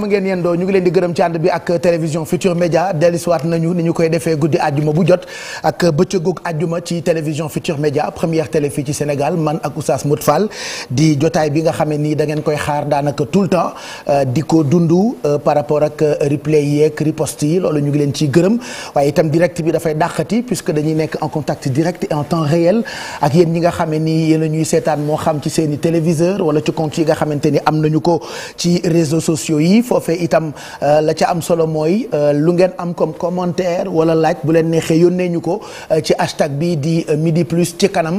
mu ngeen yendoo ñu ngi leen di gërëm ci ànd ak télévision Futur Média dellusiwaat nañu ni ñu koy defee guddi àjjuma bu jot ak bëccëgug àjjuma ci télévision Futur Média première télé fii ci Sénégal man ak Oustaz Modou Fall di jotaay bi nga xamee nii da ngeen koy xaar daanaka tout le temps euh, di ko dund euh, par rapport ak euh, replay yeeg riposte yi loolu ñu ngi leen ci gërëm waaye itam direct bi dafay dàqati puisque dañuy nekk en contact direct et en temps réel ak yéen ñi nga xamee ni yéen ñuy seetaan moo xam ci seen i téléviseur wala ci compte yi nga xamante ni am nañu ko ci réseaux sociaux yi foofe itam euh, la ca am solo mooy euh, lu ngeen am comme commentaire wala laaj bu leen neexee yónnee ñu ko euh, ci hashtag bi di midi plus ci kanam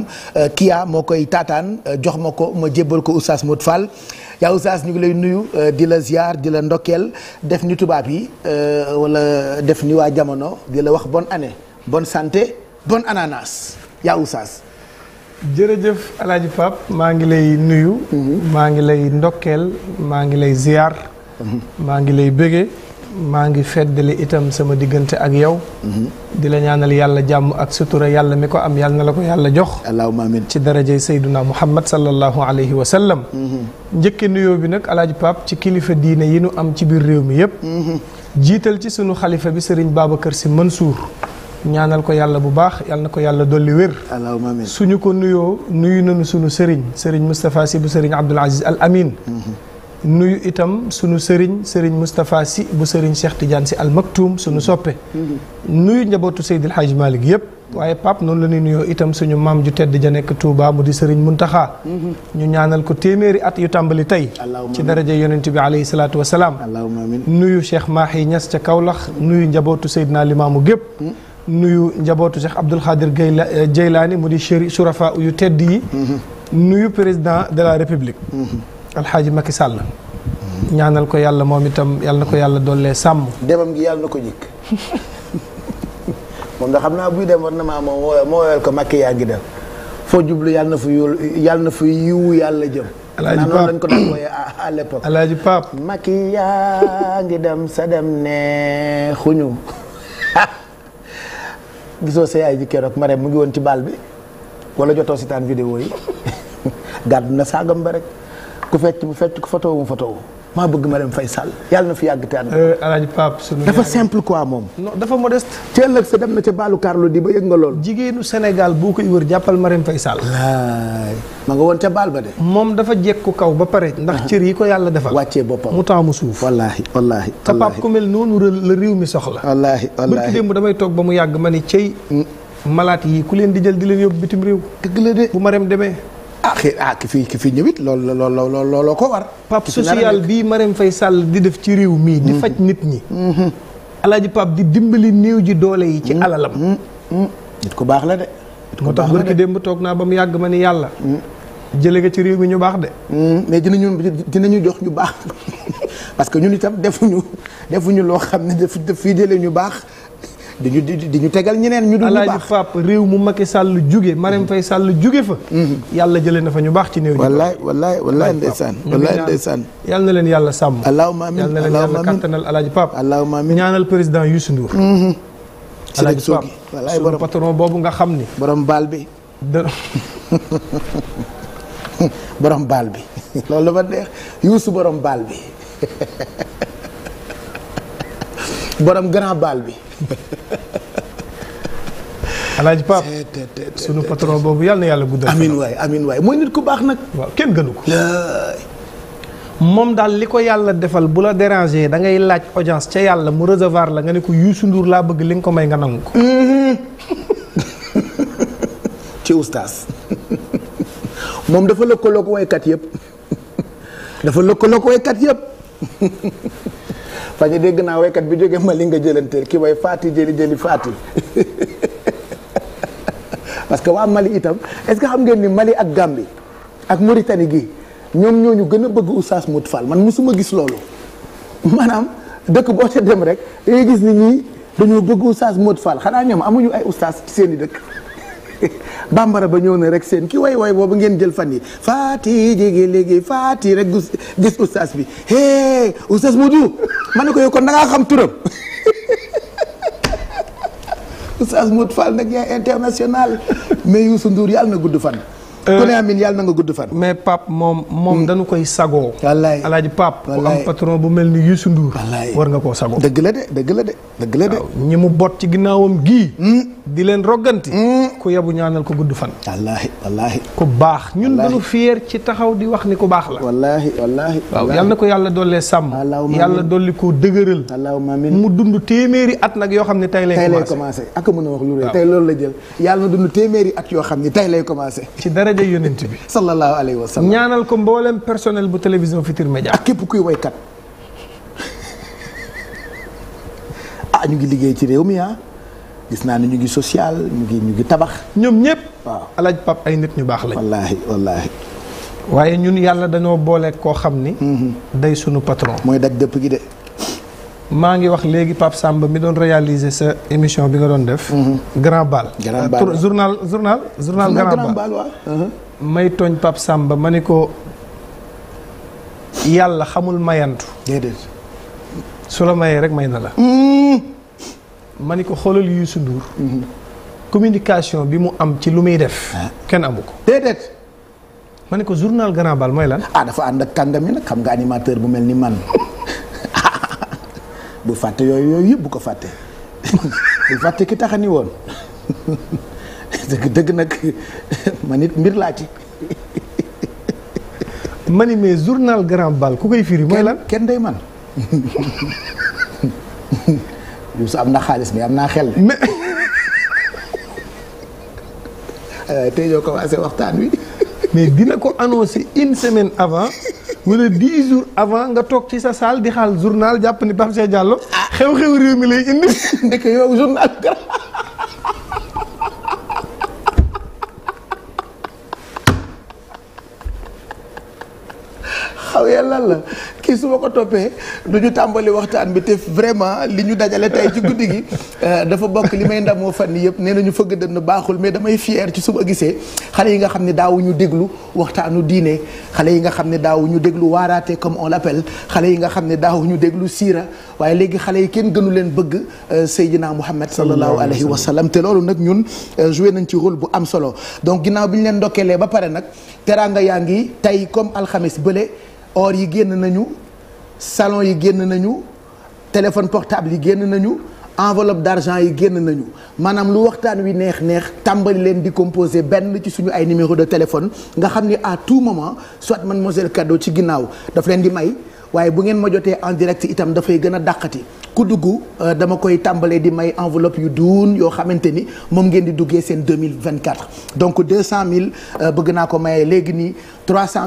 Kia moo koy taataan jox ma ko ma jébbal ko Oustaz Modou Fall yaa ñu ngi lay nuyu di la ziar di la ndokkeel def ni tubaab yi wala def ni waa jamono di la wax bon année bon santé bon ananas yaa Oustaz. jërëjëf El Hadj maa ngi lay nuyu. Mhm. maa ngi lay ndokkeel maa ngi lay ziar. maa ngi lay bëggee maa ngi feddali itam sama diggante ak yow. Mm-hmm. di la ñaanal yàlla jàmm ak sutura yàlla mi ko am yàlla na la ko yàlla jox. allahumma amiin ci darajay sayduna muhammad sallallahu alayhi wa sallam. Mm-hmm. njëkke nuyoo bi nag alaaji Pape ci kilifa diine yi nu am ci biir réew mi yëpp. Mm-hmm. jiital ci sunu xalifa bi sëriñ Babacar Sy Mansour. ñaanal ko yàlla bu baax yàlla na ko yàlla dolli wér. allahumma amiin suñu ko nuyoo nuyu nañu sunu sëriñ sëriñ Moustapha Sy bu sëriñ Abdoul Aziz Al Amin. nuyu itam sunu sëriñ sëriñ Moustapha si bu sëriñ Cheikh Tidiane si Al Maktoum sunu soppee nuyu njabootu Seydil Hadj Malick yëpp waaye Pape noonu la ñuy nuyoo itam suñu maam ju tedd ja nekk Touba mu di sëriñ Muntaxa ñu ñaanal ko téeméeri at yu tàmbali tey ci daraja yonent bi alayhi salaatu wasalaam nuyu Cheikh Mahi Niass ca Kaolack nuyu njabootu Seydina Limaamu gépp nuyu njabootu Cheikh Abdoul Khadir Gayla eh, Jeylaani mu di chéri surafa yu tedd yi nuyu président de la république alxaaji Macky sàll ñaanal ko yàlla moom itam yàlla na ko yàlla dollee sàmm demam gi yàlla na ko jikk moom da xam naa buy dem war na maa moo woyal ko Macky yaa ngi foo jublu yàlla na fa yóol na fa yiwu yàlla jëm alaaji Pape noonu lañ ko doon yaa ngi dem sa dem ne xuñu gisoo sa yaay ji keroog ma mu ngi woon ci baal bi wala jotoo si taan vidéo yi gàdd na saagam ba rek ku fecc mu fecc ku fotowu mu fotowu maa bëgg Marème Faye Sall yàlla na fi yàgg te ànd. Eh, Alaaji Pape sunu dafa simple quoi moom. non dafa modeste. ci ëllëg sa dem na ca Baalu Carlo di ba yëg nga lool. jigéenu Sénégal boo koy wër jàppal Marème Faye Sall. laay ma nga woon ca Baal ba de. moom dafa jekku kaw ba pare. ndax cër yi ko yàlla defal. wàccee boppam mu taamu suuf. wallaahi wallaahi. te Pape ku mel noonu la réew mi soxla. wallaahi wallaahi démb damay toog ba mu yàgg ma ni cey. Hmm. malaat yi ku leen di jël di leen yóbbu bitim réew. dëgg la de bu Marème demee ah xëy ah ki fi ki fi ñëwit loolu la loolu looloo ko war. pape social bi Marème Faye Sall di def ci réew mii. di mhm. faj nit ñi. Mhm. alaaji pape di dimbali néew ji doole yi. ci mhm. alalam. nit ku baax la de. moo tax barki démb toog naa ba mu yàgg ma ni yàlla. jële nga ci réew mi ñu baax de. mais dinañu dinañu jox ñu baax parce que ñun itam defuñu defuñu loo xam ne daf fii jëlee ñu baax. di ñu di ñu tegal ñeneen ñu. dul ñu baax alaaji Pape réew mu Macky Sall jóge Marème Faye sàll jóge fa. Mm-hmm. yàlla jëlee na fa ñu baax ci néew. wallaay wallaay wallaay ndeysaan. wallaay ndeysaan. yal na leen yàlla sàmm. allahumma amiin yal na leen yàlla kattanal alaaji Pape. allahumma amiin ñaanal président Youssou Ndour. Mm-hmm. alaaji Pape wallaay borom patron boobu nga xam ni. borom baal bi. borom baal bi loolu borom baal bi. borom grand bal bi. Alaaji Pape sunu patron boobu yàlla na yàlla guddal. amiin waay amiin waay mooy nit ko baax nag. waaw kenn gënu ko. moom daal li ko yàlla defal bu la déranger da ngay laaj audience ca yàlla mu recevoir la nga ne ko Youssou Ndour laa bëgg li nga ko may nga nangu ko. Mm-hmm. ci oustaz moom dafa lëkkaloo ko waykat yëpp dafa lëkkaloo ko waykat yëpp. fa ñu dégg naa waykat bi jóge ma li nga jëlanteel ki way faati jëli jëli faati parce que waa Mali itam est-ce que xam ngeen ni Mali ak gàmbi ak Mauritanie gi ñoom ñoo ñu gën a bëgg Oustaz Modou Fall man mosuma gis loolu maanaam dëkk boo ca dem rek da ngay gis ni ñii dañoo bëgg Oustaz Modou Fall xanaa ñoom amuñu ay oustaz ci seen i dëkk. bambara ba ñëw na rek seen ki way woy boobu ngeen jël fan yi faati jigi léegi faati rek gis oustaz bi hee oustaz Modou ma ne ko yow kon da xam turam oustaz Modou Fall nag yaay international mais Youssou Ndour yàlla na gudd fan euh, ku ne amin yàlla na nga gudd fan mais Pape moom moom hmm. dañu koy sagoo wallaay alaaji pap ku am patron bu mel ni Youssou Ndour war nga koo sagoo dëgg la de dëgg la de dëgg la de ñi mu bot ci ginnaawam gii hmm. di leen rogganti. Mm. ku yabu ñaanal ko gudd fan. wallaahi wallaahi. ku baax ñun dañu fier ci taxaw di wax ni ku baax la. wallaahi wallaahi. waaw yal na ko yàlla dollee sàmm. yàlla dolli ko dëgëral. mu dund téeméeri at nag yoo xam ne tey lay. commencé ak mën a wax lu rëy tey loolu la jël. yàlla na dund téeméeri at yoo xam ni tey lay commencé. ci daraja yonent bi. sallallahu alayhi wa sallam. ñaanal ko mboolem personnel bu télévision Futurs Médias. ak képp kuy woykat. ah ñu ngi liggéey ci réew mi ah. gis naa ne ñu ngi social ñu ngi ñu ngi tabax. ñoom ñëpp. waaw alaaj pap ay nit ñu baax lañ. wallaahi waaye ñun yàlla dañoo boole koo xam ni. Mm-hmm. day sunu patron. mooy daj dëpp gi de. maa ngi wax léegi Pape sàmba mi doon réaliser sa émission bi nga doon def. Mm-hmm. Grand Bal. Grand euh, Bal journal uh-huh. may tooñ Pape Samba ma ni ko yàlla xamul mayantu. déedéet. su la mayee rek may na la. Mm. ma ni ko xoolal Youssou Ndour mhm. communication bi mu am ci lu may def. Ah. kenn amu ko. déedéet. ma ne ko journal Grand Bal mooy lan. ah dafa ànd ak kàngam yi nag xam nga animateur bu mel ni man bu fàtte yooyu yooyu yëpp bu ko fàtte bu fàtte ki taxani woon dëgg dëgg nag man it mbir laa ci. ma ni mais journal Grand Bal ku koy firi mooy lan. kenn day man Youssou am na xaalis bi am naa xel. mais euh, tey ñoo commencé waxtaan wi. mais dina ko annoncé une semaine avant wala dix jour avant nga toog ci sa salle di xaal journal jàpp ni Pape Cheikh Diallo. Ah. xew-xew réew mi lay indi. ndekk yow journal xaw yàlla la. kii su ma ko toppee du ñu tàmbali waxtaan bi te vraiment li ñu dajale tey ci guddi gi euh, dafa bokk li may ndamoo fan yii yëpp nee nañu fëgg dënn baaxul mais damay fier ci su ma gisee xale yi nga xam ne daawuñu déglu waxtaanu diine xale yi nga xam ne daawuñu déglu waaraate comme on l'appelle xale yi nga xam ne daawuñu déglu siira waaye léegi xale yi kenn gënu leen bëgg euh, Seydina Muhammad sallallahu alayhi wa sallam te loolu nag ñun euh, joué nañ ci rôle bu am solo donc ginnaaw bi ñu leen ndokkeelee ba pare nag teraanga yaa ngi tey comme alxames bële or yi génn nañu salon yi génn nañu téléphone portable yi génn nañu enveloppe d'argent yi génn nañu maanaam lu waxtaan wi neex neex tàmbali leen di composer benn ci suñu ay numéro de téléphone nga xam ni à tout moment soit mademoiselle cadeau ci ginnaaw daf leen di may waaye bu ngeen ma jotee en direct itam dafay gën dàqati ku dugg euh, dama koy tàmbalee di may enveloppe yu duun yoo xamante ni moom ngeen di duggee seen 2024 donc mille euh, bëgg naa ko maye léegi nii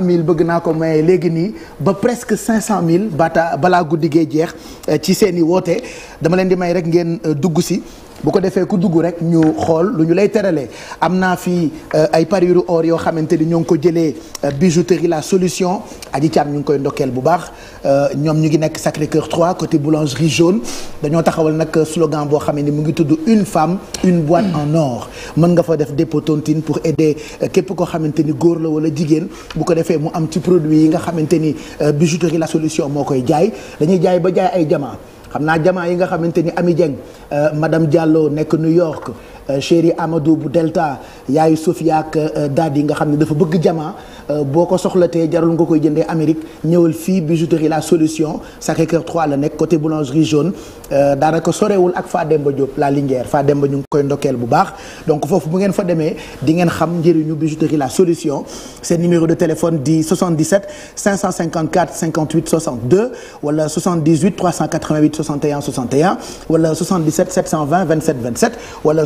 mille bëgg naa ko maye léegi nii ba presque mille bata balaa guddi gee jeex euh, ci seen i woote dama leen di may rek ngeen dugg si bu ko defee ku dugg rek ñu xool lu ñu lay teralee am naa fi euh, ay parure or yoo xamante ni ñoo ngi ko jëlee euh, bijouterie la solution aji caam ñu ngi koy ndokkeel bu baax euh, ñoom ñu ngi nekk Sacré Cœur 3 côté boulangerie jaune dañoo taxawal nag slogan boo xam ne mu ngi tudd une femme une boîte en or mën nga fa def dépôt pour aider képp koo xamante ni góor la wala jigéen bu ko defee mu am ci produit yi nga xamante ni bijouterie la solution moo koy jaay dañuy jaay ba jaay ay jamaa xam naa jamaa yi nga xamante ni Ami Dieng euh, madame Diallo nekk New York Euh, chéri Amadou bu Delta yaayu Sofia ak euh, Dadi nga xam ne dafa bëgg jama euh, boo ko soxlatee jarul nga koy jëndee Amérique ñëwal fii bijouterie la solution Sacré-Cœur 3 la nekk côté boulangerie jaune daanaka sorewul ak Fademba Diop la Linguère Fademba ñu ngi koy ndokkeel bu baax donc foofu bu ngeen fa demee di ngeen xam njëriñu bijouterie la solution seen numéro de téléphone di 77 554 58 62 wala 78 wala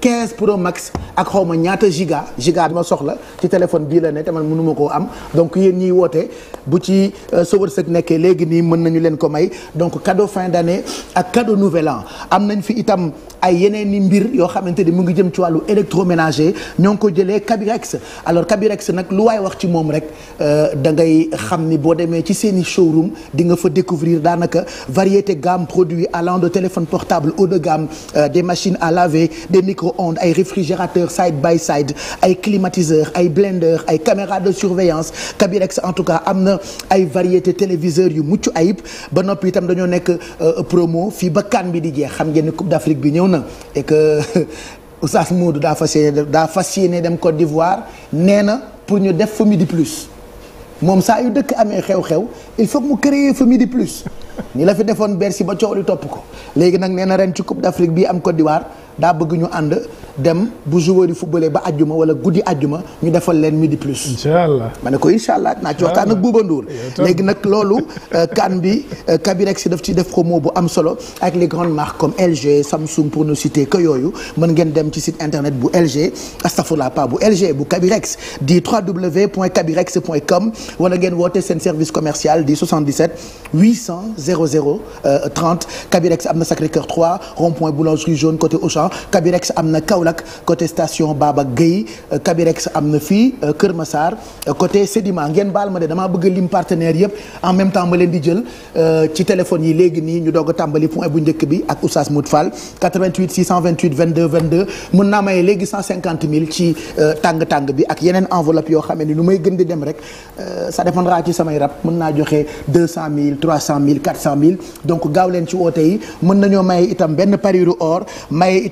quinze pro max ak xaw ma ñaata giga giga bi ma soxla ci téléphone bii la ne te man mënu koo am donc yéen ñiy woote bu ci euh, sa wërsëg nekkee léegi nii mën nañu leen ko may donc cadeau fin d'année ak cadeau nouvel am nañ fi itam. ay yeneen i mbir yoo xamante ni mu ngi jëm ci wàllu électroménager ñoo ngi ko jëlee Kabirex alors Kabirex nag lu waay wax ci moom rek euh, da ngay xam ni boo demee ci seen i showroom di nga fa découvrir daanaka variété gamme produit allant de téléphone portable haut de gamme euh, des machines à laver des micro-ondes ay réfrigérateurs side by side ay climatiseurs ay blenders ay caméras de surveillance Kabirex en tout cas am na ay variété téléviseurs yu mucc ayib ba noppi itam dañoo nekk euh, promo fii ba kan bi di jeex xam ngeen ni Coupe d'Afrique ñëw na na et que Oustaz Modou daa fas yéene daa fas yéene dem Côte d'Ivoire nee na pour ñu def famille di plus moom saa yu dëkk amee xew-xew il faut que mu créer famille di plus ni la fi defoon Bercy ba coow li topp ko léegi nag nee na ren ci Coupe d'Afrique bii am Côte d'Ivoire daa bëgg ñu ànd dem bu joueur yi footballé ba ajjuma wala guddi ajjuma ñu defal leen midi plus. incha allah ma ne ko incha allah naa ci waxtaan ak Bouba Ndour. léegi nag loolu euh, kan bi euh, Kabirex si daf ci def promo bu am solo ak les grandes marques comme LG Samsung pour ne citer que yooyu mën ngeen dem ci site internet bu LG astafurlah pas bu LG bu Kabirex di www.kabirex.com wala ngeen woote seen service commercial di 77 800 00 30 Kabirex am na Sacré-Cœur 3 rond-point boulangerie jaune côté Auchan Kabirex am na Kaolack Kaolack côté station Baba Guèye euh, Kabirex am na fii euh, Kër Massar euh, côté Sédima ngeen baal ma de damaa bëgg lim partenaire yëpp en même temps ma leen di jël ci téléphone yi léegi nii ñu doog a tàmbali point bu njëkk bi ak Oustaz Mout Fall 88 628 22 22 mën naa maye léegi 150 000 ci tàng-tàng bi ak yeneen enveloppe yoo xam ne lu may gën di dem rek ça dépendra ci samay rab mën naa joxe 200 000 mille 000 400 000 donc gaaw leen ci woote yi mën nañoo maye itam benn parure or maye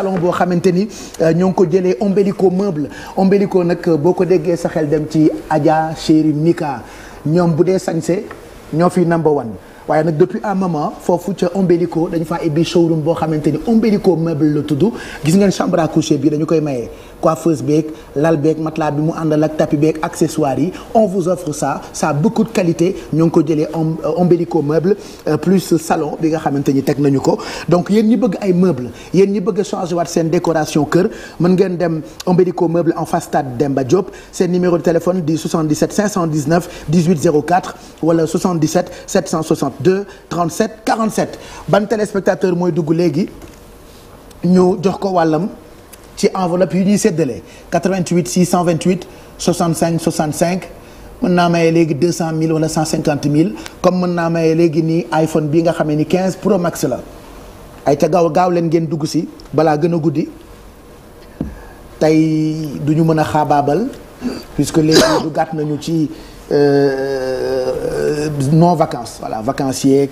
salon boo xamante ni euh, ñoo ngi ko jëlee Ombelico meuble ombelikoo nag euh, boo ko déggee sa xel dem ci Adja Chéri Mika ñoom bu dee sañse ñoo fi number one waaye nag depuis un moment foofu ca Ombelico dañ faa ibbi showroom boo xamante ni Ombelico meuble la tudd gis ngeen chambre à coucher bi dañu koy mayee coiffeuse beeg lal beeg matelas bi mu àndal ak tapis beeg accessoires yi on vous offre ça ça a beaucoup de qualité ñoo ngi ko jëlee euh, Embellico meuble euh, plus salon bi nga xamante ni teg nañu ko donc yéen ñi bëgg ay meuble yéen ñi bëgg a changé waat seen décoration kër mën ngeen dem Embellico meuble en face stade Demba Diop seen numéro de téléphone di 77 519 18 04 wala 77 762 37 47 ban téléspectateur mooy dugg léegi ñu jox ko wàllam ci enveloppe yu ñuy séddale 88 628 65 65 mën naa maye léegi 200000 wala 150000 comme mën naa maye léegi nii iPhone bi nga xamee ni 15 Pro Max la ay ca gaaw gaaw leen ngeen dugg si balaa gën a guddi tey du ñu mën a xaabaabal puisque léegi du gàtt nañu ci euh, non vacances voilà vacance yeeg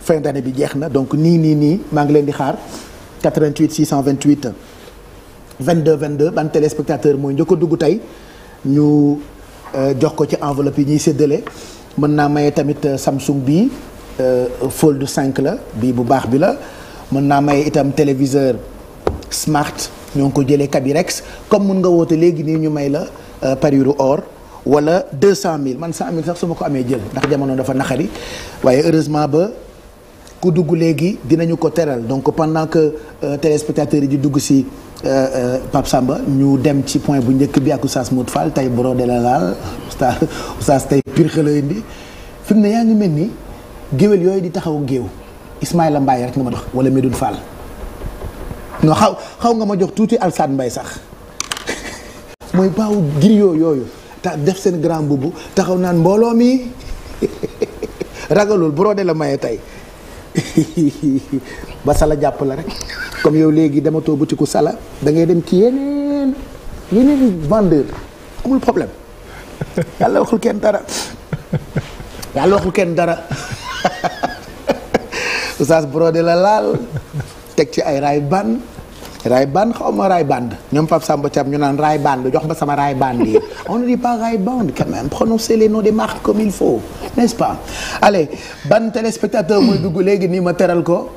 fin d'année bi jeex na donc nii nii nii maa ngi leen di xaar 88 628. 22 22 ban téléspectateur mooy njëkk a dugg tay ñu euh, jox ko ci enveloppe yi ñuy séddale mën naa maye tamit euh, Samsung bii euh, Fold cinq la bii bu baax bi la mën naa maye itam téléviseur smart ñoo ngi ko jëlee Kabirex comme mun nga woote léegi nii ñu may la parure or wala 200000 man 100000 sax su ma ko amee jël ndax jamono dafa naqari waaye heureusement ba. ku dugg léegi dinañu ko teral donc pendant que téléspectateurs yi di dugg si Euh, euh, Pape Samba ñu dem ci point bu njëkk bi ak Oustaz Modou Fall tey brodé la laal Oustaz Oustaz tey pire xëla indi ne yaa ngi mel ni géwél yooyu di taxaw géew Ismaïla Mbaye rek nga ma dox wala Medoune Fall non xaw xaw nga ma jox tuuti Alsaan mbay sax mooy baawu griyo yooyu ta def seen grand mbubu taxaw naan mbooloo mi ragalul brodé la maye tey ba sala jàpp la rek comme yow léegi dematoo butiku sala da ngay dem ci yeneen yeneen vendeur amul problème yàlla waxul kenn dara yàlla waxul kenn dara oustaz brodé la laal teg ci ay raay ban raay band xaw ma raay band ñoom Pape Samba Thiam ñu naan raay band jox ma sama raay band yi on ne dit pas raay band quand même prononcez les noms des marques comme il faut n'est-ce pas allez ban téléspectateur mooy dugg léegi nii ma teral ko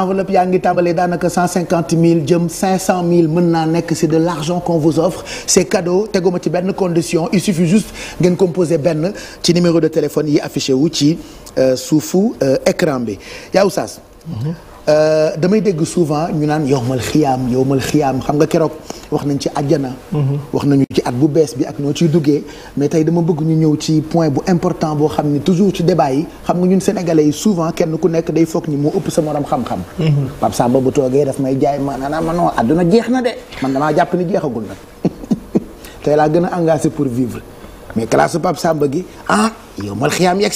enveloppe yaa ngi tàmbalee daanaka cinquante mille jëm cinq cent mille mën naa nekk c'est de l'argent qu'on vous offre c'est cadeau teguma ci benn condition il suffit juste ngeen composé benn ci numéro de téléphone yi affiché wu ci euh, suufu euh, écran bi yaa Oustaz mhm. Euh, damay dégg souvent ñu naan yowmal xiyaam yowmal xiyaam xam nga keroog wax nañ ci àjjana. Mhm. wax nañu ci at bu bees bi ak noo ci duggee mais tey dama bëgg ñu ñëw ci point bu important boo xam ne toujours ci débat yi xam nga ñun sénégalais yi souvent kenn ku nekk day foog ni moo ëpp sa morom xam-xam. Mhm. Pape Samba bu toogee daf may jaay maanaam man non àdduna jeex na de man damaa jàpp ni jeexagul nag tey laa gën a engagé pour vivre mais classe Pape Samba gi ah yowmal xiyaam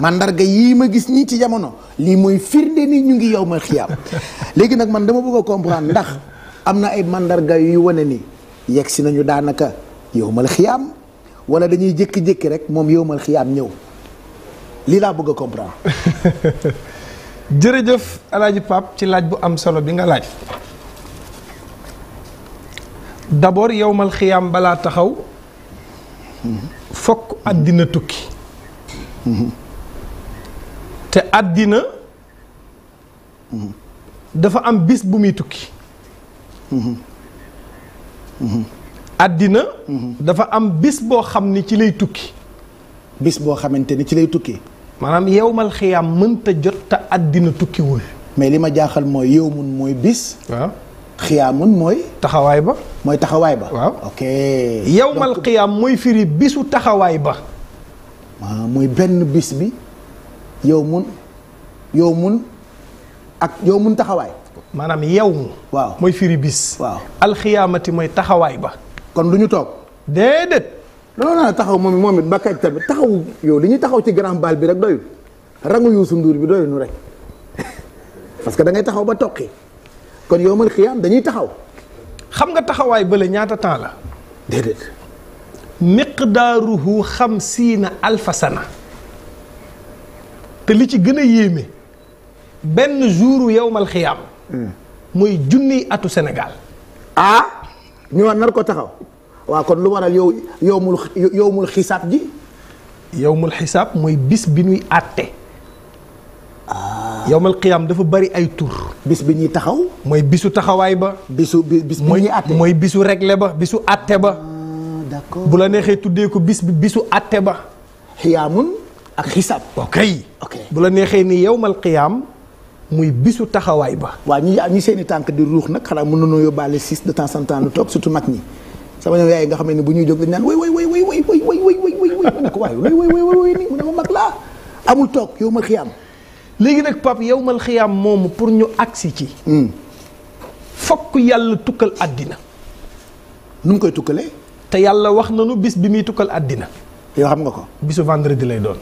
màndarga yii ma gis ñii ci jamono lii mooy firnde ni ñu ngi yow ma xiyaam léegi nag man dama bëgg a comprendre ndax am na ay mandarga yuy wane ni yegg si nañu daanaka yow mal xiyaam wala dañuy jékki-jékki rek moom yow mal xiyaam ñëw lii laa bëgg a comprendre. jërëjëf Alaaji Pape ci laaj bu am solo bi nga laaj d'abord yowmal xiyaam balaa taxaw mhm. fokk àddina tukki. Mhm. te àddina dafa am bis bu muy tukki àddina dafa am bis boo xam ne ci lay tukki bis boo xamante ne ci lay tukki maanaam yowmal xiyaam mënta jot te àddina tukkiwul mais li ma jaaxal mooy yowmun mooy bis waaw xiyaamun mooy taxawaay ba mooy taxawaay ba waaw ok yowmal xiyaam mooy firi bisu taxawaay ba ah, mooy benn bis bi yow mun yow mun ak yow mun taxawaay. maanaam yow mu. waaw mooy firi bis. waaw alxiyaamati mooy taxawaay ba. kon lu ñu toog. déedéet. loolu naa taxaw moom moom it bakka ak tamit taxaw yow li ñuy taxaw ci grand bal bi rek doyul rangu Youssou Ndour bi doyul nu rek parce que da taxaw ba toqi kon yow mal xiyaam dañuy taxaw. xam nga taxawaay bële ñaata temps la. déedéet. miqdaaruhu xamsiina alfa sana te li ci gën a yéeme benn jour yowmal xiyaam. muy junni atu senegal ah ñu nar ko taxaw waaw kon lu waral yow yowmul yowmul xisaab ji. yowmul xisaab mooy bis bi ñuy àtte. ah yowmal xiyaam dafa bari ay tur. bis bi ñuy taxaw. mooy bisu taxawaay ba. bisu bis mooy ñuy àtte mooy bisu réglé ba bisu àtte ba. Ah, d'accord bu la neexee tuddee ko bis bi bisu àtte ba. xiyaamun. ak xisaab. ok ok bu la neexee ni yowmal qiyaam muy bisu taxawaay ba. waaw ñi ñi seen i tànk di ruux nag xanaa mën nañoo yóbbaale six de temps en temps lu toog surtout mag ñi. sama ñoom yaay nga xam ne bu ñuy jóg dañ naan way way way way way way way way way way ma ne way way way nii mu ne ma mag laa amul toog yowmal qiyaam. léegi nag pap yowmal xiyaam moomu pour ñu agsi ci. fokk yàlla tukkal àddina. nu koy tukkalee. te yàlla wax nanu bis bi muy tukkal àddina. yoo xam nga ko. bisu vendredi lay doon.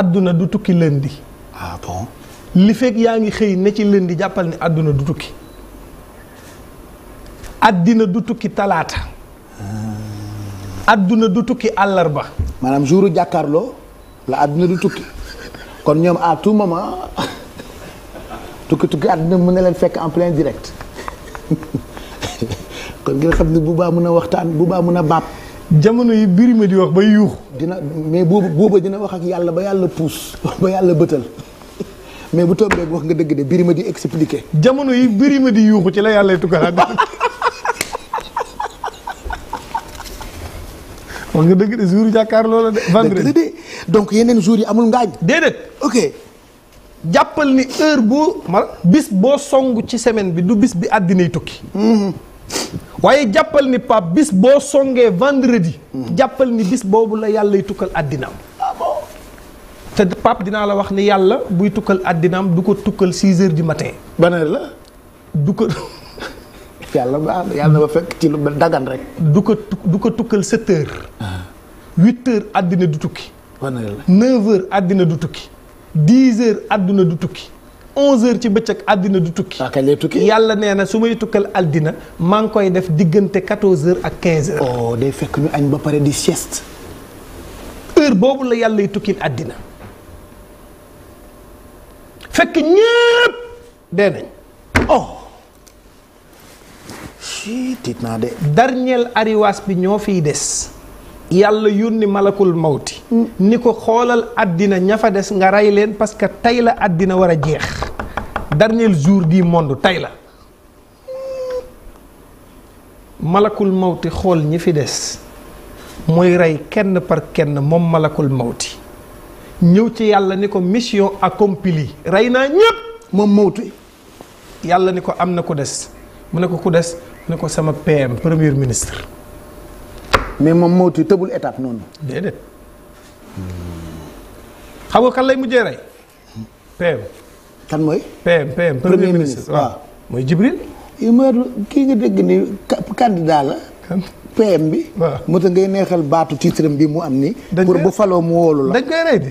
àdduna mmh. du tukki lëndi. ah bon. li fekk yaa ngi xëy ne ci lëndi jàppal ni àdduna du tukki. àddina du tukki talaata. àdduna du tukki àllarba. maanaam jouru jàkkaarloo la àdduna du tukki kon ñoom à tout moment tukki tukki àdduna mën na leen fekk en plein direct kon ngeen xam ne bu baa mën a waxtaan bu baa mën a baab. jamono yi birima di wax ba yuux dina mais boobu booba dina wax ak yàlla ba yàlla puus ba yàlla bëtal mais bu tombee wax nga dëgg de birima di expliqué. jamono yi birima di yuuxu ci la yàlla tukaraat wax nga dëgg de jour yi jàkkaarloo de. donc yeneen jour yi amul ngaañ. déedéet ok. jàppal ni heure boo. bis boo song ci semaine bi du bis bi àddinay tukki. Mhm. waaye jàppal ni Pape bis boo songee vendredi. jàppal ni bis boobu la yàllay tukkal àddinaam. te Pape dinaa la wax ni yàlla buy tukkal àddinaam du ko tukkal 6 heures du matin. ban la. du ko. yàlla ba yàlla ba fekk ci lu dagan rek. du ko du ko tukkal 7 heures. 8 ah. heures àddina du tukki. ban la 9 heures àddina du tukki. 10 heures àddina du tukki. onze heures ci bëccëg àddina du tukki. ah lay tukki yàlla nee na su may tukkal àddina maa ngi koy def diggante quatorze heures ak quinze heures. oh day fekk ñu añ ba pare di sieste. heure boobu la yàlla tukkil àddina fekk ñëpp dee nañ. oh. tiit de. dernier arrivage bi ñoo fiy des. yàlla yónni malakul mawti ni ko xoolal àddina ña fa des nga rey leen parce que tey la àddina war a jeex dernier jour du monde tey la malakul mawti xool ñi fi des mooy rey kenn par kenn moom malakul mawti ñëw ci yàlla ni ko mission accomplie rey naa ñépp moom mawti yàlla ni ko am na ku des mu ne ko ku des ne ko sama PM premier ministre mais moom mawti tëbul étape noonu. déedéet xam nga kan lay mujjee rey. PM. kan mooy. PM PM premier ministre waaw mooy Jibril. Umaru kii nga dégg ni candidat la. PM bi. waaw moo tax ngay neexal baatu titre bi mu am ni pour bu faloo mu wóolu la dañ koy rey di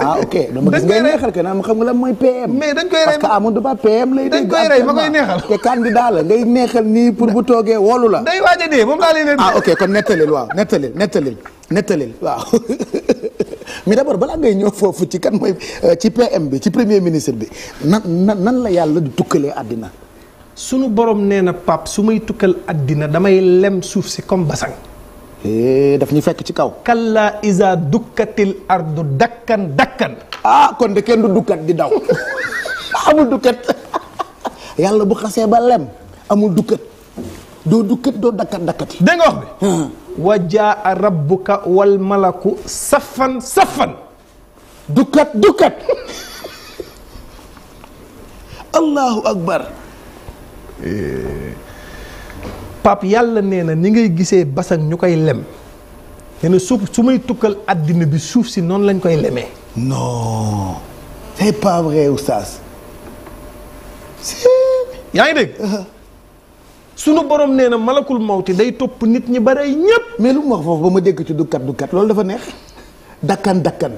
ah ok dama gis ngay neexal que naan ah, xam nga lan mooy PM. mais dañ koy rey parce que ah, Amadou Ba PM lay. dañ koy rey neexal te candidat la ngay neexal nii pour bu toogee woolu la. day waaj a dee moom laa lay leen. ah ok kon nettalil waaw nettalil nettalil nettalil waaw mais d'abord balaa ngay ñëw foofu ci kan mooy euh, ci PM bi ci premier ministre bi nan nan nan la yàlla di tukkalee àddina. sunu borom nee na Pape su may tukkal àddina damay lem suuf si comme basang. Eh, daf ñu fekk ci kaw. kala isa dukkatil ardu dakkan dakkan. ah kon de kenn du dukkat di daw amul dukkat yàlla bu xasee ba lem amul dukkat doo dukkat doo dakkat dakkat. dégg nga wax wa jaa rabbuka wal malaku safan safan. dukkat dukkat. allahu akbar. Eh. pap yàlla nee na ni ngay gisee basak ñu koy lem nee na su may tukkal àddina bi suuf si noonu lañ koy lemee. non c'est pas vrai oustaz. si. yaa ngi dégg. Uh-huh. borom nee na malakul mawti day topp nit ñi bare ñépp mais wax foofu ba ma dégg ci dukkat dukkat loolu dafa neex. dakkan dakkan.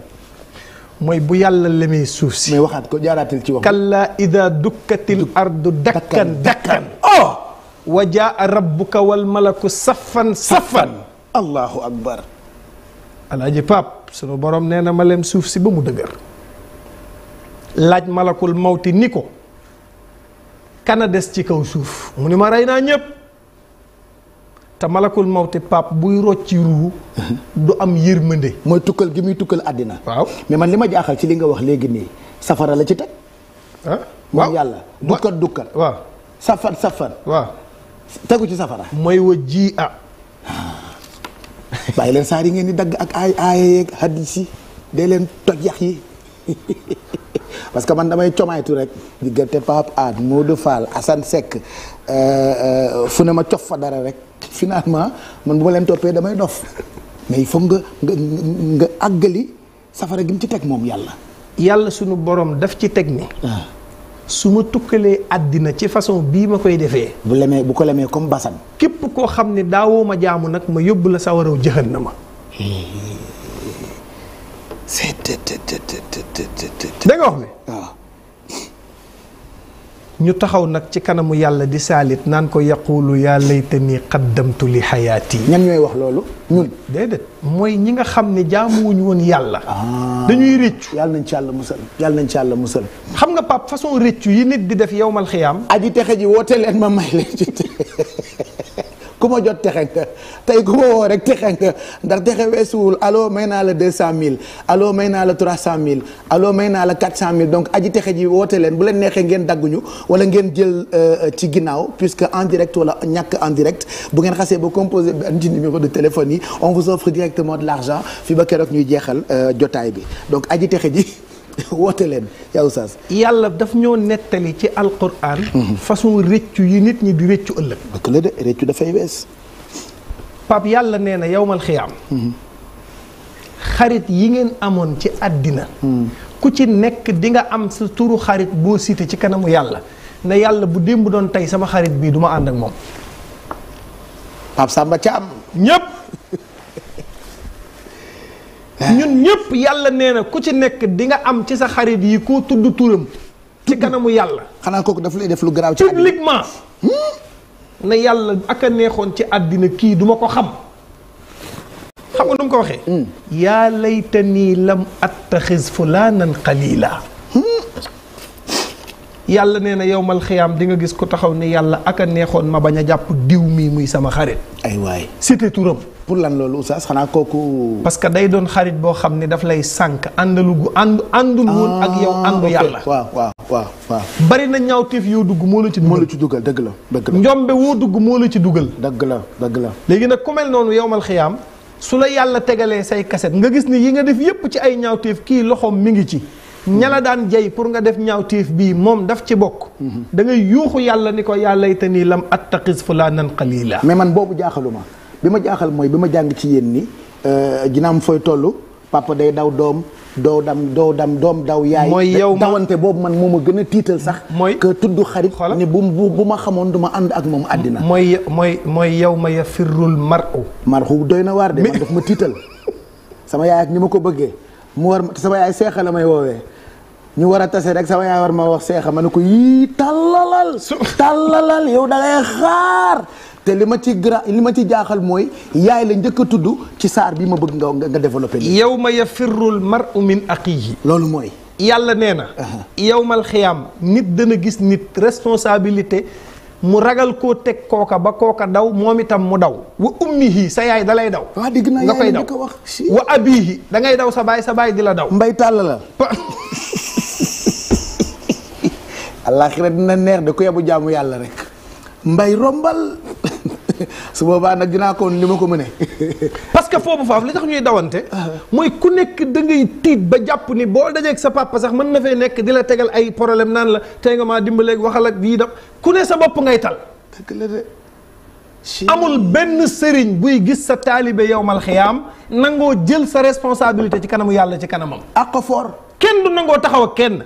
mooy bu yàlla lemee suuf si. mais waxaat ko jaaraatil ci wax. kalla ida dukkatil ardu dakkan dakkan. Oh! wa jaa rabbuka wal malaku saffan saffan allahu akbar alaaji pap sunu borom nee na ma leen suuf si ba mu dëgër laaj malakul mawti ni ko kana des ci kaw suuf mu ni ma rey naa ñépp te malakul mawti pap buy rocci ruu du am yërmande mooy tukkal gi muy tukkal àddina waaw mais man li ma jaaxal ci li nga wax léegi nii safara la ci teg ah waaw yàlla dukkat dukkat waaw safan safan waaw tegu ci safara. mooy wa jii a bàyyi leen saar yi ngeen di dagg ak ay ay hadis yi leen toj yax yi parce que man damay comaytu rek diggante Pape Ad Modou Fall Assane Seck euh, euh, fu ne ma cof fa dara rek finalement man bu ma leen toppee damay dof mais il nga nga nga àggali safara gi mu ci teg moom yàlla. yàlla sunu borom daf ci teg ni ah. su ma tukkalee àddina ci façon bii ma koy defee. bu lemee bu ko lemee comme basan. képp koo xam ne daawoo ma jaamu nag ma yóbbu la sawaraw jahannama. na hmm. ma nga wax ne. waaw. Ah. ñu taxaw nag ci kanamu yàlla di saalit naan ko yaqulu yaa laytani qaddamtu li xayaati ñan ñooy wax loolu ñun déedéet mooy ñi nga xam ne jaamuwuñu woon yàlla ah. dañuy réccu yàlla nañ ci yàlla musal yàlla nañ ci yàlla musal xam nga pap façon réccu yi nit di def yowmal xiyaam aji texe ji woote leen ma may leen ci ku ma jot texe nga tey ku ma woo rek texe nga ndax texe weesuwul allo may naa la deux cent mille allo may naa la trois cent mille allo may naa la quatre cent mille donc aji texe ji woote leen bu leen neexee ngeen ñu wala ngeen jël euh, euh, ci ginnaaw puisque en direct wala ñàkk en direct bu ngeen xasee ba composé benn ci numéro de téléphone yi on vous offre directement de l'argent fi ba keroog ñuy jeexal euh, jotaay bi donc aji texe ji woote leen yaa oustaz yàlla daf ñoo nettali ci alquran mhm. façon rëccu yi nit ñi di rëccu ëllëg dëgg la de dafay wees yàlla nee na yowmal xiyaam mhm. xarit yi ngeen amoon ci àddina mhm. ku ci nekk di nga am sa turu xarit boo cité ci kanamu yàlla ne yàlla bu démb doon tey sama xarit bii du ma ànd ak moom Pape Samba Thiam ñëpp Eh. ñun ñëpp yàlla nee na ku ci nekk di nga am ci sa xarit yi koo tudd turam. ci kanamu yàlla. xanaa kooku daf lay def lu garaaw ci publiquement hmm? na yàlla ak neexoon ci àddina kii duma ko xam. xam nga nu ko waxee. Hmm. yaa laytanii lam attaxis fulaanan xaliila hmm? yàlla nee na yowmal xiyaam di nga gis ku taxaw ne yàlla ak neexoon ma bañ a jàpp diw mii muy sama xarit. ay waay cité turam. pour lan loolu oustaz xanaa kooku. parce que day doon xarit boo xam ne daf lay sànq àndalu gu ànd àndul woon ak ah, yow àndu yàlla. waaw waaw waaw waaw. bari na ñaawteef yoo dugg moo la ci. moo ci dugal dëgg la dëgg la. njombe woo dugg moo la ci dugal. dëgg la dëgg la. léegi nag ku mel noonu yowmal xiyaam su la yàlla tegalee say kaset nga gis ni yi nga def yépp ci ay ñaawteef kii loxoom mi ngi ci. ñala daan jay pour nga def ñaawteef bii moom daf ci bokk. Mhm. da ngay yuuxu yàlla ni ko yàlla yi te nii lam attaqis fulaanan qaliila mais man boobu jaaxaluma bi ma jaaxal mooy bi ma jàng ci yéen ni euh, ginnaaw fooy toll papa day daw doom doo dam doo dam doom daw yaay mooy yow dawante boobu man moo ma gën a tiital sax mooy que tudd xarit ne bu ma xamoon du ma ànd ak moom àddina mooy mooy mooy yow ma ya firrul mar'u mar'u doy na waar de man daf ma tiital sama yaay ak ni ma ko bëggee mu war sama yaay seexa la may woowee ñu war a tase rek sama yaay war ma wax seexa ma ne ko yii tàllalal tàllalal yow da xaar te li ma ci gra li ma ci jaaxal mooy yaay la njëkk a tudd ci saar bi ma bëgg nga nga développé. yow ma mar mar'u ak axiihi loolu mooy. yàlla nee na. yowmal xiyaam nit dana gis nit responsabilité. mu ragal koo teg kooka ba kooka daw moom itam mu daw wa ummihi sa yaay da daw waaw nga fay daw ko wax wa abihi daw sa baay sa baay di la daw mbay tàll la àllaaxira dina neex de ku yebu jaamu yàlla rek mbay rombal su boobaa nag dinaa ko li ma ko mënee. parce que foofu faaf li tax ñuy dawante. Ah. mooy ku nekk da ngay tiit ba jàpp ni boo dajeeg sa papa sax mën na fay nekk di la tegal ay problème naan la tey nga maa dimbaleeg waxal ak yii dam ku ne sa bopp ngay tal. dëgg amul benn sëriñ buy gis sa taalibe yowmal xiyaam nangoo jël sa responsabilité ci kanamu yàlla ci kanamam. ak foor kenn du nangoo taxaw ak kenn.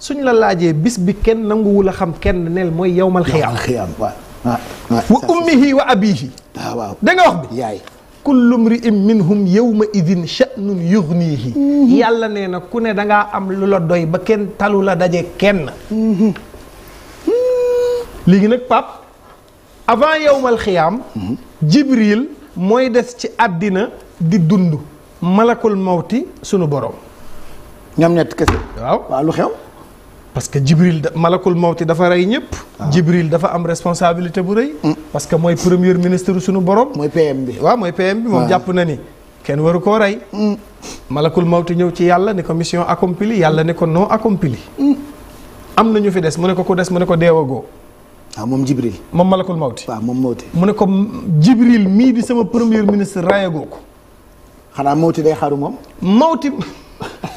suñ la laajee bis bi kenn nanguwul a xam kenn neel mooy yowmal xiyaam yowmal Ah, wa ah, ummihi wa ah, abihi waaw da nga wax bi yaay kullu mri'in minhum yawma idin sha'nun yughnihi mhm. yàlla nee na ku ne da am lu la doy ba kenn talu la daje kenn mhm. léegi nag pap avant yawmal xiyaam mhm. jibril mooy des ci àddina di dund malakul mawti sunu borom ñoom ñett kese waaw waaw lu xew parce que Jibril malakul mawti dafa rey ñëpp. Ah. Jibril dafa am responsabilité bu rëy. Mm. parce que mooy premier ministre suñu borom. mooy PM bi waaw mooy PM bi moom ah. jàpp na ni. kenn waru koo rey. Mm. malakul mawti ñëw ci yàlla ni mission accomplie yàlla ne ko mm. am na ñu fi des mu ne ko ku des mu ne ko deewagoo. waaw ah, moom Jibril. moom malakul mawti. waaw moom mawti. mu ne ko Jibril mii di sama premier ministre rayagoo ko. xanaa mawti day xaru moom. mawti.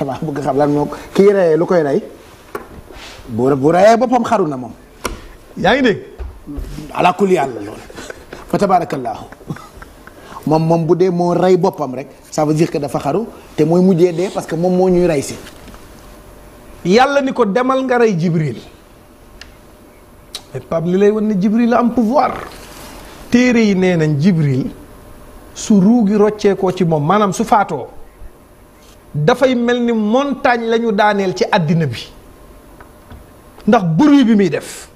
waaw bëgg xam lan moo kii reyee lu koy rey. bu bu reyee boppam xaru na moom. yaa ngi dégg. ala kulli yàlla lool fa tabaarakallaahu moom moom bu dee moo rey boppam rek ça veut dire dafa xaru te mooy mujjee dee parce que moom moo ñuy rey si. yàlla ni ko demal nga rey Jibril pam Pape li lay wan ne Jibril am pouvoir. téere yi nee nañ Jibril su ruugi rocceekoo ci moom maanaam su faatoo dafay mel ni montagne lañu daaneel ci àddina bi. ndax bruit bi muy def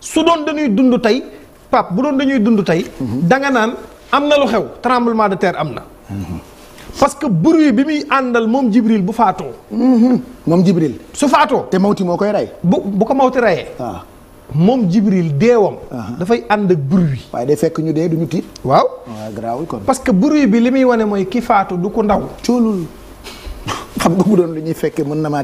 su doon dañuy dund tey Pape bu doon dañuy dund tey. Mhm. danga naan am na lu xew tremblement de terre am na. Mhm. parce que bruit bi muy àndal moom Jibril bu faatoo. Mhm. moom Jibril. su faatoo te mawti moo koy rey. bu bu ko mawti reyee. waaw ah. moom Jibril deewam. Ah. dafay ànd ak bruit. waaye day fekk ñu dee du ñu waaw. waaw ah, garaawul parce que bruit bi li muy wane mooy ki faatu du ko ndaw. coolul. xam nga bu doon lu ñuy fekkee mën na maa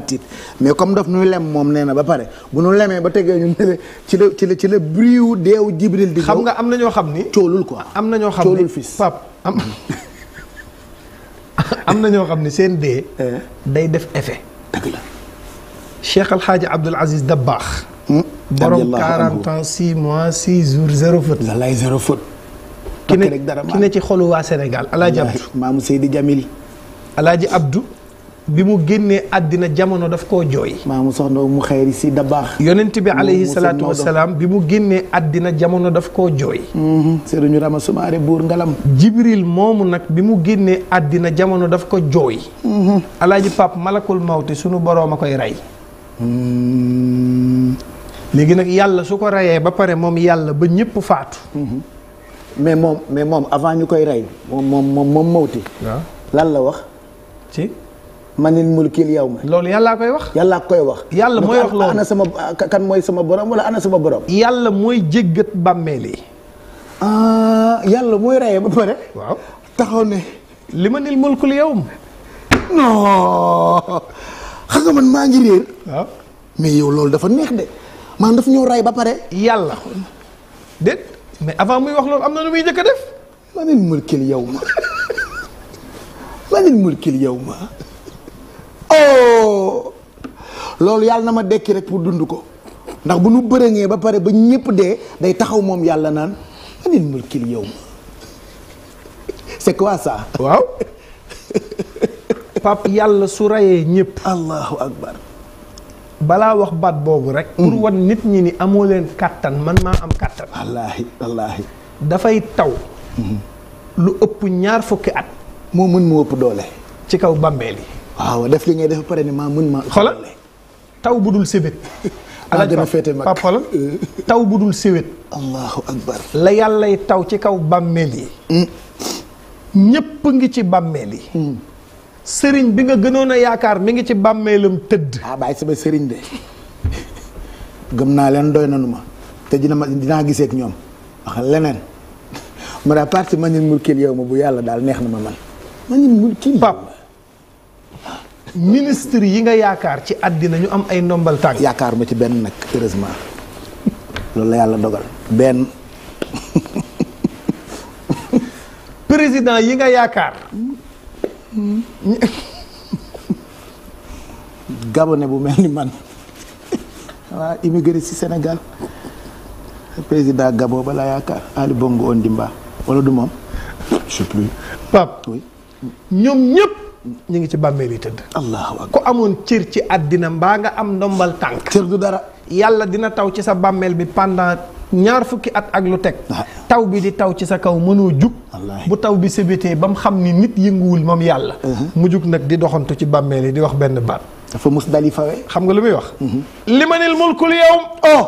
mais comme daf ñuy lem moom nee na ba pare bu ñu lemee ba tegee ñu ne ci la ci la ci la briwu deewu jibril di xam nga am na ñoo xam ni coolul quoi am na xam ni coolul fis am am na ñoo xam ni seen dee eh? day def effet dëgg la Cheikh Al Hadj Abdoul Aziz Dabakh hmm? borom 40 ans mois 6 jours zéro faute lalaay zéro faute ki ne ki ne ci xolu waa Sénégal alaaji Abdou maamu Seydi Jamil bi mu génnee àddina jamono daf koo jooy. maamu soxna mu xayri si baax. yonent bi alayhi salaatu wa salaam bi mu génnee àddina jamono daf koo jooy. Mhm. sëriñ Rama Sumaare buur ngalam. Jibril moomu nag bi mu génnee àddina jamono daf ko jooy. Mhm. alaaji Pape Malakul Mawti suñu boroom a koy rey. Hmm. léegi nag yàlla su ko reyee ba pare moom yàlla ba ñëpp faatu. Mhm. mais moom mais moom avant ñu koy rey moom moom moom Mawti. waaw lan la wax. man manil mulkil yawma loolu yàllaa koy wax yàllaa koy wax yàlla mooy wax loolu ana sama kan mooy sama borom wala ana sama borom yàlla mooy jéggat bàmmeel yi ah, yàlla mooy reyee ba pare waaw taxaw ne li manil mulkil yawma non nga man maa ngi réer waaw loolu dafa neex daf ñëw rey ba pare yàlla déet avant muy wax loolu am na muy njëkk a def manil mulkil yawma manil Oh! loolu yàlla na ma dekki rek pour dund ko ndax bu nu bërëngee ba pare ba ñëpp dee day taxaw moom yàlla naan anil mulkil yow c'est quoi ça. waaw. pap yàlla su reyee ñëpp. allahu akbar. balaa wax baat boobu rek. pour mm. wan nit ñi ni amoo leen kàttan man maa am kàttan. wallaahi dafay taw. Mm-hmm. lu ëpp ñaar fukki at. moo mën mu ëpp doole. ci kaw bàmbeel yi. waaw def li ngay def pare ni maa mën ma. xoolal taw bu dul sébét. ala gën a mag pap xoolal taw bu dul sébét. allahu akbar. la yàllay taw ci kaw bàmmeel yi. Mm. ñëpp ngi ci bàmmeel yi. Mm. sëriñ bi nga gënoon a yaakaar mi ngi ci bàmmeelam tëdd. ah bàyyi sama sëriñ de gëm naa leen doy nanu ma te dina ma dinaa giseek ñoom wax leneen ma daa parti ma ñun mulkil yow ma bu yàlla daal neex na ma man ma ñun mulkil. pap ministre yi nga yaakaar ci àddina ñu am ay ndombal tànk. yaakaar ma ci benn nag heureusement loolu la yàlla dogal benn. président yi nga yaakaar. gabonais bu mel ni man waa immigré ci senegal président Gabon ba la yaakaar Ali Bongo Ondimba wala du moom je sais plus. Pape ñoom ñëpp. ñu ngi ci bàmmeel yi tëdd. allahu akbar ku amoon cër ci àddina mbaa nga am ndombal tànk. cër du dara. yàlla dina taw ci sa bàmmeel bi pendant ñaar fukki at ak lu teg. Ah. taw bi di taw ci sa kaw mënoo jug. bu taw bi sebetee ba mu xam ni nit yënguwul moom yàlla. Uh-huh. mu jug nag di doxantu ci bàmmeel yi di wax benn baat. dafa Musdalifa we xam nga lu muy wax. Uh-huh. limanil mulkul yawm oh.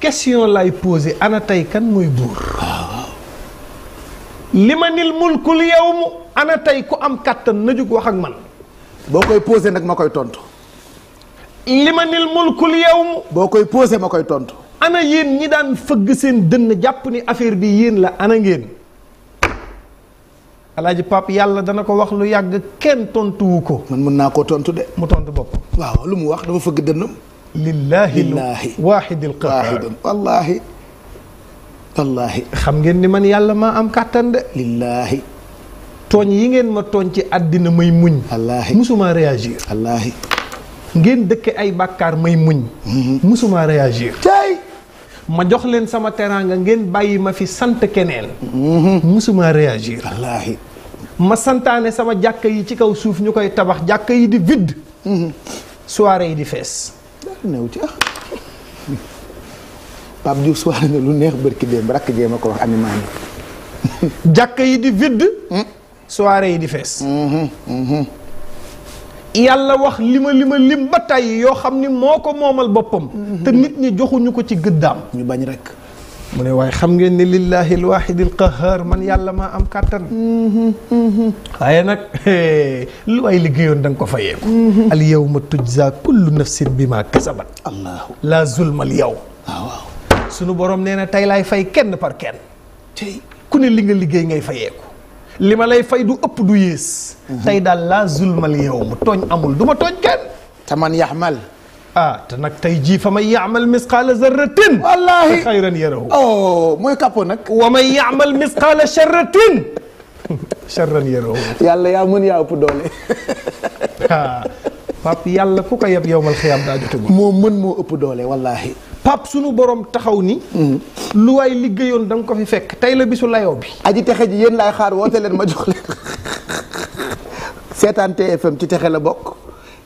question lay posé ana tey kan mooy buur. Ah, li ma nil mulkul yow mu ana tey ku am kàttan na jug wax ak man. boo koy posé nag ma koy tontu. li ma nil mulkul yow mu. boo koy posé ma koy tontu. ana yéen ñi daan fëgg seen dënn jàpp ni affaire bi yéen la ana ngeen. alaaji pap yàlla dana ko wax lu yàgg kenn tontuwu ko. man mën naa koo tontu de. mu tontu boppam. waaw lu mu wax dama fëgg dënnam. lillaahi. lillaahi waaxidil qahar wallaahi. wallaahi xam ngeen ni man yàlla maa am kàttan de. tooñ yi ngeen ma tooñ ci àddina may muñ. wallaahi musuma réagir. wallaahi. ngeen dëkke ay bàkkaar may muñ. Mm-hmm. musuma réagir. tey. ma jox leen sama teraanga ngeen bàyyi ma fi sant keneen. Mm-hmm. musuma réagir. ma santaane sama jàkk yi ci kaw suuf ñu koy tabax jàkk yi di vide. Mm-hmm. soirée yi di fees. Pape Diouf su na lu neex bërki démb rakk jéem a ko wax ami maami jàkk yi di vidd hmm? soirée yi di fees hmm, hmm, yàlla wax lima lima lim ba tey yoo xam ni moo ko moomal boppam te nit ñi joxuñu ko ci gëddaam ñu bañ rek mu ne waaye xam ngeen ni lillahi alwaahidi alqahar man yàlla maa am kàttan waaye nag lu waay liggéeyoon da nga ko fayeeku ma yawma tujza kullu nafsin bima kasabat allahu la zulma al yawm sunu borom nee na tey laay fay kenn par kenn ku ne li nga liggéey ngay fayeeku li ma lay fay du ëpp du yées mhm. tey daal laa zulmal yow mu tooñ amul du ma tooñ kenn te man yaxmal ah te nag tey jii fa man yaamal misqaala zarratin wallaahi oh, nag wa man yaamal misqaala charratin charran yarahu yàlla yaa mën yaa ëpp doole ah, pap yàlla ku ko yeb yowmal xiyaam daa jotagul moo mën moo ëpp doole wallaahi pap sunu boroom taxaw nii mhm. lu waay liggéeyoon da nga ko fi fekk tey la bisu layoo bi aji texe ji yéen laay xaar woote leen ma jox leen seetaan TFM ci texe la bokk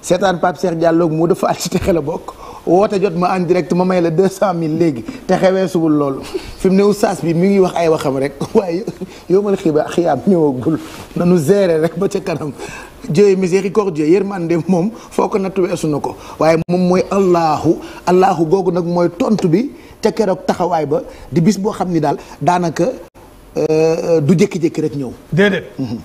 seetaan Pape Cheikh Diallo moo dafa at ci texe la bokk woote jot ma en direct ma may la deux cent mille léegi texe weesuwul loolu fi mu ne saas bi mi ngi wax ay waxam rek waaye yow mal xibaar xiyaam ñëwagul nanu gérer rek ba ca kanam Dieu miséricordieux yërmande moom foo ko natt weesu na ko waaye moom mooy allahu allahu googu nag mooy tontu bi ca keroog taxawaay ba di bis boo xam ni daal daanaka euh, du jékki rek ñëw. déedéet. Mhm.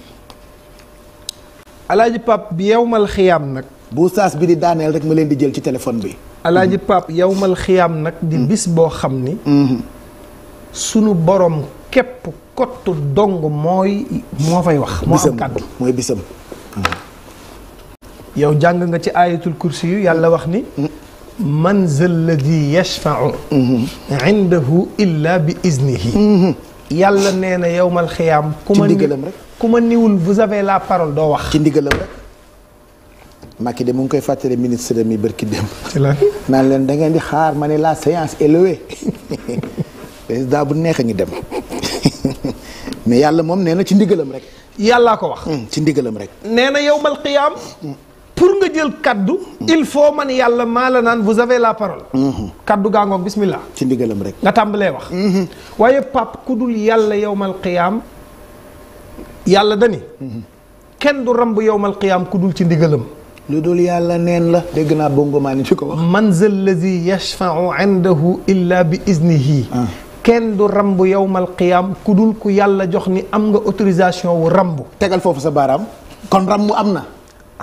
alaaji pap bi yowmal xiyaam nag. bu saas bi di daaneel rek ma leen di jël ci téléphone bi. alaaji yow mhm. yowmal xiyaam nag. di mhm. bis boo xam ni. sunu boroom képp kottu dong mooy moo fay wax. moo am kàddu mooy bisam. yow jàng nga ci ayatul kursi yu yàlla wax ni man zalladi yashfau indahu illa bi iznihi yàlla nee na yow mal xiyaam ku ma rek ku ma niwul vous avez la parole doo wax ci ndigalam rek Macky de mu ngi koy fàttali ministre mi bërki dem naan leen da ngeen di xaar ma ne la séance est levée bu neex a ngi dem mais yàlla moom nee na ci ndigalam rek yàllaa ko wax. Hmm, ci ndigalam rek. nee na yowmal qiyaam. pour nga jël kaddu. il faut man yàlla maa la naan vous avez la parole. Hmm. kaddu gaa ngoog bismillah. ci ndigalam rek. nga tàmbalee wax. Hmm. waaye pap ku dul yàlla yowmal qiyaam yàlla dani kenn du ramb yowmal qiyaam ku dul ci ndigalam. lu dul yàlla neen la dégg naa bongo maa ni ci ko wax. man zal lazi yashfau indahu illa bi iznihi ah. kenn du ramb yowmal qiyaam ku dul ku yàlla jox ni am nga autorisation wu ramb tegal foofu sa baaraam kon ramb am na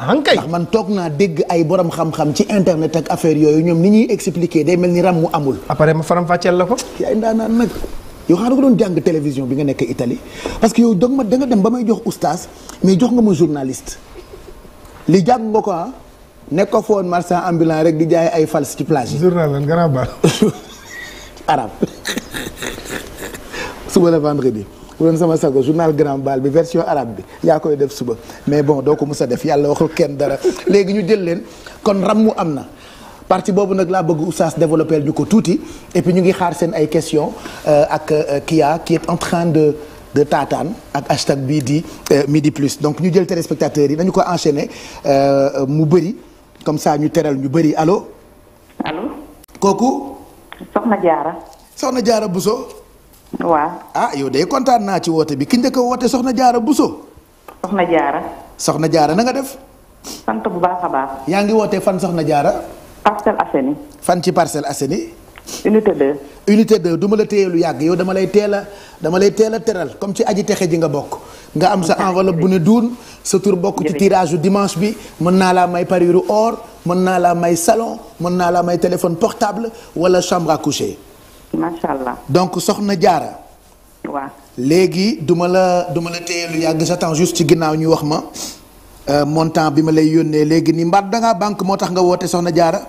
ankay ndax man toog naa dégg ay borom xam-xam ci internet ak affaire yooyu ñoom ni ñuy expliquer day mel ni ram mu amul. après ma faram fàcceel la ko. yaay ndaanaan nag yow xanaa ko doon jàng télévision bi nga nekk Italie parce que yow dog ma da nga dem ba may jox oustaz mais jox nga ma journaliste. li jàng nga ko ah nekk ko foon marchand rek di jaay ay fals ci arabe suba la vendredi bu sama sago journal grand bal bi version arabe bi yaa koy def suba mais bon doo ko mus a def yàlla waxul kenn dara léegi ñu jël leen kon rammu am na parti boobu nag laa bëgg oustaz développé ñu ko tuuti et ñu ngi xaar seen ay question euh, ak euh, Kia qui est en train de de ak hashtag bii di euh, midi plus donc ñu jël téléspectateurs yi dañu ko enchaîner mu bëri comme ça ñu teral ñu bëri allo. kooku. soxna jaara soxna jaara Bousso. waaw ah yow day kontaan naa ci woote bi ki njëkk a woote soxna jaara Bousso. soxna jaara soxna jaara na nga def. sant bu baax a baax. yaa ngi wootee fan soxna jaara Parcelles Assainies. fan ci parcelle Assainies. unité 2. unité de duma la téye lu yàgg yow dama lay teel a dama lay teel a teral comme ci aji texe ji nga bokk. nga am sa enveloppe bu ne duun sa tur bokk ci tirage dimanche bi mën naa laa may parure or mën naa laa may salon mën naa laa may téléphone portable wala chambre à coucher. allah donc soxna jaara waaw léegi du ma la du ma la téye lu yàgg j'attends juste ci ginnaaw ñu wax ma euh, montant bi ma lay yónnee léegi nii mbaat dangaa banque moo tax nga woote soxna jaara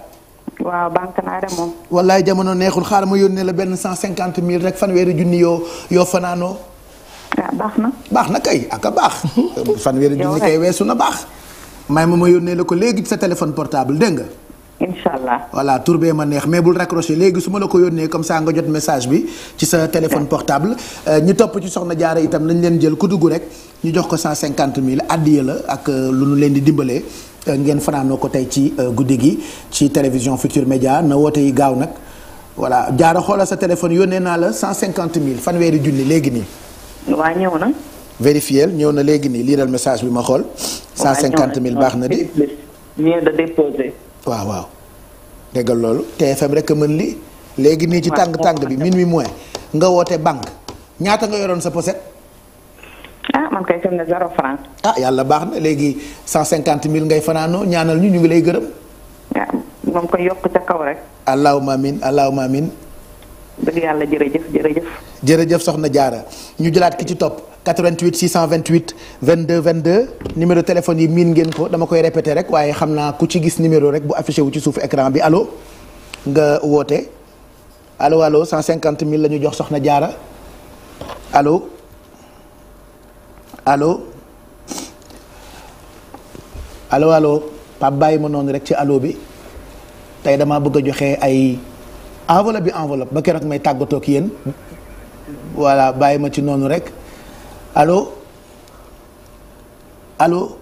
waaw banque naa de moom. wallaay jamono neexul xaar ma yónnee la benn cent cinquante mille rek fanweeri junni yoo yoo fanaanoo. Ah, baax na. baax na kay aka a baax. fanweeri junni kay weesu na baax. may ma ma yónnee la ko léegi sa téléphone portable dégg nga. incha allah voilà tur ma neex mais bul raccroché léegi su ma la ko yónnee comme ça nga jot message bi ci sa téléphone portable euh, ñu topp ci soxna jaara itam nañ leen jël ku dugg rek ñu jox ko cent cinquante mille addiya la ak euh, lu nu leen di dimbalee. ngeen fanaanoo ko tey ci euh, guddi gi ci télévision Futur Média na woote yi gaaw nag voilà jaara xoolal sa téléphone yónnee naa la cent cinquante mille fanweeri junni léegi nii. waa ñëw na. vérifier ñëw na léegi nii liiral message bi ma xool. cent cinquante mille baax na di. de waaw waaw. déggal loolu TFM rek a mën li léegi nii ci tàng tàng bi minuit moins nga woote banque ñaata nga yoroon sa poset ah man kay fëm ne zéro franc. ah yàlla baax na léegi cent cinquante mille ngay fanaanoo ñaanal ñu ñu ngi lay gërëm. waaw ah, moom koy yokk ca kaw rek. allahumma amin allahumma amin. dëgg yàlla jërëjëf jërëjëf. jërëjëf soxna Diarra ñu jëlaat ki ci topp 88 628 vingt deux numéro téléphone yi miin ngeen ko dama koy répété rek waaye xam naa ku ci gis numéro rek bu affiché wu ci suuf écran bi allo nga woote allo allo 150 000 la ñu jox soxna Diarra allo. allo allo allo Pape bàyyi ma noonu rek ci allo bi tey dama bëgg a joxe ay enveloppe bi enveloppe ba keroog may tàggatoo ak yéen voilà bàyyi ma ci noonu rek allo allo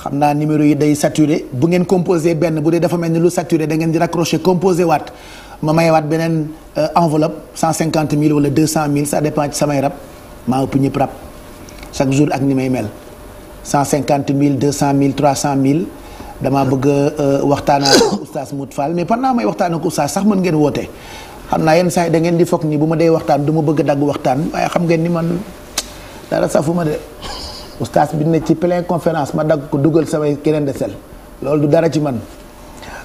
xam naa numéro yi day saturé bu ngeen composé benn bu dee dafa mel ni lu saturé da ngeen di raccroché composé waat ma mayewaat beneen euh, enveloppe cent cinquante mille wala deux cent mille ça dépend ci samay rab. maa ëpp ñëpp rab chaque jour ak ni may mel cent cinquante mille deux cent mille cent mille damaa bëgg a euh, waxtaan ak oustaz Mout Fall mais may waxtaan ak oustaz sax mën ngeen woote xam naa yenn saa yi da ngeen di foog nii bu ma dee waxtaan du ma bëgg dagg waxtaan waaye xam ngeen ni man dara safu ma de oustaz bi ne ci plein conférence ma dagg ko dugal samay keneen de sel loolu du dara ci man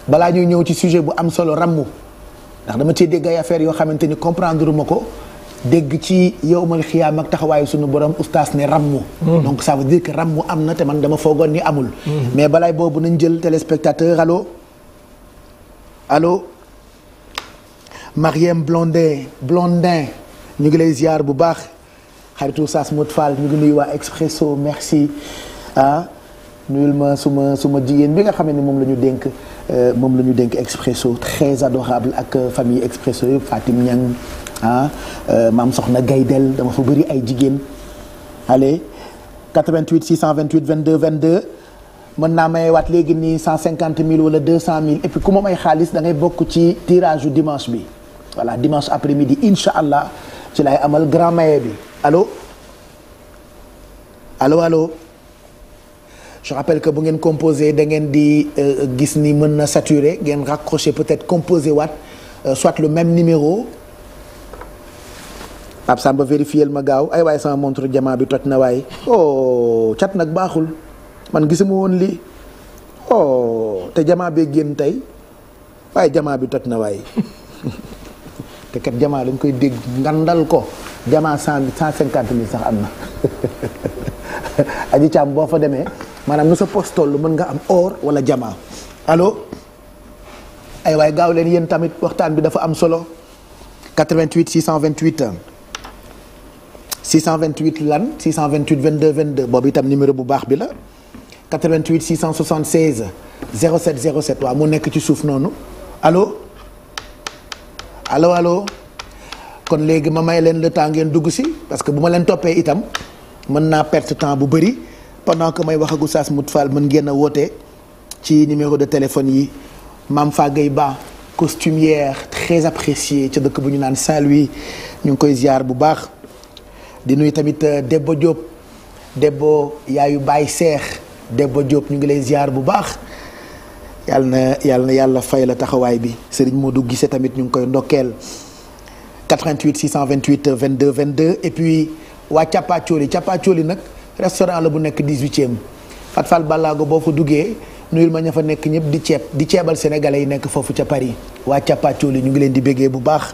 balaa ñuy ñëw ci sujet bu am solo rammu ndax dama cee dégg ay affaire yoo xamante ni comprendre ma ko. dégg ci yowmal xiyaam ak taxawaayu suñu borom ustaas ne rammu hmm. donc ça veut dire que mu am na te man dama foogoon ni amul hmm. mais balaay boobu nañ jël téléspectateur allo allo Mariem Blondin Blondin ñu ngi lay ziar bu baax xaritu Saas Mod Fall ñu ngi nuyu waa Expresso merci ah nuyul ma suma suma jigéen bi nga xam ne moom la ñu dénk euh, moom la ñu dénk Expresso très adorable ak euh, famille Expresso yëpp Fatim Niang ah euh, maam soxna Gaydel dama fa bëri ay jigéen allez 88 628 22 22 mën naa waat léegi nii 150 000 wala 200 000 et puis ku ma may xaalis dangay ngay bokk ci tirage u dimanche bi voilà dimanche après midi incha allah ci lay amal grand maye bi allo allo allo je rappelle que bu ngeen composé da ngeen di euh, gis ni mën na sature ngeen raccroché peut-être composé waat euh, soit le même numéro Pape Samba vérifiel ma gaaw ay waay sama montre jamaa bi toj na waay oh cat nag baaxul man gisuma woon lii oh, te jamaa bee génn tey waaye jamaa bi toj na waay te kat jamaa dañ koy dégg ngandal ko jamaa cent cent cinquante mille sax am na aji caam boo fa demee maanaam nu sa poste toll mën nga am or wala jamaa allo ay waay gaaw leen yéen tamit waxtaan bi dafa am solo 88 628 628 lan 628 22 22 boobu itam numéro bu baax bi la 88 676 07 07 waaw mu nekk ci suuf noonu allo allo allo kon léegi ma may leen le temps ngeen dugg si parce que bu ma leen toppee itam mën naa perte temps bu bëri pendant que may wax ak Oustaz Modou Fall mën ngeen a woote ci numéro de téléphone yi Mame Fagay Ba costumière très appréciée ca dëkk bu ñu naan Saint-Louis ñu ngi koy ziar bu baax. di nuyu tamit euh, Debbo Diop Debbo yaayu baay Seex Debbo Diop ñu ngi lay ziar bu baax yàlla na yàlla na yàlla fay la taxawaay bi Serigne Modou Guissé tamit ñu ngi koy ndokkeel 88 628 22 22 et puis waa Cappacooli Cappacooli nag restaurant la bu nekk 18e Fat Fall Balago boo fa duggee nuyul ma ña fa nekk ñëpp di ceeb di ceebal sénégalais yi nekk foofu ca Paris waa Cappacooli ñu ngi leen di béggee bu baax.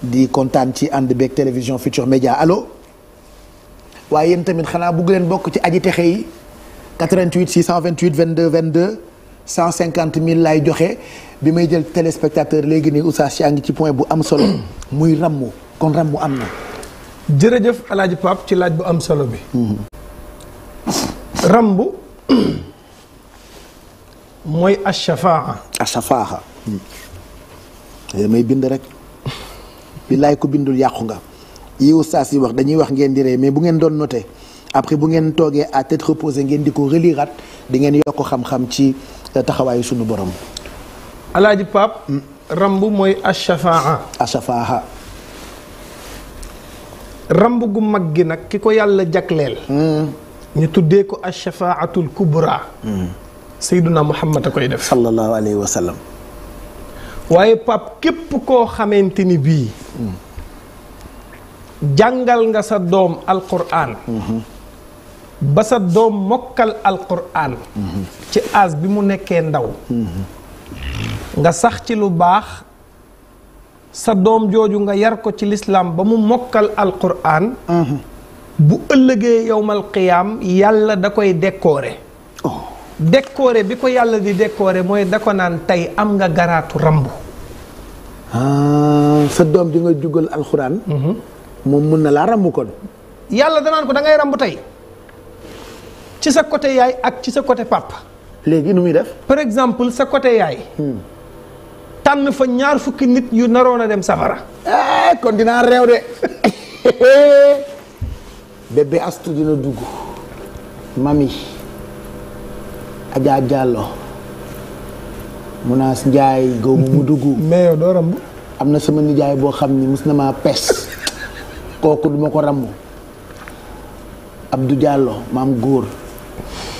di kontaan ci ànd beek télévision Futur Média alo waaye yéen tamit xanaa bugg leen bokk ci aji texe yi 88 628 22 22 150 000 laay joxe bi may jël téléspectateur léegi nii oustaz yaa ngi ci point bu am solo muy rammu kon rammu am na. jërëjëf El Hadj ci laaj bu am solo bi. Mm-hmm. rambu mooy ashafaa. ashafaa. Mm. may bind rek. billaay ko bindul yàqu nga yi saa si wax dañuy wax ngeen di ree mais bu ngeen doon notee après bu ngeen toogee à tête reposée ngeen di ko relirat di ngeen yokk xam-xam ci euh, taxawaayu sunu borom. alaaji Pape. ramb mooy ashafaa. ashafaa. ramb gu mag gi nag ki ko yàlla jagleel. Hmm. ñu tuddee ko ashafaatul kubra. Hmm. sayyiduna Muhammad a koy def. sallallahu alayhi wa sallam. waaye pap képp koo xamante ni bii jàngal nga sa doom alquran ba sa doom mokkal alquran ci aas bi mu nekkee ndaw nga sax ci lu baax sa doom jooju nga yar ko ci lislaam ba mu mokkal alquran bu ëllëgee yowmal qiyaam yàlla da koy dekkoore oh. décoré bi ko yàlla di décoré mooy da ko naan tey am nga garaatu rambu. Ah, sa doom di ngay jugal alxuraan. Mhm. moom mun na laa rambu kon. yàlla danaan ko da ngay rambu tey ci sa côté yaay ak ci sa côté papa. léegi nu muy def. par exemple sa côté yaay. Hmm. tànn fa ñaar fukki nit yu naroon a dem safara. Eh, kon dinaa réew de. bébé astu dina dugg mami. Adja Diallo munaas Ndiaye gaw mu dugg. mais yow doo ramb. am na sama nijaay boo xam ni mus na maa pes kooku duma ko rambu ramb Abdou Diallo maam góor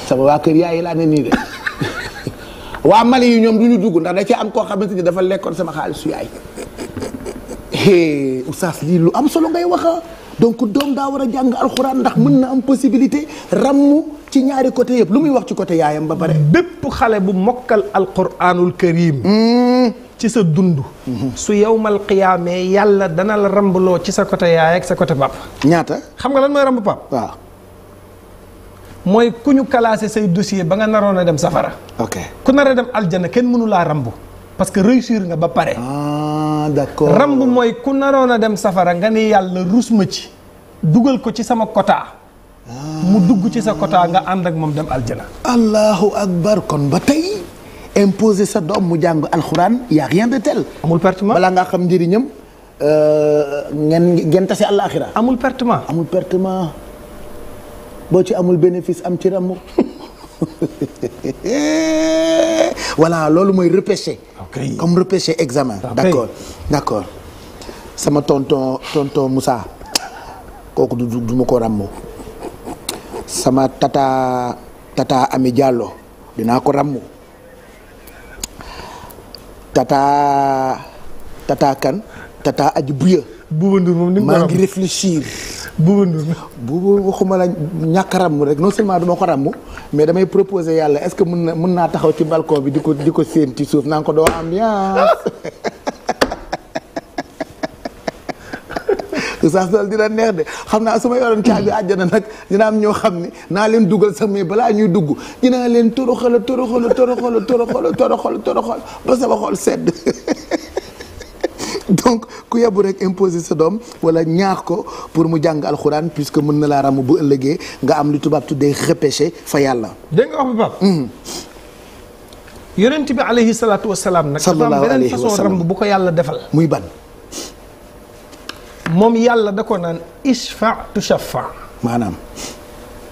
sama waa kër yaay yi laa ne nii de waa Mali yi ñoom du ñu dugg ndax da ci am koo xamante ni dafa lekkoon sama xaalisu yaay. Oustaz lii lu am solo ngay waxa ah. donc doom daa war a jàng alxuraan ndax mën na am possibilité ràmm ci ñaari côté yëpp lu muy wax ci côté yaayam ba pare. bépp xale bu mokkal alxuraanul karim hmm. ci sa dund. Hmm. su yowmal qiyaamee yàlla dana la rambloo ci sa côté yaay ak sa côté pap ñaata xam nga lan mooy ramb pap waaw. mooy ku ñu classé say dossier ba nga naroon a dem safara. ok ku nar dem aljana kenn mënulaa laa parce que réussir nga ba pare. ah d'accord ramb mooy ku naroon a dem safara nga ne yàlla rus ma ci. dugal ko ci sama quota. Ah. mu dugg ci sa quota nga ànd ak moom dem aljana. allahu akbar kon ba tey. imposer sa doom mu jàng alxuraan y a rien de tel. amul pertement balaa ngaa xam njëriñam. Euh, ngeen ngeen tase àllaaxira amul pertement amul pertement boo ci amul bénéfice am ci rammu. voilà loolu mooy repêché. comme repêché examen d'accord d'accord sama tonton tonton kooku du du ko ràmmoo sama tataa tata Ami Diallo dinaa ko ràmmu tata tata kan tata aji buya Bouba Ndour moom ni mu maa ngi réfléchir. Bouba Ndour bu waxuma la ñàkk ràmm rek non seulement duma ko ràmm mais damay proposer yàlla est-ce que mun na mun naa taxaw ci balcon bi di ko di ko séen ci suuf naa ko doo ambiance. oustaz loolu dina neex de xam naa su ma yoroon caabi àjjana nag dina am ñoo xam ne naa leen dugal sax mais balaa ñuy dugg dinaa leen toroxal toroxal toroxal toroxal toro toroxal ba sama xol sedd. donc ku yebu rek imposer sa doom wala ñaax ko pour mu jàng alxuraan puisque mën na laa ram bu ëllëgee nga am lu tubaab de repêché fa yàlla. dégg nga wax bu mhm. bi alayhi salaatu wa salaam. nag dafa am beneen façon bu ko yàlla defal. muy ban. moom yàlla da ko naan ishfa tu maanaam.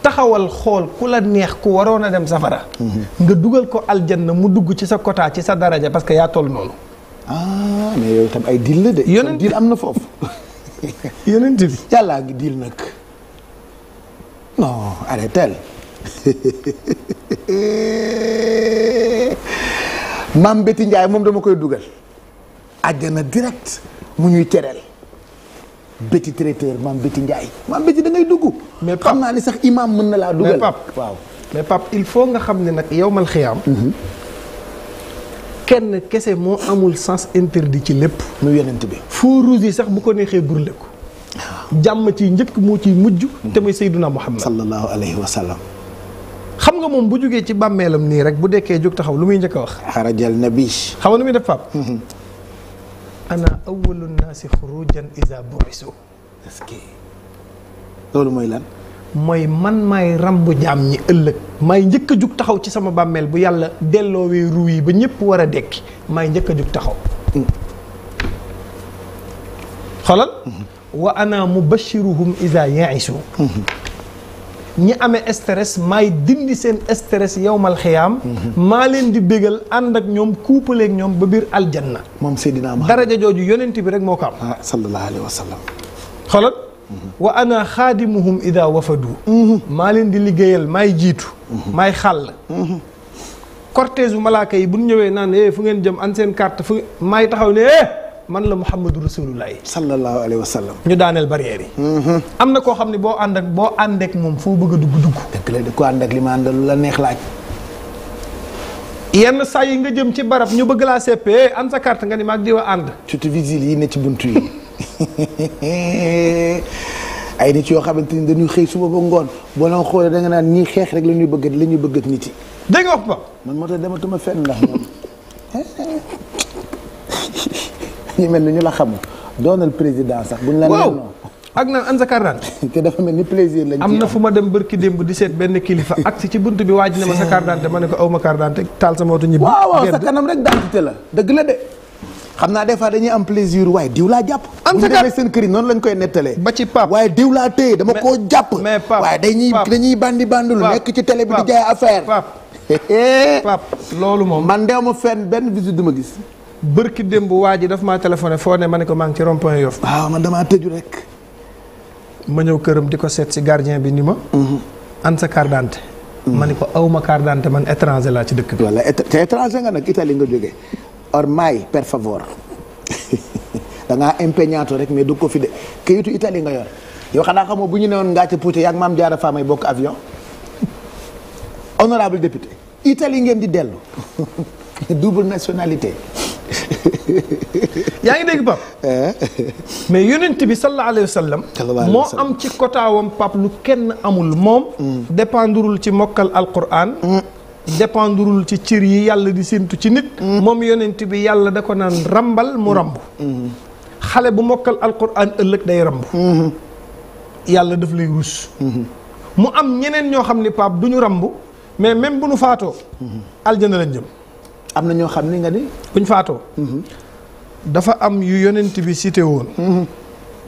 taxawal xool ku la neex ku waroon a dem safara. Mhm. nga dugal ko aljanna mu dugg ci sa quota ci sa daraja parce que yaa tool noonu. ah ay deal la de. am na foofu. yeneen deal. yàllaa ngi nag non arrêtel maam Betty Ndiaye moom dama koy dugal. àjjana direct mu ñuy tereel. Betty traiteur maam Betty Ndiaye. maam Betty da ngay dugg. mais xam naa ni sax imam mën na laa mais Pape il faut nga xam ne nag yow mal xiyaam. Mhm. kenn kese moo amul sens interdit ci lépp. muy yonent bi. feu rouge yi sax bu ko neexee brûlé ko. Ah. jàmm ci njëkk moo ci mujj. Mm. te muy Seydina Muhammad. sallallahu alayhi wa sallam. xam nga moom bu jógee ci bàmmeelam nii rek bu dekkee jóg taxaw lu muy njëkk a wax. xarajal nabi. xam nga lu muy def Pape. Mm-hmm. ana awwalu naasi xurujan iza bu'isu. est mooy lan. mooy man maay rambu jaam ñi ëllëg maay njëkk a jug taxaw ci sama bàmmeel bu yàlla delloowee ruu yi ba ñëpp war a dekki maay njëkk a jug taxaw xolal wa ana mubashiruhum isa yaisu ñi amee stress maay dindi seen stress yowmal xiyaam maa leen di bégal ànd ak ñoom kuupaleeg ñoom ba biir aljanna moom Seydina Muhammad daraja jooju yonent bi rek moo ko am ah, sallallahu wa ana xaadimuhum ida wafadu maa leen di liggéeyal maay jiitu may xàll cortège bu malaaka yi bu ñu ñëwee naan eh, fu ngeen jëm an seen carte fu maay taxaw ne eh man la muhammadu rasulullahi sallallahu alayhi wa sallam ñu daaneel barrière yi mhm. am na koo xam ne boo ànd ak boo ànd ak moom foo bëgg a dugg dugg dëgg la di ko ànd ak li ma àndal lu la neex laaj yenn saa yi nga jëm ci barab ñu bëgg laa seppee eh, an sa carte nga ni maag diwa ànd tu te yi ne ci bunt yi ay nit yoo xamante ni dañuy xëy suba ba ngoon boo leen xoolee danga naan ñii xeex rek la ñuy bëgg la ñuy bëgg nit yi. dégg nga wax ba. man dematuma fenn ndax ñu mel ni ñu la xamul doonal président sax. buñ la nee noonu ak naan an sa carte te dafa mel ni plaisir lañ. am na fu ma dem bërki démb di seet benn kilifa ak si ci bunt bi waaj na ma sa carte d'identité ne ko aw ma carte d'identité taal sama oto ñibbi. waaw waaw sa kanam rek d'identité la dëgg la de. xam naa des fois dañuy am plaisir waaye diw laa jàpp. am sa kàr seen kër yi noonu lañ koy nettalee. ba ci Pape waaye diw laa dama koo jàpp. mais Pape waaye dañuy dañuy bandi bandul nekk ci télé bi di jaay affaire. Pape loolu moom. man deew ma fenn benn visite du ma gis. bërki démb waa ji daf maa téléphoné foo ne ma ne ko maa ngi ci rond point Yoff. waaw man damaa tëju rek. ma ñëw këram di ko seet si gardien bi ni ma. Mhm. an sa carte d'identité. Mhm. ma ko aw ma carte d'identité man étranger laa ci dëkk bi. wala te étranger nga nga jógee. ormai per favor da ngaa impegnato rek mais du ko fi de kayitu Italie nga yor yow xanaa xamoo bu ñu newoon Ngathie Poutier yaag maam Diarra Fam ay bokk avion honorable député Italie ngeen di dellu double nationalité. yaa ngi dégg Pape. Eh? mais yonent bi sallallahu alayhi wa sallam. moo am ci kotaawam Pape lu kenn amul moom. Mm. dépendrul ci mokkal Alquran. Mm. dépendrul ci cir yi yàlla di séntu ci nit mm-hmm. moom yonent bi yàlla da ko naan rambal mu ramb mm-hmm. xale bu mokkal alquran ëllëg day ramb mm-hmm. yàlla daf lay rus mu am ñeneen ñoo xam ni paap du ñu ramb mais même bu nu faatoo aljana lañ jëm am na ñoo xam ni nga ni buñ faatoo dafa am yu yonent bi cité woon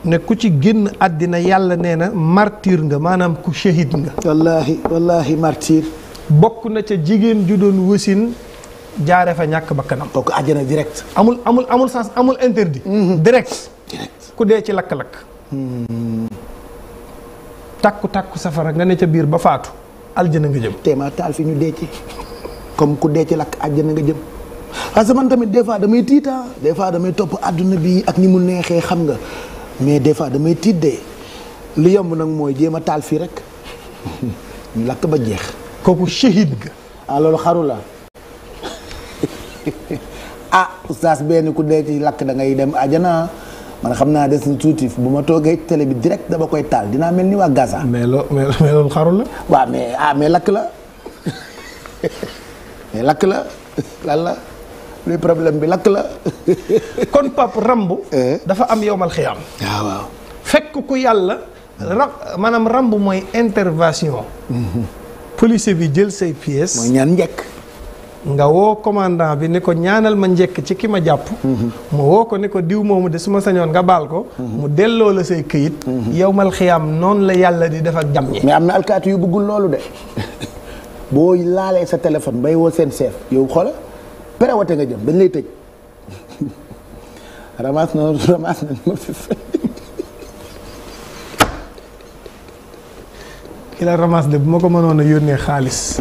ne ku ci génn àddina yàlla nee na martyr nga maanaam ku shahid nga wallaahi wallaahi martyr bokk na ca jigéen ju doon wasin jaare fa ñàkk bakkanam kooku àjjana direct amul amul amul sens amul interdit mhm. direct ku dee ci lakk-lakk mhm. tàkku tàkku safara nga ne ca biir ba faatu aljana nga jëm téema taal fi ñu dee ci comme ku dee ci lakk àjjana nga jëm parce que man tamit des fois damay tiita ah. des fois damay topp àdduna bi ak ni mu neexee xam nga mais des fois damay tiit de li yomb nag mooy jéem a taal fii rek ñu lakk ba jeex kooku shahid ga ah loolu xaru la ah oustaz benn ku dee ci lakk da ngay dem àjjana man xam naa des na tuuti bu ma toogee télé bi direct dama koy taal dinaa mel ni waa Gaza. mais loo mais loolu xaru ah mais lakk la mais lakk la lan la luy problème bi lakk la. kon Pape Rambu. Eh? dafa am yowmal xiyaam. waaw ah, waaw. fekk ku yàlla. ra maanaam Rambu mooy intervention. Mhm. policier bi jël say pièces. mooy ñaan njëkk. nga woo commandant bi ni ko ñaanal ma njëkk ci ki ma jàpp. Mhm. mu woo ko ni ko diw moomu de su ma sañoon nga baal ko. Mhm. mu delloo la say këyit. Mhm. yow mal noonu la yàlla di def ak jam ñi. mais am na alkaati yu bëggul loolu de boo laalee sa téléphone bay woo seen chef yow xoola perewote nga jëm dañ lay tëj ki la de bu ma ko manoon a yónnee xaalis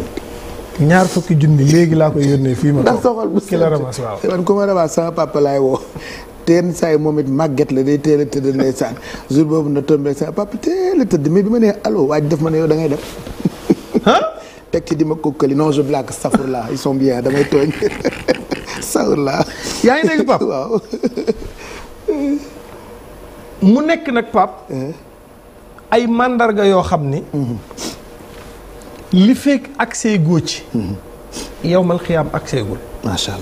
ñaar fukki junni léegi laa koy yónnee fii ma. ndax soxal bu ki la ramasse waaw. man ku ma ramasse sama papa laay woo. teen saa yi moom it màgget la day teel a tëdd ndeysaan jour boobu na tombé saa papa teel a tëdd mais bi ma nee allo waaj def ma ne yow da ngay dem. teg ci di ma kokkali non je blague safur la damay tooñ yaa ngi dégg pap waaw. mu nekk nag pap ay màndarga yoo xam ni. li fekk accès goo ci. yow mal xiyaam accès gul. allah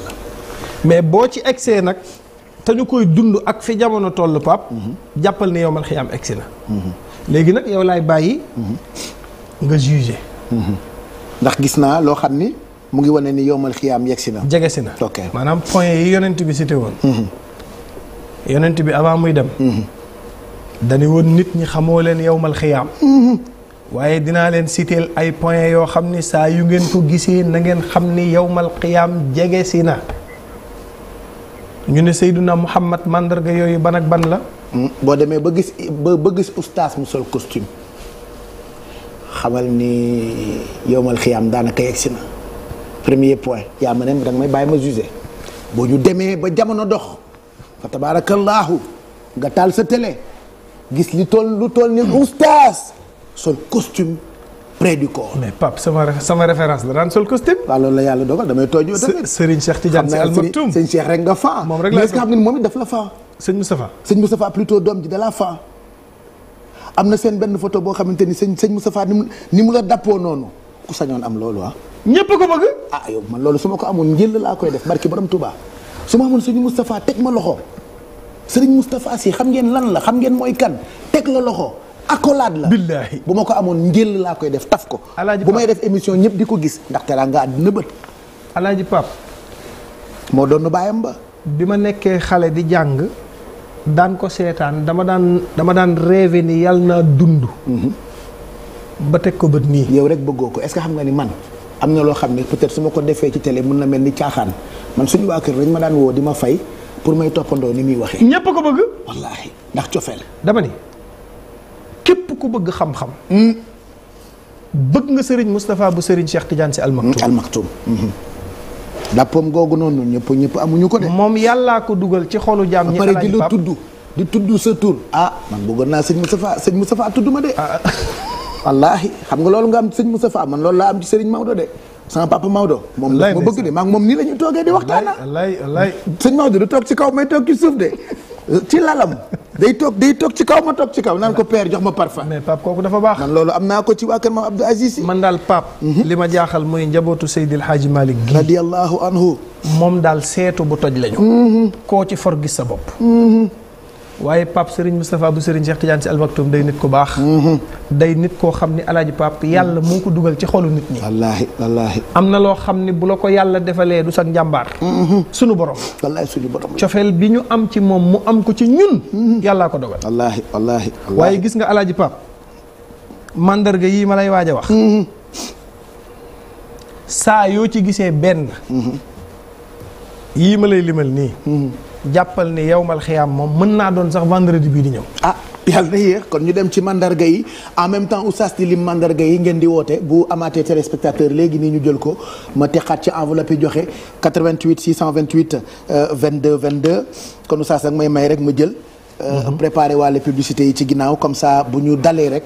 mais boo ci accès nag te ñu koy dund ak fi jamono toll pap jàppal ne yow mal xiyaam agsi na. léegi nag yow laay bàyyi. nga jugé. ndax gis naa loo xam ni mu ngi wane ni yowmal xiyaam yegsi na. jege si na ok maanaam point yi yonent bi cité woon. Mhm. yonent bi avant muy dem. Mhm. dañu nit ñi xamoo leen yowmal xiyaam waaye dinaa leen citeel ay point yoo xam ni saa yu ngeen ko gisee na ngeen xam ni yowmal xiyaam jege si na ñu ne Seyduna Muhammad màndarga yooyu ban ak ban la hmm, boo demee ba gis ustaas mu sol costume xamal ni yowmal xiyaam daanaka yegg si na premier point yaa ma ne danga may bàyyi ma jugé boo ñu demee ba jamono dox fa tabaarakallaahu nga taal sa télé gis li tool lu toll ni oustaz sol costume près du corps. mais Pape sama sama référence la daan sol costume. waaw loolu la yàlla dogal damay toojoo tamit. Serigne Cheikh Tidiane si almaktum sëñ Cheikh rek nga faa. moom rek la mais xam nga ni moom it daf la faa. sëñ Moustapha. sëñ Moustapha plutôt doom ji da la am na seen benn photo boo xamante ni sëñ sëñ Moustapha ni mu ni mu la dappoo noonu ku sañoon am loolu ah. ñëpp ko bëgg. ah yow man loolu su ma ko amoon njël laa koy def barki borom Touba su ma amoon sëñ Moustapha teg ma loxo. Serigne Moustapha Sy xam ngeen lan la xam ngeen mooy kan teg la loxo accolade la billaahi bu ma ko amoon njël laa koy def taf ko bu may def émission ñëpp di ko gis ndaxte laa nga àddina bët alaaji pap moo doon bàyyam ba bi ma nekkee xale di jàng daan ko seetaan dama daan dama daan rêvé ni yàlla naa dund mhm. ba teg ko bët nii yow rek bëggoo ko est-ce que xam nga ni man am na loo xam ne peut-être su ma ko defee ci tele mun na mel ni caaxaan man suñu waa kër dañ ma daan woo di ma fay pour may toppandoo ni muy waxe ñëpp ko bëgg. wallaahi ndax cofeel dama ni képp ku bëgg xam-xam. Hmm. bëgg nga Serigne Moustapha bu Serigne Cheikh Tidiane si almaktum. Hmm, almaktum. Hmm. dàppam googu noonu ñëpp ñëpp amuñu ko de. moom yàllaa ko dugal ci xolu jaam ñi. pare di la tudd di tudd sa tur. ah man bëggoon naa sëñ Moustapha sëñ Moustapha tudd ma de. Ah. wallaahi xam nga loolu nga am sëñ Moustapha man loolu laa am ci Serigne Maodo de. sama papa Maodo. moom la ma bëgg de moom nii la ñuy toogee di waxtaan ah. wallay wallay sëñ Maodo du toog ci kaw may toog ci suuf de ci lalam. day toog day toog ci kaw ma toog ci kaw naan ko père jox ma parfum mais Pape kooku dafa baax. man loolu am naa ko ci waa kër maam Abdou Aziz. man daal Pape. Mhm. li ma jaaxal mooy njabootu Seydil Hadji Malick gi. radiyallahu anhu. moom daal seetu bu toj lañu. Mhm. koo ci for gis sa bopp. Mhm. waaye pap Serigne Moustapha bu Serigne Cheikh Tidiane si almaktum day nit ku baax. Mhm. day nit koo xam ni alaaji Pape yàlla moo ko dugal ci xolu nit ñi. wallaahi wallaahi. am na loo xam ni bu la ko yàlla defalee du sax njàmbaar. Mhm. suñu borom. wallaahi sunu borom. cofeel bi ñu am ci moom mu am ko ci ñun. Mhm. yàllaa ko dogal. wallaahi waaye gis nga alaaji Pape mandarga yii ma lay waaj a wax. saa yoo ci gisee benn. yii ma lay limal nii. jàppal ne yowmal xiyaam moom mën naa doon sax vendredi bii di ñëw. ah yàlla na yéex kon ñu dem ci mandarga yi en même temps oustaz di lim mandarga yi ngeen di woote bu amaatee téléspectateur léegi nii ñu jël ko ma texaat ci enveloppe vingt joxe 88 628 22 deux kon oustaz ak may may rek ma jël. Euh, mhm. préparer wàllu publicité yi ci ginnaaw comme ça bu ñu dalee rek.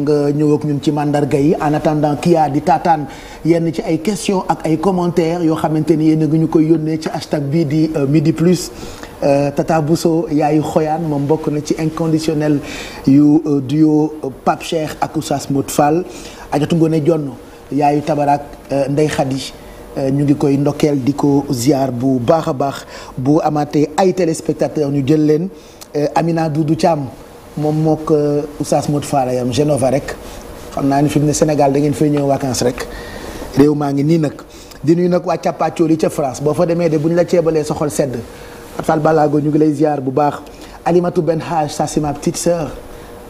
nga ñëw ak ñun ci màndarga yi en attendant kia di taataan yenn ci ay questions ak ay commentaires yoo xamante ni yéen a ngi ñu koy yónnee ci hashtag bii di euh, midi plus euh, Tata Bousso yaayu xoyaan moom mbokk na ci inconditionnel yu euh, duo Pape Cheikh ak Oustaz Modou Fall Ajatou Ngoné Jonn yaayu tabaraak Ndey Khady ñu ngi koy ndokkeel di ko ziar bu baax a baax bu amaatee ay téléspectateurs ñu jël leen Amina du Thiam moom mook Oustaz Modou Fall yam Genova rek xam naa ni fi mu ne Sénégal da ngeen fay ñëw vacances rek réew maa ngi nii nag di nuy nag waa càppaacóol yi ca France boo fa demee de bu ñu la ceebalee sa xol sedd Fatal Balago ñu ngi lay ziar bu baax Alimatou Ben Haj ça c'est ma petite sœur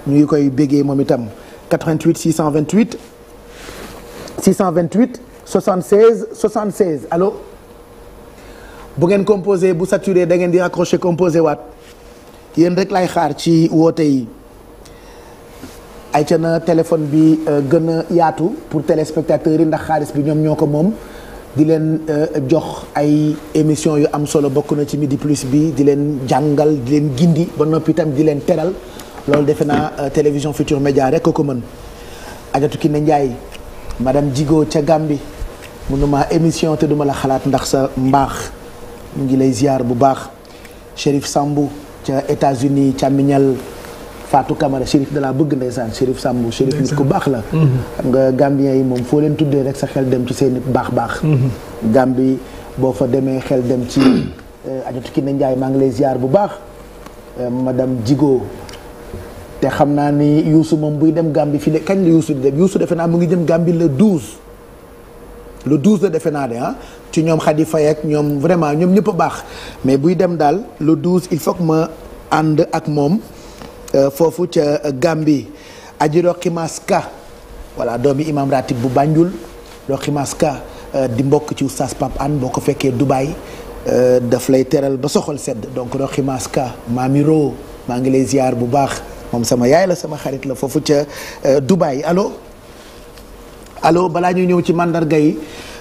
ñu ngi koy béggee moom itam 88 628 628 76 76 allo bu ngeen composé bu saturé da ngeen di raccroché composé waat. yéen rek lay xaar ci woote yi ay ca na téléphone bi euh, gën a yaatu pour téléspectateurs yi ndax xaalis bi ñoom ñoo ko moom di leen euh, jox ay émission yu am solo bokk na ci midi plus bi di leen jàngal di leen gindi ba noppi itam di leen teral loolu defe naa euh, télévision Futur Média rek ko ko mën Adjatou Kiné Ndiaye madame jigo ca Gàmbi mënuma émission te duma la xalaat ndax sa mbaax mu ngi lay ziar bu baax Chérif sambu ca États-Unis càmmiñal Fatou Camara Chérif dalaa bëgg ndeysaan Chérif Samb Chérif nit ku baax la mm-hmm. xam nga Gambien yi moom foo leen tuddee rek sa xel dem ci seen baax baax mm-hmm. Gambi boo fa demee xel dem ci euh, ajatu ki na Njaay maa ngi lay ziar bu baax euh, madame Jigo te xam naa ni Youssou moom buy dem Gambie fii de kañ la Youssou di dem Youssou defe naa mu ngi dem Gambie le 12 le 12 la defe naa de ah. ci ñoom Khady fay ak ñoom vraiment ñoom ñëpp a baax mais buy dem daal lu 12 il faut ma ànd ak moom euh, foofu ca Gambie aji Rokimas Ka voilà doomi imam ratib bu Banjul Rokimas Ka euh, di mbokk ci oustaz Pape Anne boo ko fekkee Dubaay euh, daf lay teral ba soxol sedd donc Rokimas Ka maami Ro maa ngi lay ziar bu baax moom sama yaay la sama xarit la foofu ca Dubaay alo alo balaa ñu ñëw ci màndarga yi.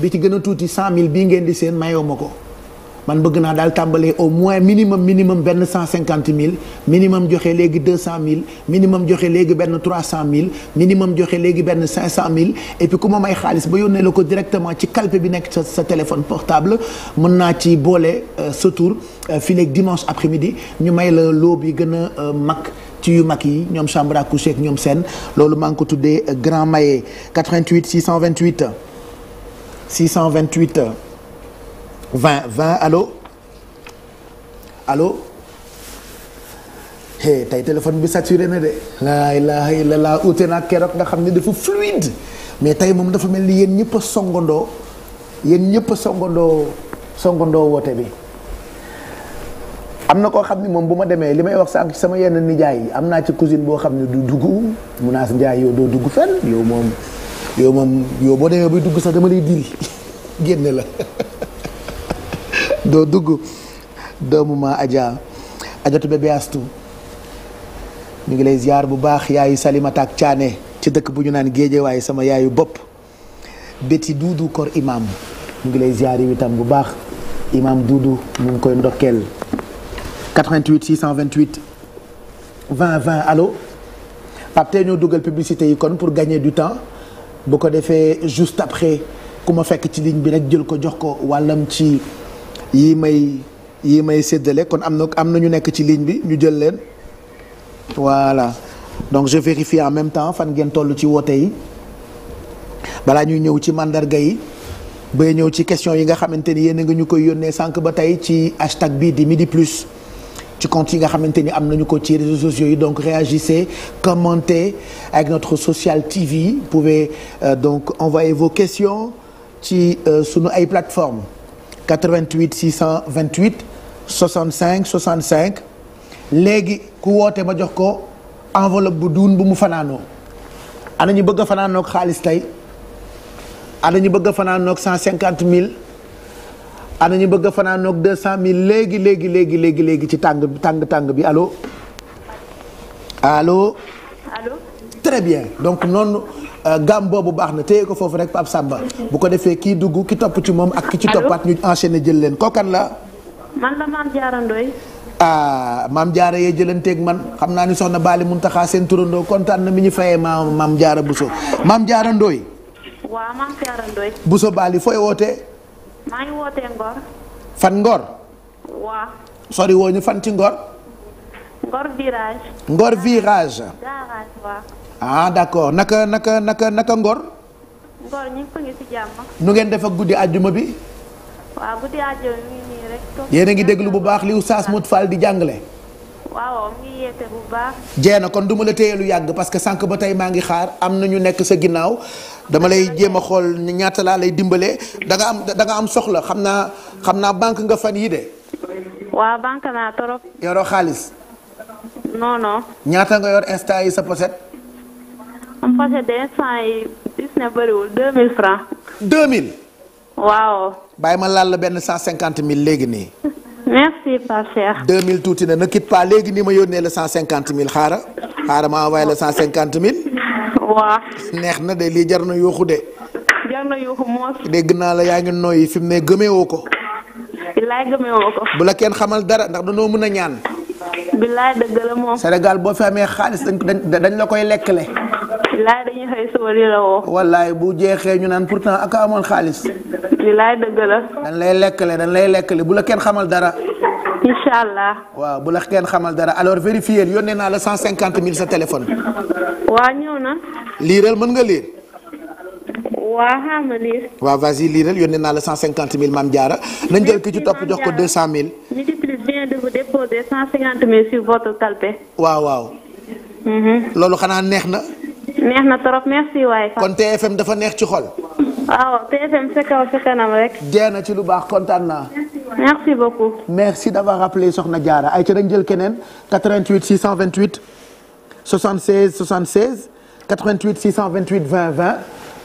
bi ci gën a tuuti cent mille bii ngeen di seen mayoo ma ko man bëgg naa daal tàmbalee au moins minimum minimum benn cent cinquante mille minimum joxe léegi deux cent mille minimum joxe léegi benn trois cent mille minimum joxe léegi benn cinq cent mille et puis ku ma may xaalis ba yónnee la ko directement ci calpe bi nekk sa sa téléphone portable mën naa ci boole euh, sa tour euh, fii léegi dimanche après-midi ñu may la loo bi gën a euh, mag. ci yu mag yi ñoom chambre à ñoom seen loolu maa ngi ko tuddee grand maye 88 628. 628 20 20 allo allo hey tey téléphone bi saturé na de laa ilaha illallah ute naa keroog nga xam ne dafa fluide mais tey moom dafa mel ni yéen ñëpp a songandoo yéen ñëpp a songandoo songandoo bi am na koo xam ne moom bu ma demee li may wax sànq sama yenn nijaay yi am naa ci cousine boo xam ne du dugg munaas njaay yow doo dugg fenn yow moom yow moom yow boo demee buy dugg sax dama lay diri génne la doo dugg doomu maa Adja Adjatu bébé Astou ñu ngi lay ziar bu baax yaayu Salimata ak Thiané ci dëkk bu ñu naan waaye sama yaayu bopp béti duudu kor imam ñu ngi lay ziar yi itam bu baax imam duudu mu ngi koy ndokkeel 88 628 20 20 allo ñoo dugal publicité yi kon pour gagner du temps bu ko defee juste après ku ma fekk ci ligne bi rek jël ko jox ko wàllam ci yii may yi may séddale kon am na am na ñu nekk ci ligne bi ñu jël leen voilà donc je vérifie en même temps fan ngeen tollu ci woote yi balaa ñuy ñëw ci mandarga yi bay ñëw ci question yi nga xamante ni yéen a ngi ñu koy yónnee sànq ba tey ci hashtag bi di midi plus. ci compte yi nga xamante ni am nañu ko ci réseaux sociaux yi donc réagissez commentez avec notre social TV vous pouvez euh, donc envoyer vos questions ci euh, sunu ay plateforme 88 628 65 65 léegi ku woote ma jox ko enveloppe bu duun bu mu fanaanoo ana ñu bëgg a fanaanoog xaalis tey ana ñu bëgg a fanaanoog cent cinquante mille ana ñu bëgg a fanaanoog deux cent mille léegi léegi léegi léegi léegi ci tàng tàng tàng bi allo allo. allo. très bien donc noonu euh, gaam boobu baax na téye ko foofu rek ab Samba. bu ko defee kii dugg ki topp ci moom ak ki ci toppaat ñu na jël leen kookan la. man la Maam jaara Ndoye. Ah, maam Diarra yee jëlanteeg man xam naa ni soxna Baali Muntaxa seen turandoo kontaan na mi ñu fayee maam Maam Diarra Bousso Maam Diarra Ndoye. waaw Maam fooy wootee. maa ngi wootee Ngor. fan Ngor. waaw. sori woo ñu fan ci Ngor. Ngor virage. Ngor virage. garage waaw. ah d'accord naka naka naka Ngor. Ngor ñu ngi ci jàmm. nu ngeen def ak guddi àjjuma bi. waaw guddi àjjuma bi nii ngi déglu bu baax li saas Modou Fall di jàngale. waaw mu ngi bu baax. jeena kon du ma la téye lu yàgg parce que sànq ba tey maa ngi xaar am na ñu nekk sa ginnaaw dama lay jéem a xool ñaata laa lay dimbalee danga am da nga am soxla xam naa xam naa banque nga fan yii de. waaw banque naa trop. yoroo xaalis. non ñaata nga yor instant yi sa poset. am instant yi gis na bëriwul 2000 francs. 2000. waaw. bàyyi ma laal la benn cent 150 000 léegi nii. merci Pape Cheikh. 2000 tuuti na ne quitte léegi nii ma yónnee la 150 000 xaara xaara ma envoyé la 150 000. waaw. neex na de lii jar na yuuxu de. jar na yuuxu moos. dégg naa la yaa ngi nooyi fi mu ne gëmeewoo ko. billaay gëmeewoo ko. bu la kenn xamal dara ndax noo mën a ñaan. billaay dëgg la moom. Sénégal boo fi amee xaalis dañ dañ la koy lekkale. billaay dañuy xëy suba di la woo. wallaay bu jeexee ñu naan pourtant ak amoon xaalis. billaay dëgg la. dañ lay lekkale dañ lay lekkale bu la kenn xamal dara. incha allah. waaw bu la kenn xamal dara alors vérifier yónnee naa la cent cinquante mille sa téléphone. waa ñëw na. liiral mën nga liir. waa xam nga liir. waaw vas-y liiral yónnee naa la cinquante mille maam Diarra. nañ jël ki ci topp jox ko deux cent mille. Multiplex vient de vous déposer cent sur votre calpe. waaw waaw. Mhm. loolu xanaa neex na. neex na trop merci waay. kon TFM dafa neex ci xol. waaw TFM sa kaw sa rek. dee na ci lu baax kontaan naa. merci beaucoup. merci d'avoir rappelé Soxna Diarra ay ca dañ jël keneen 88 628 76 76 88 628 20 20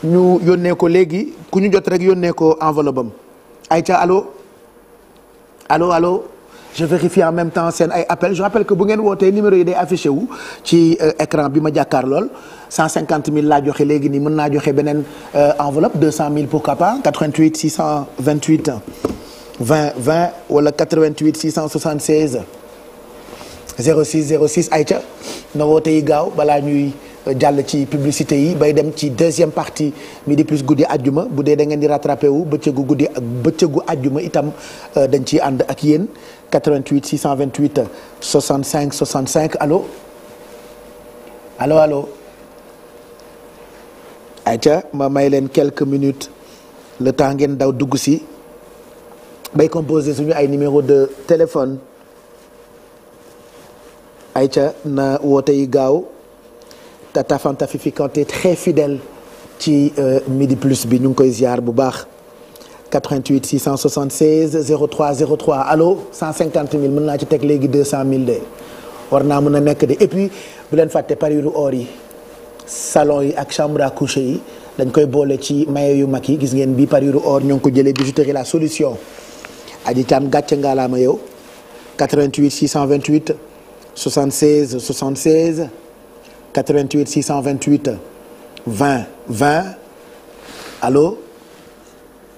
ñu yónnee ko léegi ku ñu jot rek yónnee ko enveloppe am ay ca allo allo allo. je vérifie en même temps seen ay appel je rappelle que bu ngeen wootee numéro yi day affiché wu ci euh, écran bi ma jàkkaar lool 150 000 laa joxe léegi nii mën naa joxe beneen euh, enveloppe 200 quapa pourquoi pas 88 628 20 20 wala 88 676 06 06 ayca na woote yi gaaw balaa ñuy euh, jàll ci publicité yi bay dem ci deuxième partie midi plus guddi àjjuma bu dee da ngeen di rattrapé wu bëccëgu guddi ak bëccëgu àjjuma itam dañ ci ànd ak yéen. 88 628 65 65 allo allo allo ayca ma may leen quelques minutes le temps ngeen daw dugg si bay composé suñu ay numéro de téléphone ayca na woote yi gaaw Tata Fanta Fifi Kanté très fidèle ci euh, Midi Plus bi ñu ngi koy ziar bu baax 88 676 03 03 allo 150 000 mën naa ci teg léegi 200 000 de war naa mën a nekk de et puis bu leen fàtte pariru or yi salon yi ak chambre à coucher yi dañ koy boole ci maye yu mag yi gis ngeen bii pariru or ñoo ngi ko jëlee bijouterie la solution aji caam gàcce ngaalaama yow 88 628 76 76 88 628 20 20 allo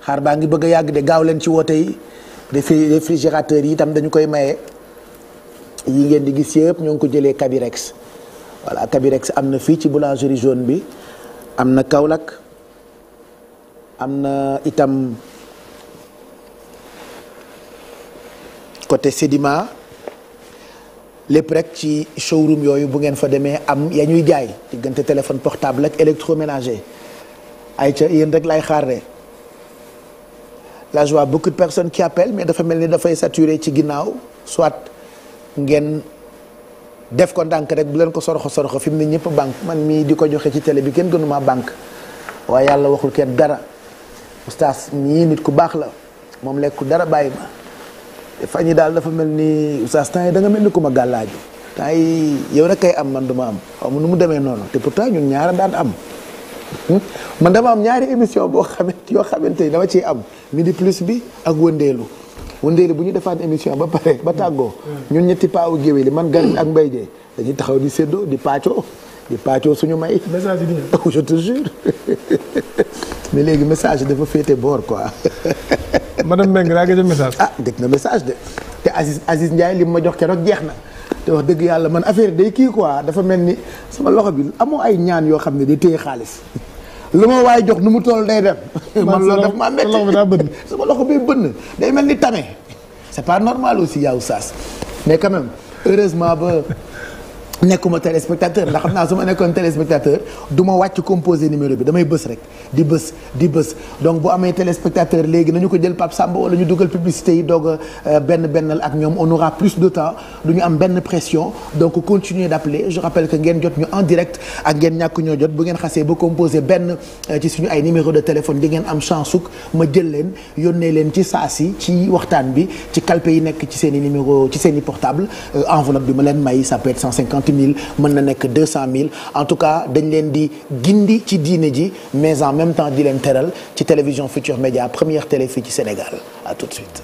xaar baa ngi bëgg yàgg de gaaw leen ci woote yi réfrigérateur yi tam dañu koy maye yi ngeen di gis yëpp ñoo ngi ko jëlee Kabirex voilà Kabirex am na fii ci boulangerie jaune bi am na kaw Kaolack am na itam côté Sédima lépp rek ci showroom yooyu bu ngeen fa demee am ya ñuy jaay diggante téléphone portable ak électroménager ay ca yéen rek lay xaar de là je vois beaucoup de personnes qui mel ni dafay saturé ci ginnaaw soit ngeen def ko ndànk rek bu leen ko soroxo soroxo fi mu ne ñëpp banque man mii di ko joxe ci télé bi kenn gënuma banque waaye yàlla waxul kenn dara oustaz ñii nit ku baax la moom lekkul dara bàyyi ma te fan daal dafa mel ni oustaz temps yi da nga mel ni ku ma gàllaaju temps yi yow rek kay am man du ma am xaw ma nu mu demee noonu te pourtant ñun ñaara daan am Hmm? man dama am ñaari émission boo xamante yoo xamante ni dama ciy am midi plus bi ak wëndeelu wëndeelu bu ñu defaat émission ba pare ba tàggoo hmm. ñun ñetti paawu géwél yi man garit ak mbay jee dañuy taxaw di séddoo di pàccoo di pàccoo suñu may message yi je te jure mais léegi message dafa féete boor quoi madame Mbengue daa gis message ah dégg na message de te Aziz Aziz Ndiaye li ma jox keroog jeex na te wax dëgg yàlla man affaire day kii quoi dafa mel ni suma loxo bi amoo ay ñaan yoo xam ne day téye xaalis lu ma waaye jox nu mu toll day dem. man loolu daf maa métti sama loxo bi bënn day mel ni tame c'est pas normal aussi yow saas mais quand même heureusement ba. nekkuma téléspectateur ndax xam naa su ma nekkoon téléspectateur du ma wàcc composé numéro bi damay bës rek di bës di bës donc boo amee téléspectateur léegi nañu ko jël Pape Samba wala ñu dugal publicité yi doog a euh, benn bennal ak ñoom on aura plus de temps du ñu am benn pression donc continuer d'appeler je rappelle que ngeen jot ñu en direct ak ngeen ñàkk ñoo jot bu ngeen xasee ba composé benn euh, ci suñu ay numéro de téléphone di ngeen am chance ma jël leen yónnee leen ci saa si ci waxtaan bi ci calpe nekk ci seen i numéro ci seen i portable euh, enveloppe bi leen may ça peut cinquante mille mën na nekk deux cent mille en tout cas dañ leen di gindi ci diine ji mais en même temps di leen teral ci télévision Futur Média première télé fii ci Sénégal tout de suite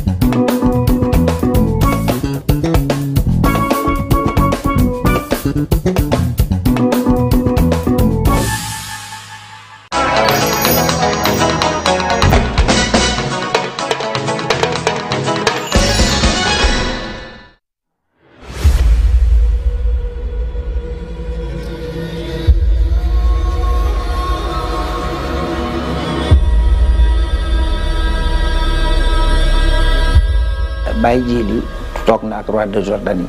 roi de Jordanie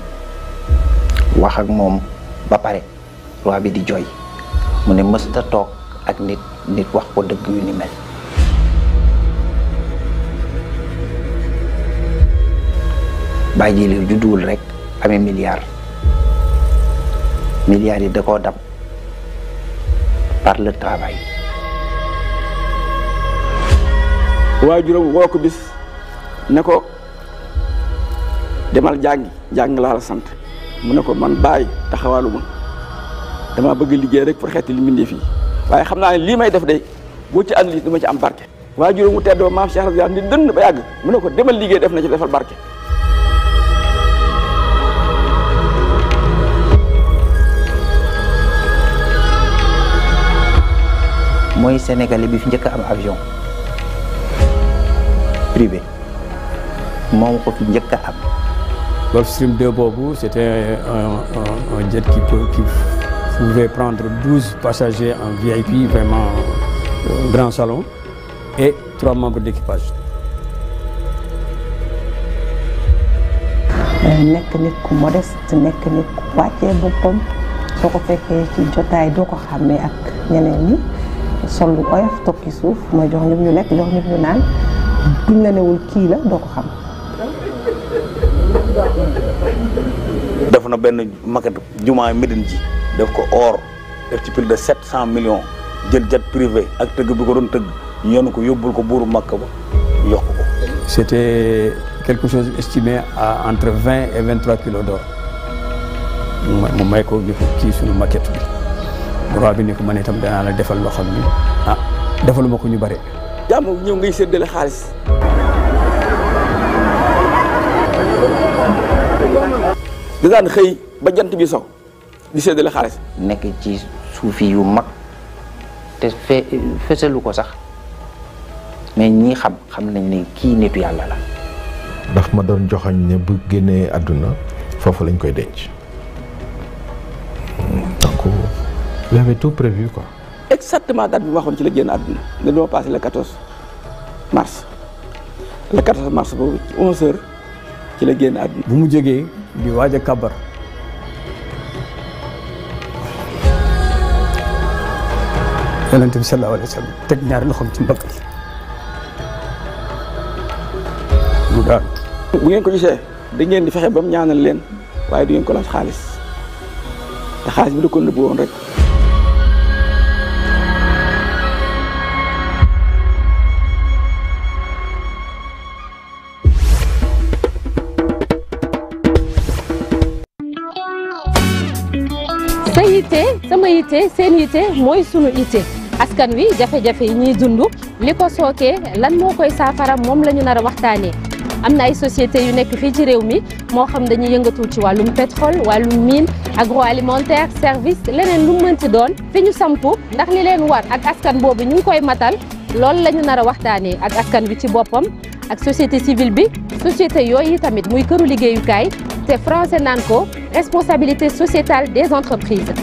wax ak moom ba pare roi bi di jooy mu ne mësta toog ak nit wax ko dëgg yu ni mel bàyyi jili judduwul rek amee milliard milliards yi da koo dab par le travail waajuram woo bis ne ko demal jàngi jàng laa la sant mu ne ko man bàyyi taxawaalu ma damaa bëgg liggéey rek pour xeeti li mbindee fii waaye xam naa ne lii may def de boo ci àndul dama ci am barke waaye juróom mu teddoo maam Cheikh Rabiane di dënn ba yàgg mu ne ko demal liggéey def na ci defal barke mooy sénégalais bi fi njëkk am avion privé moom ko fi njëkk am Gulf Stream de boobu c' était un, un, un jet qui peut qui prendre douze passagers en VIP vraiment euh, grand salon et trois membres d' équipage. Euh, nekk nit ku nekk nit ku wàccee soo ko fekkee ci jotaay doo ko xàmmee ak ñeneen ñi lu oyof tokki suuf mooy jox ñëpp ñu lekk jox ñëpp ñu naan duñ la newul kii la doo ko xam. def na benn maquette jumaa Médine ji def ko or def ci plus de cent millions jël jet privé ak tëgg bu ko doon tëgg yoonu ko yóbbul ko buuru Makka ba yokk ko. c'était quelque chose estimé à entre vingt et vingt trois kilos d'or mu may ko ni ko kii suñu maquette bi roi bi ni ko man itam danaa la defal loo xam ni ah defaluma ko ñu bare. jàmm ñëw ngay séddale xaalis. da daan xëy ba jant bi sow di séddale xaalis. nekk ci suufi yu mag te fe fesalu ko sax mais ñi xam xam nañ ne kii nitu yàlla la. daf ma doon joxoñ ne bu génnee àdduna foofu lañ koy denc donc il avait tout prévu quoi. exactement date bi ma waxoon ci la génn àdduna nga doo passé le 14 mars le 14 mars boobu ci la génn àdduna. bu mu jegee di waaj a kabar yonent bi sallallahu alayhi wa sallam teg ñaari loxoom ci mbagg mu daal bu ngeen ko gisee da ngeen di fexe ba mu ñaanal leen waaye du ngeen ko laaj xaalis te xaalis bi da ko nëbbu woon rek yitte seen yitte mooy sunu yitte askan wi jafe-jafe yi ñuy dund li ko sookee lan moo koy saafara moom la ñu nar a waxtaanee am na ay société yu nekk fii ci réew mi moo xam dañuy yëngatu ci wàllum pétrole wàllum mine agroalimentaire service leneen lu mënti doon fi ñu sampu ndax li leen war ak askan boobu ñu ngi koy matal loolu la ñu nar a waxtaanee ak askan bi ci boppam ak société civile bi société yooyu tamit muy këru liggéeyukaay te français naan ko responsabilité sociétale des entreprises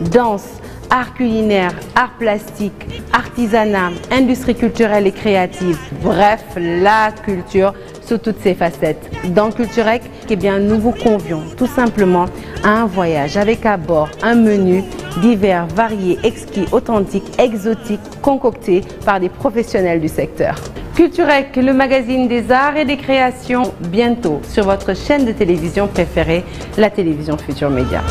danse art culinaire art plastique artisanat industrie culturelle et créative bref la culture sous toutes ses facettes dans Culturec eh bien nous vous convions tout simplement à un voyage avec à bord un menu divers varié exquis authentique exotique concocté par des professionnels du secteur Culturec le magazine des arts et des créations bientôt sur votre chaîne de télévision préférée la télévision Futurs média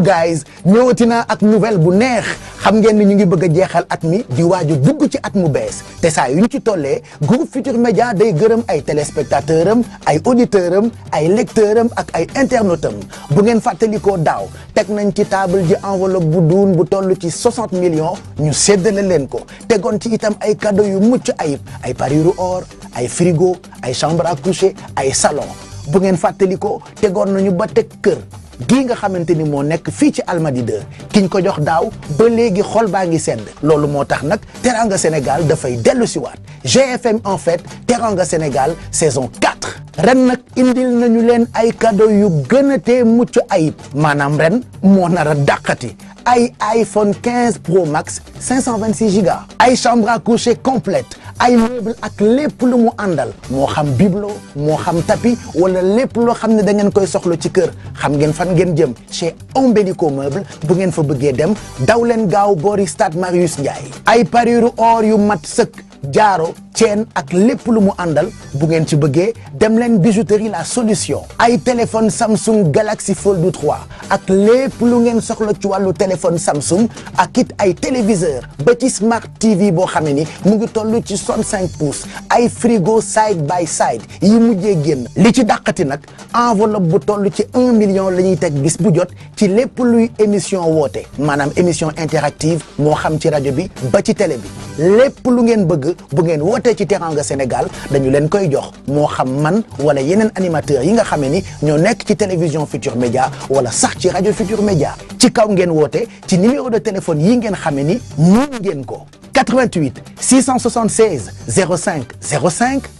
hello guys ñëwati naa ak nouvelle bu neex xam ngeen ni ñu ngi bëgg a jeexal at mi di waaju dugg ci at mu bees te saa yu ñu ci tollee groupe Futur Média day gërëm ay téléspectateur am ay auditeur am ay lecteur am ak ay internetam bu ngeen fàttalikoo daaw teg nañ ci table ji enveloppe bu duun bu toll ci 60 millions ñu séddale leen ko tegoon ci itam ay cadeau yu mucc ay ay parure or ay frigo ay chambre à coucher ay salon bu ngeen fàttalikoo tegoon nañu ba teg kër gii nga xamante ni moo nekk fii ci Almadi 2 ñu ko jox daaw ba léegi xol baa ngi sedd loolu moo tax nag Teranga Sénégal dafay dellu si waat GFM en fait Teranga Sénégal saison 4 ren nag indil nañu leen ay cadeau yu gën a tee mucc ayib maanaam ren moo nar a dàqati ay iPhone 15 Pro Max 526 giga ay chambre à coucher complète ay meuble ak lépp lu mu àndal moo xam biblo moo xam tapis wala lépp loo xam ne da ngeen koy soxla ci kër xam ngeen fan ngeen jëm chez Ombelico Meuble bu ngeen fa bëggee dem daw leen gaaw boori stade Marius Ndiaye ay parure or yu mat sëkk jaaro ceen ak lépp lu mu àndal bu ngeen ci bëggee dem leen bijouterie la solution ay téléphone Samsung Galaxy Fold 3 ak lépp lu ngeen soxla ci wàllu téléphone Samsung ak it ay téléviseur ba ci smart TV boo xamee ni mu ngi tollu ci cinq pouces ay frigo side by side yi mujjee génn li ci dàqati nag enveloppe bu toll ci un million la ñuy teg gis bu jot ci lépp luy émission woote maanaam émission interactive moo xam ci rajo bi ba ci télé bi lépp lu ngeen bëgg bëgg bu ngeen wootee ci Teranga Sénégal dañu leen koy jox moo xam man wala yeneen animateurs yi nga xamee ni ñoo nekk ci télévision Futur Média wala sax ci rajo Futur Média ci kaw ngeen woote ci numéro de téléphone yi ngeen xamee ni mën ngeen ko 88 676 05 05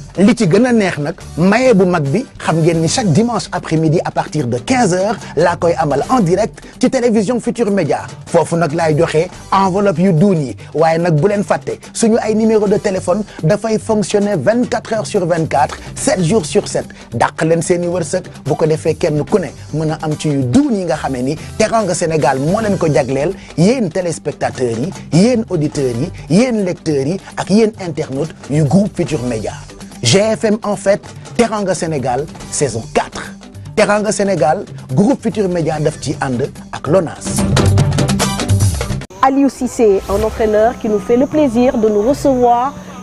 li ci gën a neex nag maye bu mag bi xam ngeen ni chaque dimanche après-midi à partir de quinze h laa koy amal en direct ci télévision Futur Média foofu nag laay joxe enveloppe yu duun yi waaye nag bu leen fàtte suñu ay numéro de téléphone dafay fonctionner 24 heures sur 24 7 jours sur 7 dàq leen seeni i wërsëg bu ko defee kenn ku ne mën a am ci yu duun yi nga xamee ni Teranga Sénégal moo leen ko jagleel yéen téléspectateurs yi yéen auditeurs yi yéen lecteurs yi ak yéen internautes yu groupe Média GFM en fait Teranga Sénégal saison 4 Teranga Sénégal groupe Futur Média daf ci ànd ak LONASE. Aliou Cissé un entraîneur qui nous fait le plaisir de nous recevoir.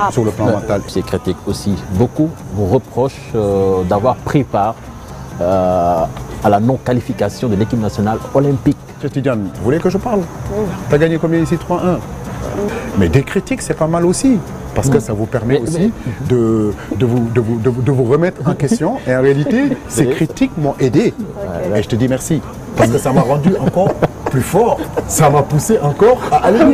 Ah, sur le plan mental. Ces critiques aussi, beaucoup vous reprochent euh, d'avoir pris part euh, à la non-qualification de l'équipe nationale olympique. Tidiane, vous voulez que je parle Tu as gagné combien ici 3-1 mais des critiques, c'est pas mal aussi. Parce que mm. ça vous permet aussi de, vous, remettre en question. Et en réalité, ces critiques m'ont aidé. Et je te dis merci. Parce que ça m'a rendu encore plus fort. Ça m'a poussé encore à aller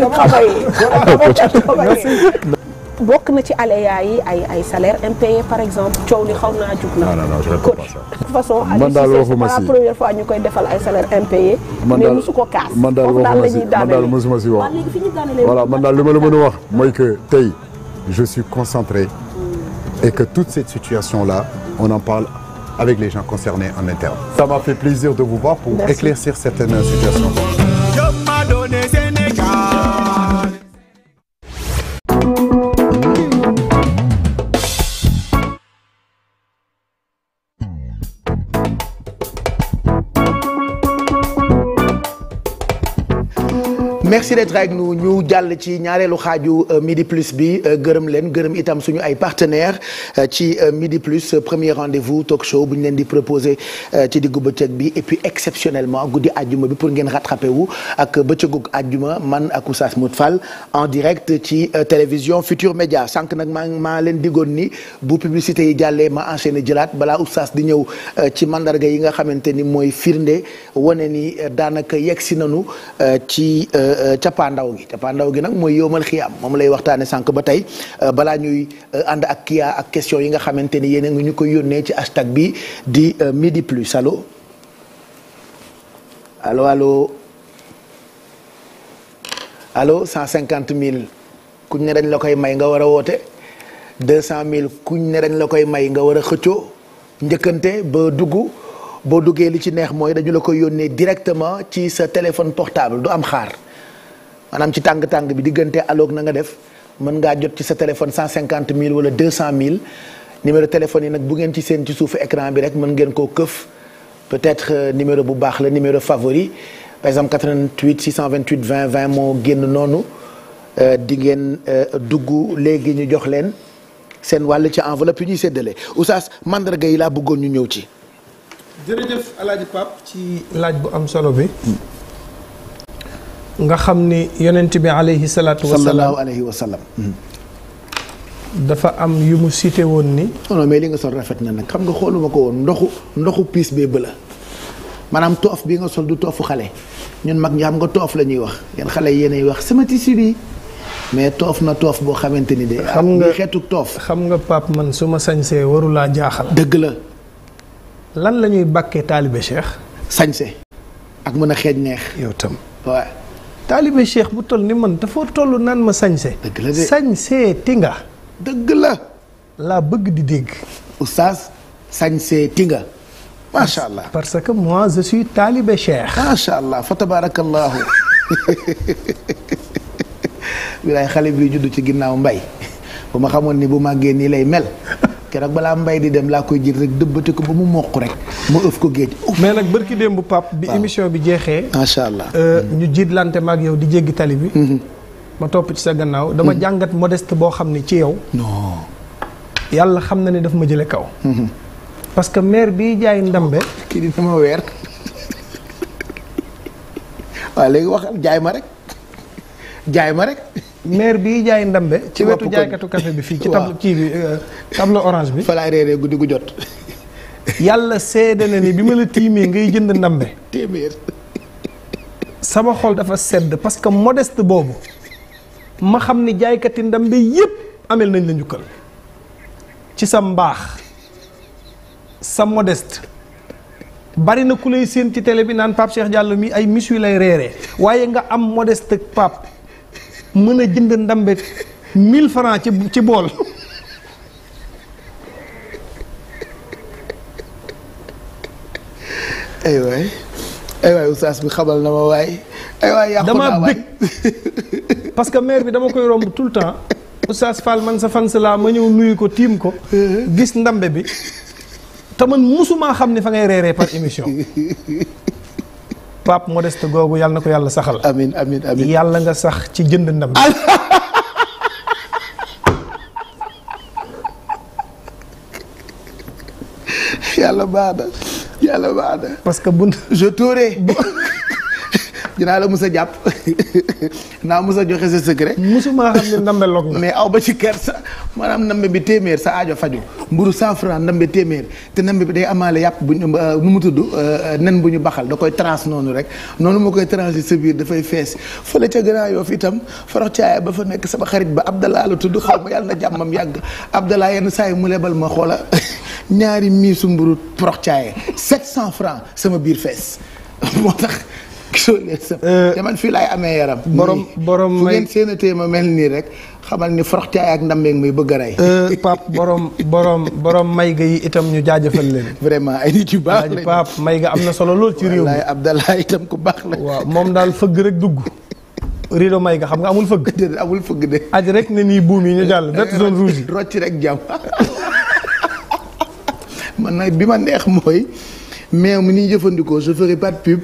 bokk na ci aléa yi ay ay salaire impayé par exemple coow li xaw naa jug na. non non je ne peux pas ça. de toute façon man daal waxuma si première fois ñu koy defal ay salaire impayé. man daal mais mosu ko kaas. man daal waxuma si man daal mosuma si wax. voilà man daal li ma la mën a wax mooy que tey je suis concentré et que toute cette situation là on en parle avec les gens concernés en interne. ça m'a fait plaisir de vous voir pour Merci. éclaircir certaines situations. merci d'être avec nous ñu jàll ci ñaareelu xaaju euh, midi plus bi euh, gërëm leen gërëm itam suñu ay partenaires euh, ci midi plus premier rendez-vous talk show bu ñu leen di proposer ci diggu bëccëg bi et puis exceptionnellement guddi àjjuma bi pour ngeen rattrapé wu ak bëccëgug àjjuma man ak Oustaz Modou Fall en direct ci télévision Futur Média sànq nag maa maa leen digoon ni bu publicité yi jàllee ma enchaîné jëlaat balaa Oustaz di ñëw ci mandarga yi nga xamante ni mooy firnde wane ni daanaka yegg si nañu cappaandaw gi cappaandaw gi nag mooy xii am moom lay waxtaane sànq ba tey euh, balaa ñuy euh, ànd ak kia ak question yi nga xamante ni yéen a ñu koy yónnee ci hashtag bi di euh, midi plus alo alo allo allo cent cinquante mille kuñ ne dañ la koy may nga war a woote deux cent mille kuñ ne dañ la koy may nga war a xëccoo njëkkante ba dugg boo duggee li ci neex mooy dañu la koy yónnee directement ci sa téléphone portable du am xaar maanaam ci tàng-tàng bi diggante aloog na nga def mën ngaa jot ci sa téléphone cent cinquante mille wala deux cent mille numéro téléphone yi nag bu ngeen ci seen ci suufu écran bi rek mën ngeen koo këf peut-être euh, numéro bu baax la numéro favori par exemple 88 628 20 20 moo génn noonu euh, di ngeen euh, dugg léegi ñu jox leen seen wàll ci enveloppe yi ñuy séddale oustaz mandarga yi laa bëggoon ñu ñëw ci. jërëjëf El Hadj ci laaj bu am solo bi. Hmm. nga xam ni yeneent bi alayhi salaatu wa sallallahu alayhi wa sallam hmm. dafa am yu mu cité woon ni non mais li nga sol rafet na nag xam nga xooluma ko woon ndoxu ndoxu piis bee bëla maanaam toof bi nga sol du toofu xale ñun mag ñi xam nga toof la ñuy wax yéen xale yéenay wax sama tissu bi mais toof na toof boo xamante ni de ah, xam nga xeetu toof xam nga Pape man su ma sañsee warulaa jaaxal dëgg la lan la ñuy bàkkee taalibe Cheikh sañse ak mën a xeeñ neex yow tam taalibe cheikh bu tol ni man dafa toll naan ma sañse sañsee tinga dëgg la laa bëgg di dégg oustaz sañsee tinga macha allah parce que moi je suis taalibe cheikh macha allah fa tabarakallahu wilaay xale bi judd ci ginnaaw mbay bu ma xamoon ni bu màggee nii lay mel keroog balaa mbay di dem laa koy jël rek dëbbate ko ba mu mokk rek mu ëf ko géej. mais nag bërki bu Pape bi émission bi jeexee. macha allah euh, ñu jiitlante ma ak yow di jéggi tali bi. Mm-hmm. ma topp ci sa gannaaw. dama mm-hmm. jàngat modeste boo xam ne ci yow. non. yàlla xam na ne daf ma jële kaw. Mm-hmm. parce que maire bi jaay ndambe. kii di sama weer. waaw léegi wax jaay ma rek. jaay ma rek. maire bii jaay ndambe. ci wetu jaaykatu café bi fii ci tab kii bi euh, tableau orange bi. fa laay guddi gu jot. yàlla sedd na ni bi ma la tiimee ngay jënd ndambe. téeméer. sama xol dafa sedd parce que modeste boobu ma xam ni jaaykati ndambe yépp amel nañ la njukkal ci sa mbaax sa modest bari na ku lay séen ci télé bi naan Pape Cheikh Diallo mi ay miss yu lay reeree waaye nga am modest Pape mën a jënd ndambe mille francs ci ci bool ay waay ay waay oustaz bi xamal na ma waay ay waay yàqu naa waay bëgg parce que maire bi dama koy romb tout le temps oustaz Fall man sa fan laa ma ñëw nuyu ko tiim ko uh-huh. gis ndambe bi te man musumaa xam ne fa ngay reeree par émission Pape Modeste googu yàlla na ko yàlla saxal. amiin amiin yàlla nga sax ci jënd ndam. yàlla baax na yàlla baax na parce que bu je dinaa la mus a jàpp naa mus a joxe sa secret. musuma xam ne ndambe log mais aw ba ci kersa maanaam ndambe bi téeméer sa aajo faju mburu cent franc ndambe téeméer te ndambe bi day amaale yàpp bu ñu euh, nu mu tudd euh, nen bu ñu baxal da koy trance noonu rek noonu ma koy transi sa biir dafay fees la ca Grand Yoff itam farax caaya ba fa nekk sama xarit ba Abdallah la tudd xaw ma yàlla na jàmmam yàgg Abdallah yenn saa yi mu lebal ma xoola ñaari miisu mburu porox caaye 700 francs sama biir fees gisoo euh, man fii laay amee yaram borom borom fu ngeen séenatee ma mel nii rek xamal ni forox ak ndambeeg muy bëgg a rey euh, Pape borom boroom borom may ga yi itam ñu jaajëfal leen vraiment ay nit yu baax lañ Pape may ga am na solo lool ci réew mi Abdallah itam ku baax la waaw moom daal fëgg rek dugg rido may nga xam nga amul fëgg amul fëgg de aj rek ne nii buum yi ñu jàll vert zone euh, rouge yi rocc rek jàmm man bi ma neex mooy mais mu ni jëfandikoo je ferai pas de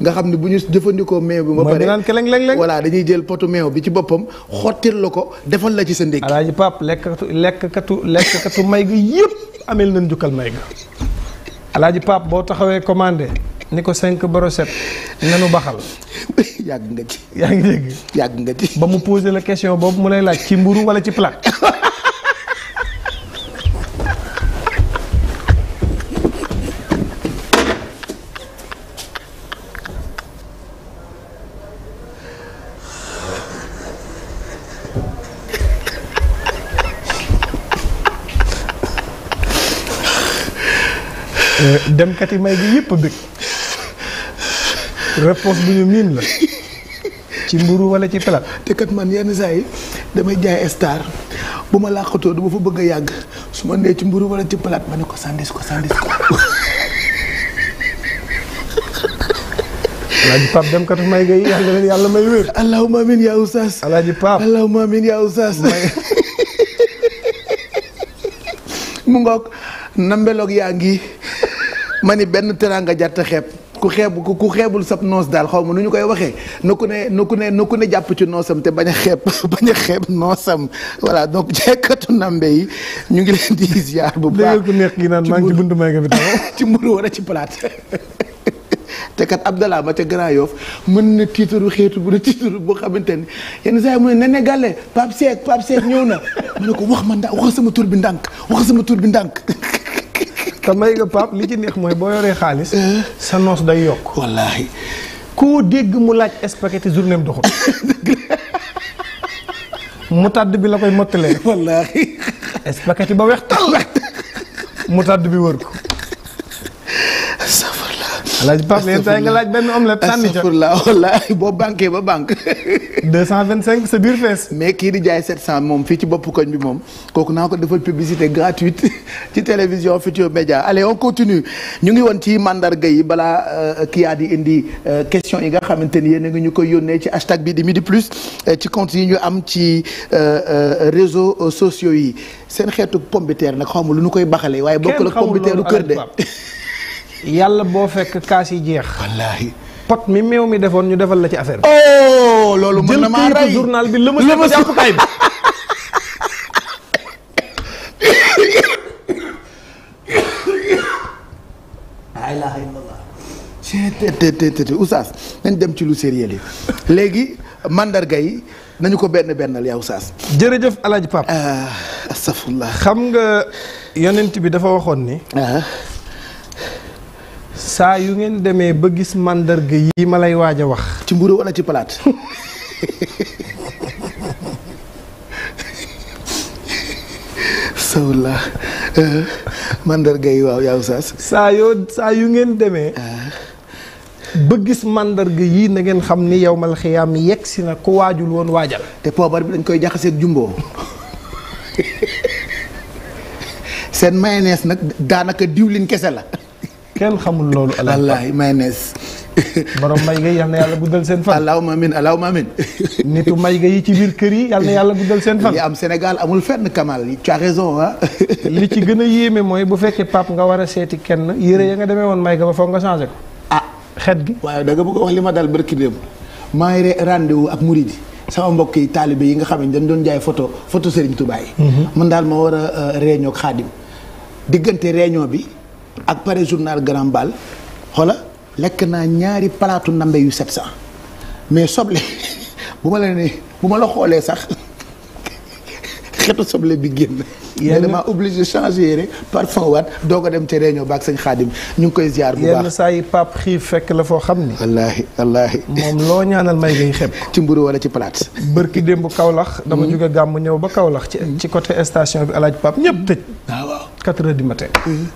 nga xam ne bu ñu jëfandikoo meew bi. ba pare voilà dañuy jël potu meew bi ci boppam xottil la ko defal la ci sa ndékki. alaaji lekk lekkatu lekkatu lekkatu may ga yëpp amel nañ jukkal may ga alaaji Pape boo taxawee commandé ni ko 5 brochette nanu baxal. yàgg nga ci. yaa ngi dégg. yàgg nga ci. ba mu posé la question boobu mu lay laaj ci mburu wala ci plat. dem kati may gi yëpp bëgg réponse bu ñu miin la ci mburu wala ci plat te kat man yenn saa yi damay jaay star bu ma làqatoo du ma fa bëgg a yàgg su ma nee ci mburu wala ci plat ma ne ko sandis ko sandis ko alaaji Pape dem kati may gi yàlla leen may wér allahumma amin yaa oustaz alaaji Pape yaa ngi ma ni benn teraanga jàtt xeeb ku xeeb ku xeebul sab noos daal xaw ma nu ñu koy waxee na ku ne na ku ne na ne jàpp ci noosam te bañ a xeeb bañ a xeeb noosam voilà donc jekkatu nambe yi ñu ngi leen di ziar bu baax ku neex gi naan maa ngi ci buntu may nga fi taxaw ci mburu wala ci palaat te kat Abdallah ma ca Grand Yoff mën na tiitaru xeetu bu ne tiitaru boo xamante ni yenn saa yi mu ne ne gàlle Pape Seck Pape Seck ñëw na ma ne ko wax ma ndànk wax sama tur bi ndànk wax sama tuur bi ndànk te may nga pap li ci neex mooy boo yoree xaalis sa noos day yokk wallaahi koo dégg mu laaj spaghetti journée doxul mu tàdd bi la koy mottalee wallaahi ba weex tal mutadd bi wër ko laaj Pape yenn saa yi nga laaj benn omelette sànni ca wallaahi boo banqué ba banque. 225 sa biir fees. mais kii di jaay 700 moom fii ci bopp koñ bi moom kooku naa ko defal publicité gratuite ci télévision Futurs Médias allez on continue ñu ngi woon ci mandarga yi balaa euh, kii yaa di indi euh, question yi nga xamante ni yéen a ngi ñu koy yónnee ci hashtag bi di midi plus euh, ci compte yi ñu am ci réseau sociaux yi seen xeetu pombiteer nag xaw ma lu nu koy baxalee waaye bokk la pombiteeru kër de. yàlla boo fekk kaas yi jeex. wallaahi. pot mi meew mi defoon ñu defal la ci affaire bi. oh loolu mën na maa rey journal bi lëmas lëmas jàppukaay bi. laa nañ dem ci lu sérieux yi léegi màndarga yi nañu ko benn bennal yaa oustaz. jërëjëf El Hadj ah, xam nga yonent bi dafa waxoon ni. Ah. saa yu ngeen demee ba gis màndarga yi ma lay waaj a wax. ci mburu wala ci palaat. sawla eh, màndarga yi waaw yaa saa yu ngeen demee. Eh. ba gis màndarga yii na ngeen xam ni yow mal xiyaam yegg si na ku waajul woon waajal. te poobar bi dañ koy jaxaseeg jumbo. seen mayonnaise nag daanaka diwlin kese la. kenn xamul loolu. wallaahi mayonnaise. borom may nga yi yal na yàlla guddal seen fan. allahumma amiin allahumma amiin. nitu may ga yi ci biir kër yi yal na yàlla guddal seen fan. li am Sénégal amul fenn Kamal tu as li ci gën a yéeme mooy bu fekkee pap nga war a seeti kenn yére ya nga demee woon may ga ba foog nga changé ko. ah xet gi. waaye danga nga bëgg wax li ma dal barki démb maa ngi rendez-vous ak Mouride. sama mbokk yi taalibe yi nga xam ne dañ doon jaay photo photo Serigne Touba yi. Mhm. man euh, bi. ak pare journal Grand Bal xoola lekk naa ñaari palaatu ndambe yu 700 mais soble bu ma la ne bu ma la xoolee sax xetu soble bi génn. yéen dama obligé changer yére parfum waat doo ko dem ci ca réunion baak sëñ xaadim ñu ngi koy ziar bu baax yenn saa yi pape xiif fekk la foo xam ni. wallaahi wallaahi. moom loo ñaanal may ngay xeeb ci mburu wala ci palaat. bërki démb Kaolack. dama mm. jóge gàmm ñëw ba Kaolack. ci mm. ci côté station bi alaaj Pape ñëpp tëj. Ah, waaw waaw 4 mm.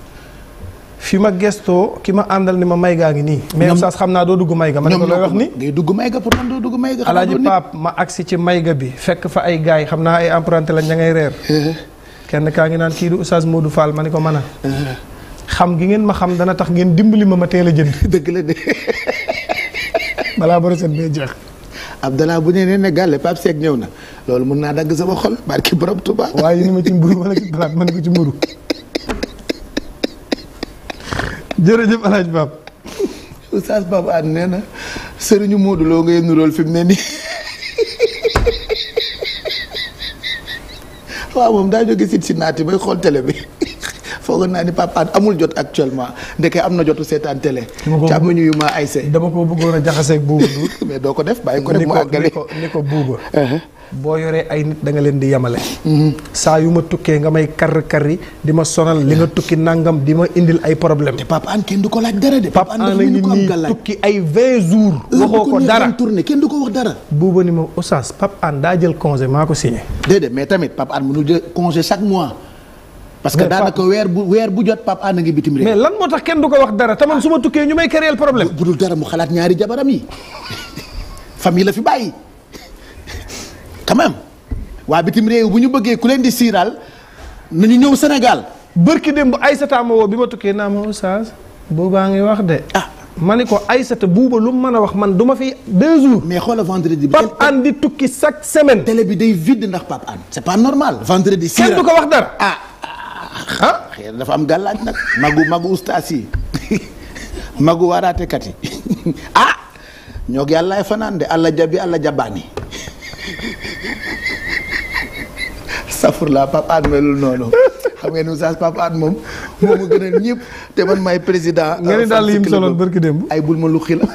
fi ma gestoo ki ma àndal ni ma may gaa ngi nii. mais oustaz xam naa doo dugg may ga ma ne ko looy wax ni day dugg may ga pour man doo dugg may ci may bi fekk fa ay gaay xam naa ay emprunté la ngay reer. Eh. kenn kaa ngi naan kii di oustaz Fall ma ne ko mën a. Eh. xam gi ngeen ma xam dana tax ngeen dimbali ma ma teel a jënd. dëgg la de balaa borom set bee jeex. bu nee ne gàlle ñëw na loolu mun naa dagg sama xol barki borom Touba. waaye ni ma ci mburu wala ci palaat ma ne ko ci mburu jërëjëf El Hadj Pape. Oustaz Pape Hann nee na sëriñu Modou Lo ngay nuróol fi mu ne nii waaw moom daa jóge sit si naati bay xool télé bi. foogoon naa ni papa amul jot actuellement ndeke am na jotu seetaan télé. càmmiñu yu ma ay see. dama ko bëggoon a jaxaseeg buubu mais doo ko def bàyyi ko rek mu àggale ko ni ko buuba uh-huh. boo yoree ay nit leen di yemale. Mm-hmm. saa yu ma tukkee nga may kar karri di ma sonal li nga uh-huh. tukki nangam di ma indil ay problème te papa du ko laaj dara de. papa an dafa mel ko am gàllaaj tukki ay ko dara tourné kenn du ko wax dara. buuba ni ma oustaz papa daa jël congé maa ko signé. déedéet mais tamit papa an mënul jël congé chaque mois. parce que daanaka weer bu weer bu jot Pape Anna ngi bitim réew. mais lan moo tax kenn du ko wax dara te man su ma tukkee ñu may créer problème. bu dul dara mu xalaat ñaari jabaram yi famille la fi bàyyi quand même waa bitim bu ñu bëggee ku leen di siiral nañu ñëw Sénégal. bërki démb Aysata ma woo bi ma tukkee naa moo Oustaz boobaa ngi wax de. ah ma ne ko Aysata buuba lu mu mën a wax man du ma fi deux jours. mais xoolal vendredi bi. Pape Anne di tukki chaque semaine. télé bi day vide ndax Pape Anne. c'est pas ah dafa am gàllaaj nag magu magu ustaas yi magu waaraatekat yi ah ñoo gi ay fanaan de àlla jabi àlla jabaani safur la Pape Hann noonu xam ngeen ustaas Pape Hann moom moo ma gënal ñëpp te man maay président. nga ne euh, daal li soloon barki démb ay bul ma lu xila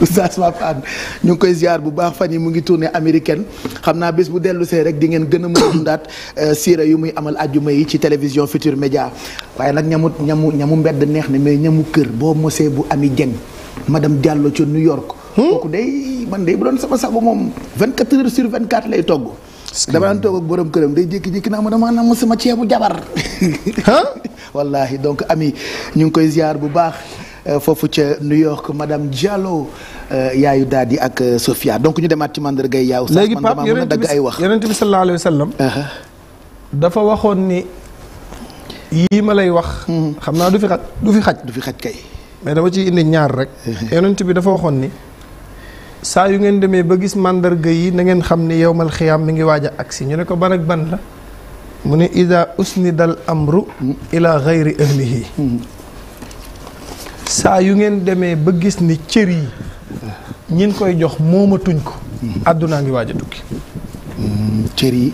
oustaz Pape Hann ñu ngi koy ziar bu baax fan yi mu ngi tournée américaine xam naa bés bu dellu see rek di ngeen gën a mën a dundaat euh, siira yu muy amal àjjuma yi ci télévision Futur Média waaye nag ñamu ñamu ñamu mbedd neex na mais ñamu kër boo mose bu ami jeng madame Diallo ca New York. Hmm? kooku day man day bu doon sama sago moom 24 heures sur 24 lay togg. dama daan toog ak këram day jékki-jékki naa ma damaa nam sama ceebu jabar. wallaahi donc ami ñu ngi koy ziar bu baax. Euh, foofu ca New York madame Diallo euh, yaayu daal di ak euh, Sofia donc ñu demaat ci mandarga yi yaaw. léegi Pape mën a dagg ay wax yonent bi sallallahu alayhi wa sallam dafa waxoon ni yii ma lay wax. Mhm. xam naa du fi xaj du fi xaj. du fi xaj kay. mais dama ciy indi ñaar rek. Mhm. yonent bi dafa waxoon ni. saa yu ngeen demee ba gis màndarga yi na ngeen xam ni yowmal xiyaam mi ngi waaj a agsi ñu ne ko ban ak ban la. mu ne ida usnidal amru mhm. ila gayri ahlihi saa yu ngeen demee ba gis ni cër yi ñin koy jox moomatuñ ko àddunaa ngi waaja a tukki hmm, cër yi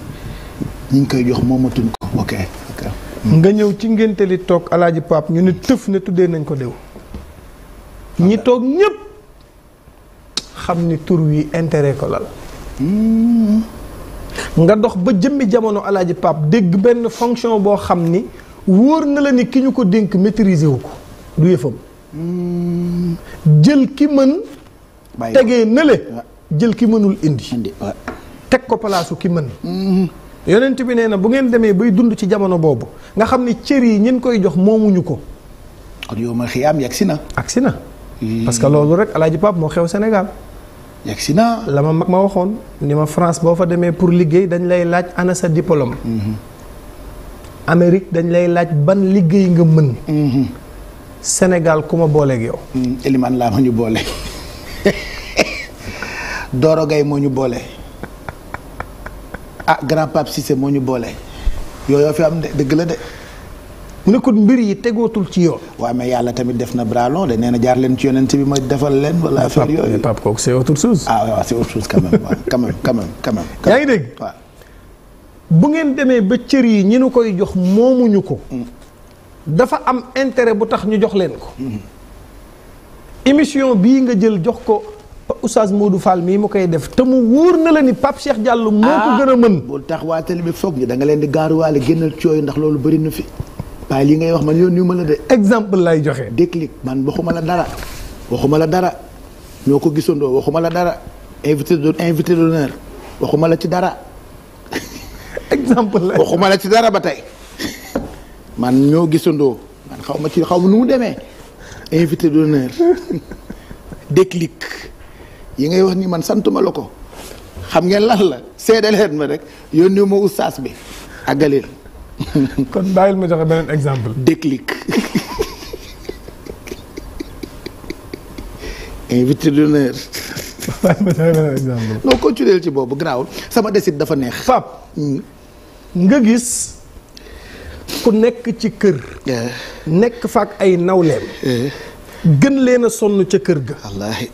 ñi koy jox moomatuñ ko hmm. nga ñëw ci ngénte li toog alaaji Paap ñu ne tëf ne tuddee nañ ko dew ñi ah, toog ñépp xam ni tur wi intérêt ko la hmm. nga dox ba jëmmi jamono alaaji Paap dégg benn fonction boo xam ni wóor na la ni ki ñu ko dénk maîtriser wu ko du yëfam Hmm. jël ki mën tegee nële jël ki mënul indi teg ko palaasu ki mën hmm. yonent bi nee na bu ngeen demee bay dund ci jamono boobu nga xam ne cër yi ñin koy jox moomuñu ko kon yow ma xiyaam yegsi na agsi na hmm. parce que loolu rek alaaji Pape moo xew Sénégal yegsi na la ma mag ma waxoon ni ma France boo fa demee pour liggéey dañ lay laaj ana sa diplôme dañ lay laaj ban liggéey nga mën Sénégal ku ma booleeg yow. Mm, Elimane laa ma ñu boole Doro Gaye moo ñu boole ah grand pape Cissé moo ñu boole yooyu fi am de dëgg la de. nekkul mbir yi tegootul ci yoon. waa mais yàlla tamit def na bras de nee na jaar leen ci yonent bi ma defal leen. wala affaire yooyu mais Pape yaa ngi dégg bu ngeen demee ba cër yi ñi nu koy jox moomuñu ko. Mm. dafa am intérêt bu tax ñu jox leen ko émission bii nga jël jox ko Oustaz du Fall mii mu koy def te mu wóor na la ni Pape Cheikh Diallo moo ko ah, gën a mën bu tax waa télé bi foog ñu da nga leen di gaaruwaale génnal cooy ndax loolu bëri na fi waaye li ngay wax man yoon yu ma la de exemple lay joxe déclic man waxuma la dara waxuma la dara ñoo ko gisandoo waxuma la dara invité d invité d'honneur waxuma la ci dara exemple lay waxuma la ci dara ba tey man ñoo gisandoo man xaw ma ci xaw ma nu mu demee invité d'honneur déclic yi ngay wax nii man santuma la ko xam ngeen lan la seedaleen ma rek yónni ma saas bi àggaleel kon bàyyil ma joxe beneen exemple déclic invité d'honneur bàyyil ma joxe beneen exemple non continuer ci boobu garaawul sama desit dafa neex Pape hmm. nga gis ku nekk ci kër nekk fa ak ay nawleem gën leen a sonn ca kër ga wallaahi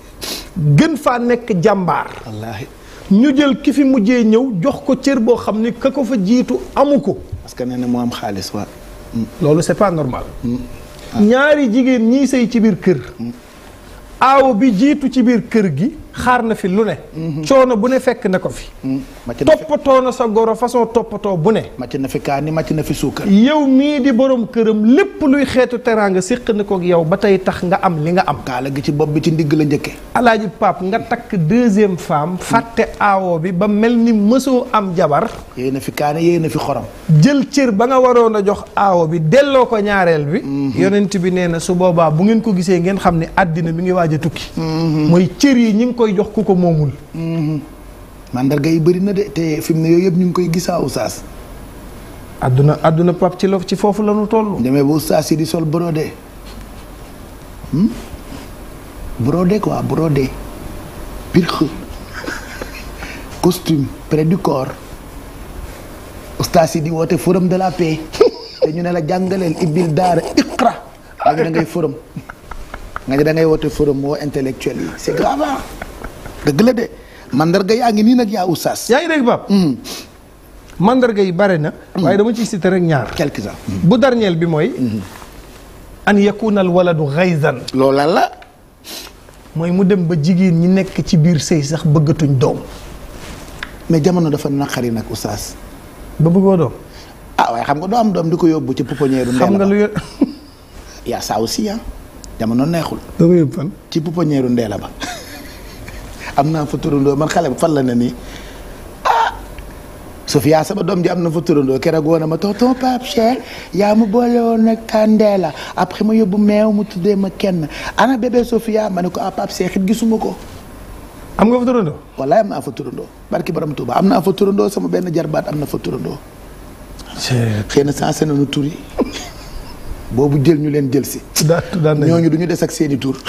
gën faa nekk jàmbaar wallaahi ñu jël ki fi mujjee ñëw jox ko cër boo xam ni ka ko fa jiitu amu ko parce que nee am xaalis mm. loolu c'est pas normal mm. ah. ñaari jigéen ñii sëy ci biir kër mm. aawo bi jiitu ci biir kër gi xaar na fi lu ne. Mhm. coono bu ne fekk ne ko mhm. fi. toppatoo na sa goro façon toppatoo bu ne. màcc na fi kaani màcc na fi suukar. yow mii di borom këram lépp luy xeetu teraanga séq na koog yow ba tey tax nga am li nga am. kaala gi ci bopp bi ci ndigg la njëkke alaaji Pape nga takk deuxième femme. Mhm. fàtte aawo bi ba mel ni mësoo am jabar. yéen a fi a fi xorom. jël cër ba nga waroon a jox aawo bi delloo ko ñaareel bi. yonent bi nee na su boobaa bu ngeen ko gisee ngeen xam ne àddina mi ngi waaj a koy jox ku ko moomul. Mm-hmm. mandarga yi bëri na de te fi ne yooyu yëpp ñu ngi koy gisaa ah, Oustaz. àdduna àdduna pap ci loo ci foofu la ñu toll. demee ba Oustaz yi di sol brodé. Hmm? brodé quoi brodé. pirx costume près du corps. Oustaz di woote forum de la paix. te ñu ne la jàngaleel ibbil daara iqra. da ngay forum. nga ne da woote forum woo intellectuel yi dëgg la de mandarga yaa ngi nii nag yaa oustaz. yaa ngi dégg Pape. Hmm. mandarga yi bare na. Hmm. waaye dama ciy cité rek ñaar. quelques hmm. bu dernier bi mooy. an yakuna al waladu ghayzan. loola la. mooy mu dem ba jigéen ñi nekk ci biir sëy sax bëggatuñ doom. mais jamono dafa naqari nag oustaz. ba bëggoo doom. ah waaye xam nga doo am doom di ko yóbbu ci pouponnière. xam nga lu yaa jamono neexul. ci pouponnière Ndella Ba. am naa fa turandoo man xale fan la ne nii ah Sofia sama doom ji am na fa turandoo keroog woon na ma tonton Pape yaa mu boole woon nag Kandela après ma yóbbu meew mu tuddee ma kenn ana bébé Sofia ma ne ko ah Pape Cheikh gisuma ko. am nga fa turandoo. wallaay am naa fa turandoo barki borom Touba am naa fa turandoo sama benn jarbaat am na fa turandoo. xëy na sensé nañu tur yi boobu jël ñu leen jël si. ñooñu du ñu des ak seeni tur.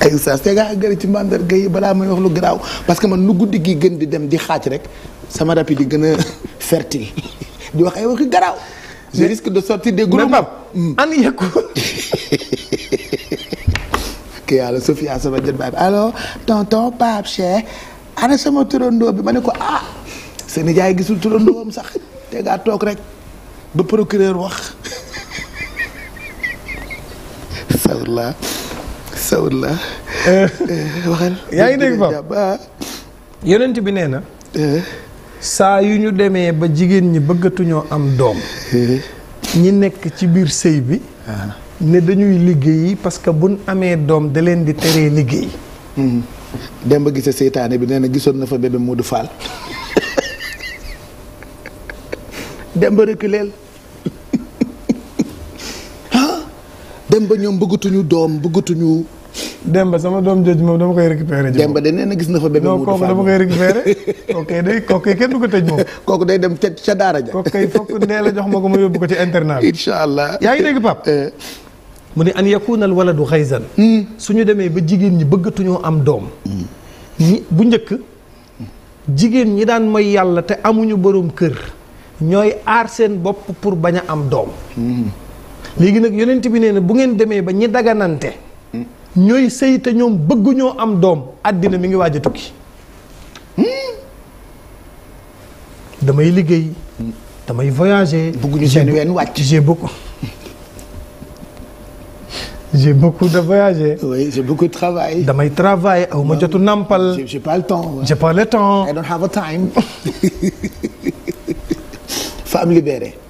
ay oustaz te ngaa ci mandarga yi balaa may wax lu garaaw parce que man lu guddi gi gën di dem di xaaj rek sama rap yi di gën a fertile di wax ay waxi garaaw. je risque de sortir des groupes. mais Pape yàlla Sofia sama jën baay bi allo tonton Pape Cheikh ana sama turandoo bi ma ne ko ah seen nijaay gisul turandoom sax te toog rek ba procureur wax. sawul la eh. Eh, waxal yaa ngi dégg ba ah. yonent bi nee na eh. saa yu ñu demee ba jigéen ñi bëggatuñoo am doom ñi nekk ci biir sëy bi ah. ne dañuy liggéey parce que buñ amee doom da leen di teree liggéey hmm. dem ba gise seytaane bi nee na gisoon na fa bébé Modou Fall dem ba reculeel dem ba ñoom bëggatuñu doom bëggatuñu. Demba sama doom jooju moom dama koy récupérer. Demba de nee na gis na fa bébé Modou Fall. non kooku dama koy récupérer kooku day kooku kenn ko tëj moom. kooku day dem ca ca daara ja. kooku kay fokk nee la jox ma ko ma yóbbu ko ci internat. incha allah yaa ngi dégg Pape. Eh. mu ne an yakunal waladu xaysan. Hmm. su ñu demee ba jigéen ñi bëggatuñoo am doom. Hmm. bu njëkk jigéen ñi daan mooy yàlla te amuñu borom kër ñooy aar seen bopp pour bañ a am doom. Hmm. léegi nag yonent bi nee na bu ngeen demee ba ñi daganante ñooy sëy te ñoom bëgguñoo am doom àddina mi ngi waaj a tukki damay liggéey damay voyager. bëgguñu seen wenn wàcc j'ai beaucoup j'ai beaucoup de voyagé. oui j'ai beaucoup de damay travail aw ma jotu nampal. j'ai j'ai pas le temps. j'ai pas le temps.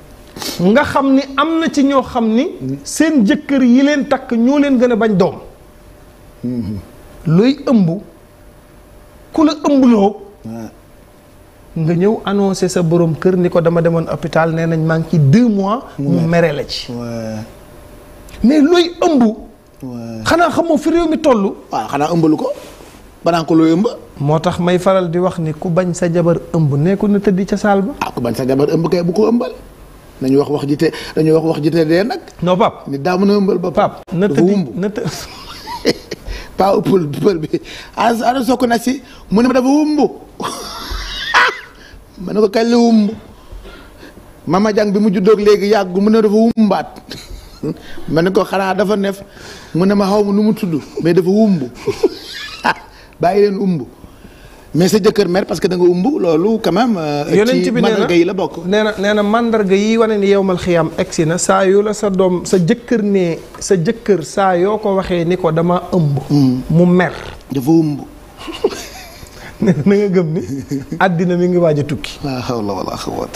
nga xam ni am na ci ñoo xam ni seen jëkkër yi leen takk ñoo leen gën a bañ doom looy ëmb ku la ëmbloo nga ñëw annoncé sa boroom kër ni ko dama demoon hôpital nee nañ maa ngi ci deux mois mu mere la ci mais looy ëmb xanaa xamoo fi réew mi toll waaw xanaa ëmbalu ko banaa ko looy ëmb moo tax may faral di wax ni ku bañ sa jabar ëmb nee ko na tëddi ca saal ba ah ku bañ sa jabar ëmb kay bu ko ëmbal nañu wax wax jite dañu wax wax jite dee nag. non pap nit daa mën a ëmbal ba. pap na tëddi na të. paa ëppal pël soo ko na si mu ne dafa wumbu ma ne ko kañ la wumbu bi mu juddoog léegi yàgg mun ne dafa wumbaat ma ne ko xanaa dafa nef mu ne ma xaw ma nu mu tudd mais dafa wumbu bàyyi leen umbu. mais sa jëkkër mer parce que da nga umb loolu quand même. Euh, ci mandarga yi la bokk nee na nee na mandarga yi wane ni yow mal xiyam egsi na saa yu la sa doom sa jëkkër ne sa jëkkër saa yoo ko waxee ni ko dama ëmb. Hmm. mu mer. dafa umb. na gëm ni àddina mi ngi waaj a tukki.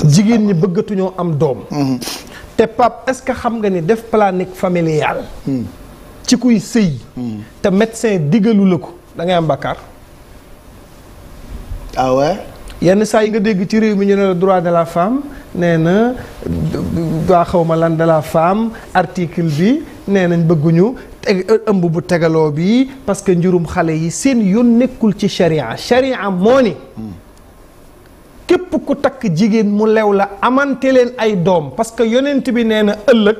jigéen ñi bëggatuñoo am doom. Hmm. te Pape est-ce que xam nga ni def planning familial. Hmm. ci kuy sëy. te médecin digalu la ko dangay am bakkaar. ah yenn saa yi nga dégg ci réew mi ñu ne la droit de la femme nee na xaw ma lan de la femme article bi nee nañ bëgguñu teg ëmb bu tegaloo bi parce que njurum xale yi seen yoon nekkul ci sharia sharia moo ni képp ku takk jigéen mu lew la amante leen ay doom parce que yonent bi nee na ëllëg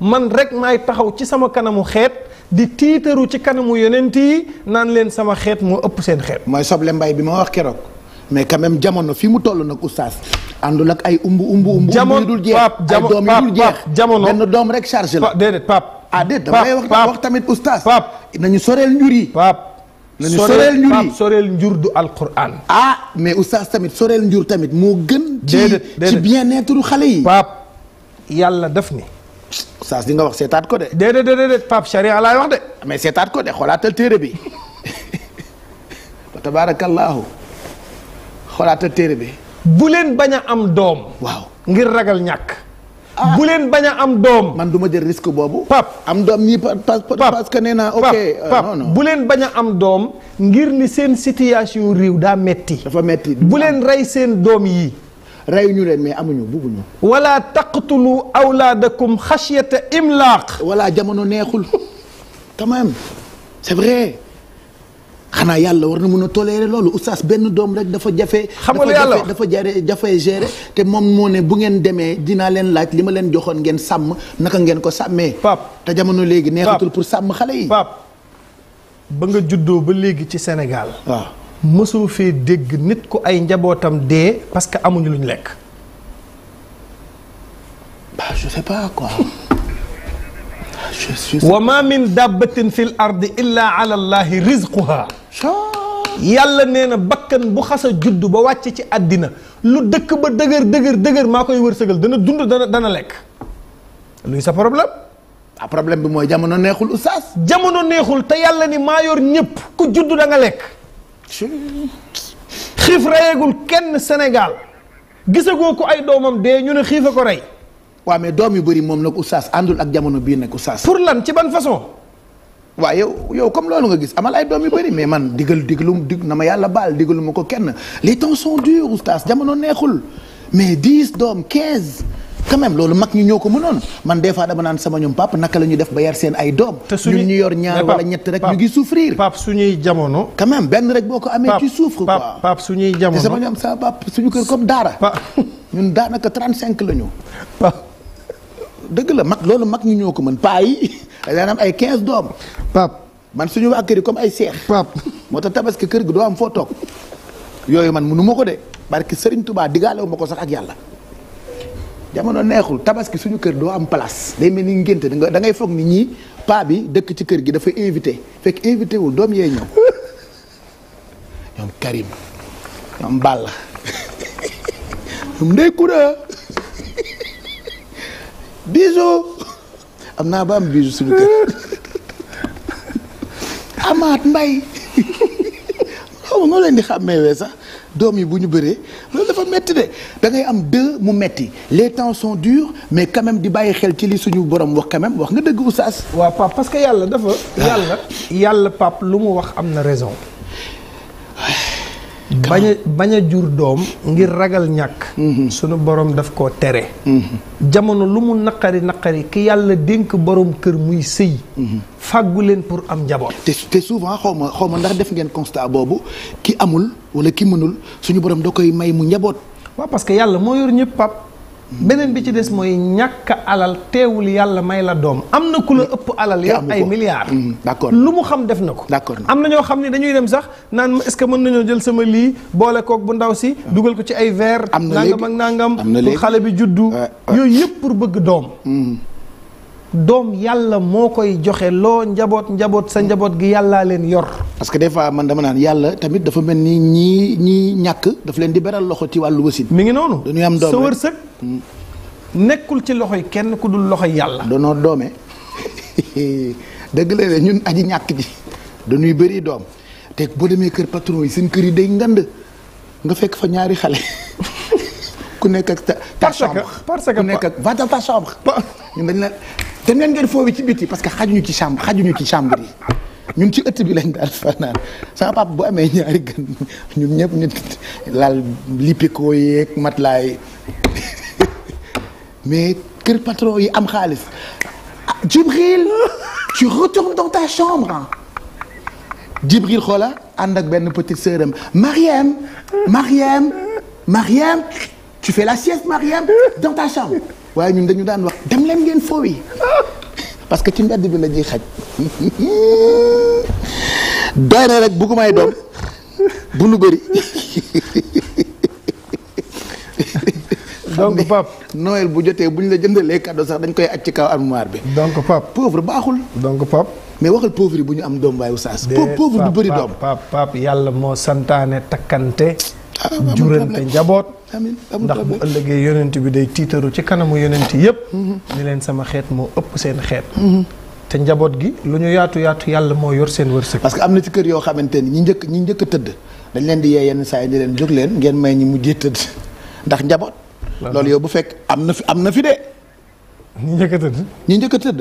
man rek maay taxaw ci sama kanamu xeet di tiitaru ci kanamu yonent yi naan leen sama xeet moo ëpp seen xeet. mooy soble mbay bi ma wax keroog. mais quand même jamono fi mu toll nag oustaz àndul ak ay umbu umbu jamono dul jeex ay doom yi dul jeex jamono benn doom rek chargé la. déedéet pap ah déet damay wax wax tamit oustaz. pap nañu soreel njur yi. pap nañu soreel njur yi soreel njur du alquran. ah mais oustaz tamit soreel njur tamit moo gën. déedéet ci ci bien-être xale yi. pap yàlla def ni. oustaz di nga wax seetaat ko de. déedéet déedéet pap charia laay wax de. mais seetaat ko de xoolaatal téere bi. wa tabaarakallaahu xoolaatal téere bi. bu leen bañ a am doom. waaw ngir ragal ñàkk. Ah. bu leen bañ a am doom. man duma ma jël risque boobu. pap am doom nii parce que nee naa. ok pap euh, bu leen bañ a am doom. ngir ni seen situation réew daa metti dafa metti bu leen rey seen doom yi. rey ñu leen mais amuñu bugguñu. wala taqtulu awlaadakum xashyata imlaaq. wala jamono neexul quand même c'est vrai. xanaa yàlla war na mën a tolérer loolu oustaz benn doom rek dafa jafe. xam nga yàlla dafa jafe dafa gérer te moom moo ne bu ngeen demee dinaa leen laaj li ma leen joxoon ngeen sàmm naka ngeen ko sàmmee. pap te jamono léegi neexatul pour sàmm xale yi. pap ba nga juddoo ba léegi ci senegal waaw mësoo fee dégg nit ko ay njabootam dee parce que amuñu luñ lekk. bah je sais min dabbatin fil ardi illa ala rizquha yàlla nee na bakkan bu xas a juddu ba wàcce ci àddina lu dëkk ba dëgër dëgër dëgër maa koy wërsëgal dana dund dana dana lekk luy sa problème ah problème bi mooy jamono neexul oustaz jamono neexul te yàlla ni maa yor ñëpp ku juddu da nga lekk xiif reyeegul kenn Sénégal gisagoo ko ay doomam dee ñu ne xiif a ko rey waa mais doom yu bari moom nag oustaz àndul ak jamono bii nag oustaz pour lan ci ban façon waaw yow yow comme loolu nga gis amal ay doom yu bëri mais man digal digalum dig na ma yàlla baal digaluma ko kenn les temps sont durs oustaz jamono neexul mais 10 doom 15 quand même loolu mag ñi ñoo ko mënoon man des fois dama naan sama ñoom pap naka la ñu def ba yar seen ay doom. te suñu ñu yor ñaar wala ñett rek ñu ngi souffrir. pap ñuy jamono. quand même benn rek boo ko amee. ci souffre quoi pap suñuy jamono te sama ñoom sa pap suñu kër comme daara. ñun daanaka 35 la ñu. dëgg la mag loolu mag ñi ñoo ko mën paa yi daan am ay 15 doom. pap man suñu waa kër yi comme ay seex. pap moo tax tabaski kër gi doo am foo toog yooyu man munu ma ko de barki sëriñ tubaab digaale wu ma ko sax ak yàlla. jamono neexul tabaski suñu kër doo am place day mel ni ngénte da ngay foog ni ñii paa bi dëkk ci kër gi dafa invité fekk invité doom yee ñëw ñoom Karim ñoom Balla ñoom Ndeye Koura biso am naa ba am biso suñu kër amaat mbay xaw ma leen di xàmmeewee sax doom yi bu ñu bëree loolu dafa metti de da ngay am deux mu metti les temps sont dur mais quand di bàyyi xel ci li suñu borom wax quand wax nga dëgg oustaz. waa Pape parce que yàlla dafa. Ah. yàlla yàlla Pape lu mu wax am na raison. bañ a bañ a jur doom ngir ragal ñàkk mm-hmm. sunu borom daf koo tere mm-hmm. jamono lu mu naqari naqari ki yàlla dénk boroom kër muy sëy mm-hmm. fàggu leen pour am njaboot te souvent xaw ma xaw ma ndax def ngeen constat boobu ki amul wala ki mënul suñu borom da koy may mu njaboot waaw parce yàlla moo yor ñëpp pap beneen bi ci des mooy ñàkk alal teewul yàlla may la doom am na ku la mm. ëpp alal yow ay milliards mm, d'accord lu mu xam def na ko d'accord am na ñoo xam ne dañuy dem sax naan est-ce que mën nañoo jël sama lii boole kook bu ndaw si ah. dugal ko ci ay verre nangam ak nangam pour xale bi juddu ah, ah. yooyu yëpp pour bëgg doom mm. doom yàlla moo koy joxe loo njaboot njaboot sa njaboot gi yàllaa leen yor. parce que des fois man dama naan yàlla tamit dafa mel ni ñii ñii ñàkk daf leen di beral loxo ci wàllu wasin. mi ngi noonu dañuy am doom sa wërsëg hmm. nekkul ci loxo yi kenn ku dul loxo yàlla. danoo doome dëgg la ñun aji ñàkk ji dañuy bëri doom te boo demee kër patron yi seen kër yi day ngand nga fekk fa ñaari xale. ku nekk ak ta ta parce que parce que ku nekk ak va dem leen ngeen foofu ci biti parce que xajuñu ci chambre xajuñu ci chambre yi ci ëtt bi lañ daal fanaan sama papa bu amee ñaari gën ñun ñëpp ñu laal lipiko yeeg matlaay mais kër patron yi am xaalis ah, Djibril tu retournes dans ta chambre Djibril xoola ànd ak benn petite sœur am Mariam Mariam Mariam tu fais la sieste Mariam dans ta chambre waaye ñun dañu daan wax dem leen ngeen foow yi parce que ci mbedd bi la ñuy xaj doy na rek bu ko doom bu nu bëri. donc Pape Noël bu jotee bu ñu la jëndalee cadeau sax dañ koy aj ci kaw armoire bi. donc Pape pauvre baaxul. donc Pape. mais waxal pauvre yi bu ñu am doom waayu saas. pauvre du bëri doom Pape yàlla moo santaane takkante. jurante njaboot ndax bu ëllëgee yonent bi day tiitaru ci kanamu yonent yëpp ni leen sama xeet moo ëpp seen xeet mhm. te njaboot gi lu ñu yaatu yaatu yàlla moo yor seen wërsëg parce que am na ci kër yoo xamante ni ñi njëkk ñi njëkk a tëdd dañ leen di yee yenn saa yi di leen jóg leen ngeen may ñi mujjee tëdd ndax njaboot loolu yow bu fekk am na fi am na fi de ñi njëkk a tëdd ñi njëkk tëdd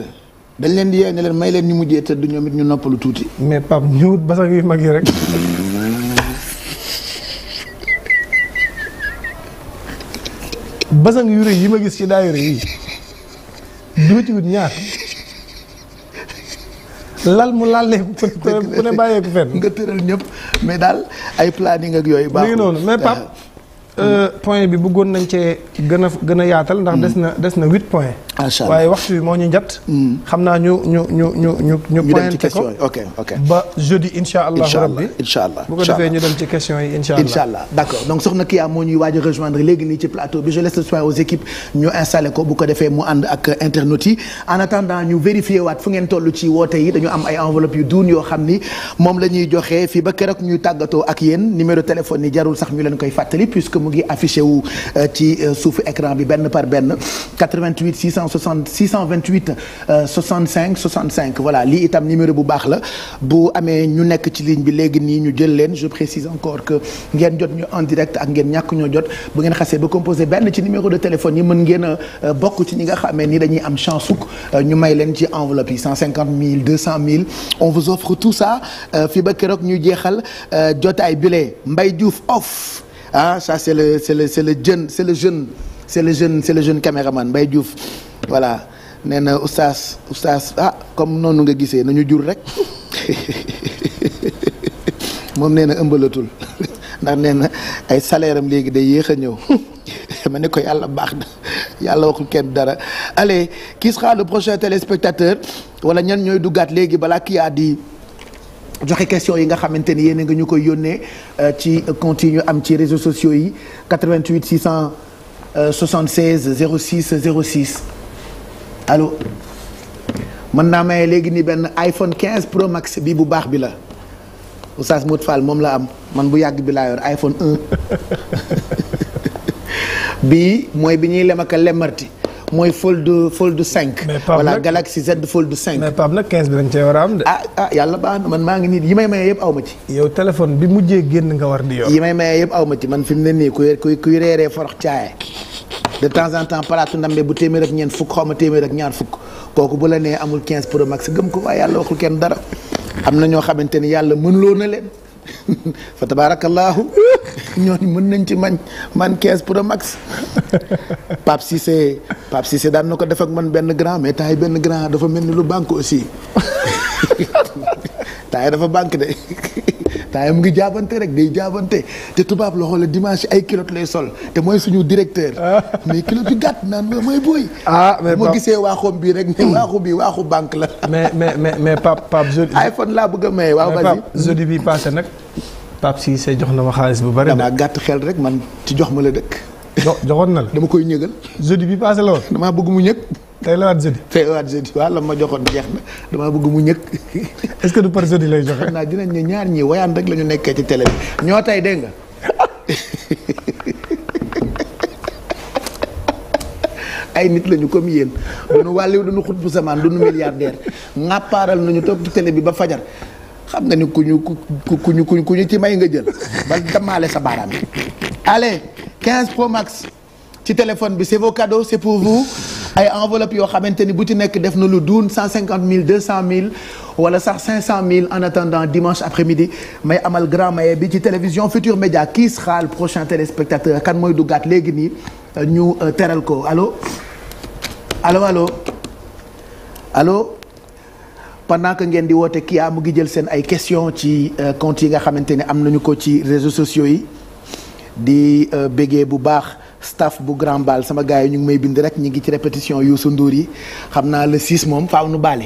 dañ leen di yee ne leen may leen ñi mujjee tëdd ñoom it ñu noppalu tuuti mais Pape ñëwut basang yu mag yi rek basang yu rëy yi ma gis ci daayira yi duma ci wut ñaar lal mu lalee ku ne ku ne bàyyeeku fenn. nga tëral ñëpp mais daal ay planning ak yooyu. baaxul noonu mais ah. Euh, point bi bëggoon nañ cee gën a gën a yaatal ndax des na des na huit point waaye waxtu bi moo ñu njat mm. xam naa ñu ñu ñu ñu ñu ñu pointé ko ok ok ba jeudi incha ñu dem ci question yi incha allah incha allah d' accord donc soxna Kya moo ñuy waaj a rejoindre léegi nii ci plateau bi je laisse équipes ñu installé ko bu ko defee mu ànd ak euh, internautes yi en attendant ñu vérifier waat fu ngeen toll ci woote yi dañu am ay enveloppe yu duun yoo xam ni moom la ñuy joxee fii ba keroog ñu tàggatoo ak yéen numéro téléphone yi jarul sax ñu leen koy fàttali mu ngi affiché wu euh, ci euh, suufu écran bi benn par benn 88 660 628 65 65 voilà lii itam numéro bu baax la bu amee ñu nekk ci ligne bi léegi nii ñu jël leen je précise encore que ngeen jot ñu en direct ak ngeen ñàkk ñoo jot bu ngeen xasee ba composé benn ci numéro de téléphone yi mën ngeen euh, bokk ci ñi nga xamee ni dañuy am chance suk ñu may leen ci enveloppe yi 150 000 200 000 on vous offre tout ça fi ba keroog ñuy jeexal jotaay bile Mbaye Diouf ah ça c'est le c'est le c'est le jeune c'est le jeune c'est le jeune c'est le jeune caméraman Mbaye voilà nee na oustaz oustaz ah comme noonu nga gisee nañu jur rek moom nee na ëmbalatul ndax nee na ay salaire léegi day yéex a ñëw ma ne ko yàlla baax na yàlla waxul kenn dara ale qui sera le prochain téléspectateur wala ñan ñooy duggaat léegi balaa kii a di joxe question yi nga xamante ni yéen nga ñu koy yónnee euh, ci compte am ci réseau sociaux yi 88 676 06 06 allo mën naa maye léegi ni benn iPhone 15 Pro Max bi bu baax bi la Oustaz Modou Fall moom la am man bu yàgg bi laa yor iPhone bi mooy bi ñuy lem ak lemarti mooy fold fold 5. mais Pape voilà Galaxy Z fold 5. mais Pape na 15 bi dañ cee war a am de. Ah, ah yàlla baax na man maa ngi nii yi may maye yëpp aw ma ci. yow téléphone bi mujjee génn nga war di yor. yi may maye yëpp aw ma ci man fi mu ne nii kuy kuy kuy reeree forox caaye de temps en temps palaatu ndambe bu téeméer ak ñeent fukk xaw ma téeméer ak ñaar fukk kooku bu la nee amul 15 pro max gëm ko waaye yàlla waxul kenn dara am na ñoo xamante ni yàlla mënuloo na leen. fa tabaarakallaahu ñooñu mën nañ ci mañ man 15 pro max Pape Cissé Pape Cissé daan na ko def ak man benn grand mais taay benn grand dafa mel ni lu banque aussi taay dafa banque de. temps mu ngi jaabante rek day jaabante te tubaab la xoolee dimanche ay kilot lay sol te mooy suñu directeur. mais kilote yu gàtt naa mooy booy. ah mais bii rek ne bi waaxu banque la. mais mais mais mais Pape Pape jeudi. iPhone laa bëgg a maye waaw vas-y jeudi bi passé nag. Pape Cissé jox na ma xaalis bu bari. damaa gàtt xel rek man ci jox ma la dëkk. joxoon na la dama koy ñëgal. jeudi bi passé la woon. damaa bëgg mu ñëg. tey la waat jeudi. tey la ma joxoon jeex na damaa bëgg mu ñëkk. est-ce que du lay joxe. xam naa dinañ ne ñaar ñii wayaan rek lañu ñu nekkee ci télé bi ñoo tey dégg nga. ay nit lañu comme yéen duñu wàlliw duñu xut bu samaan duñu milliardaire ŋàppaaral nañu topp télé bi ba fajar xam nga ni ku ñu ku ku ñu ku ñu ci may nga jël ba damaale sa baaraam yi allez 15 Pro Max ci téléphone bi c'est cadeaux c'est pour ay enveloppe yoo xamante ni bu ci nekk def na lu duun cent cinquante mille deux cent mille wala sax cinq cent mille en attendant dimanche après-midi may amal grand maye bi ci télévision Futur Média qui sera le prochain téléspectateur kan mooy duggaat léegi nii ñu euh, teral ko allo allo allo allo pendant que ngeen di woote Kia mu ngi jël seen ay question ci euh, compte yi nga xamante ne am nañu ko ci réseaux sociaux yi di euh, bégee bu baax. staff bu Grand Bal sama gars yi ñu ngi may bind rek ñu ngi ci répétition Youssou Ndour yi xam naa le 6 moom faaw nu baale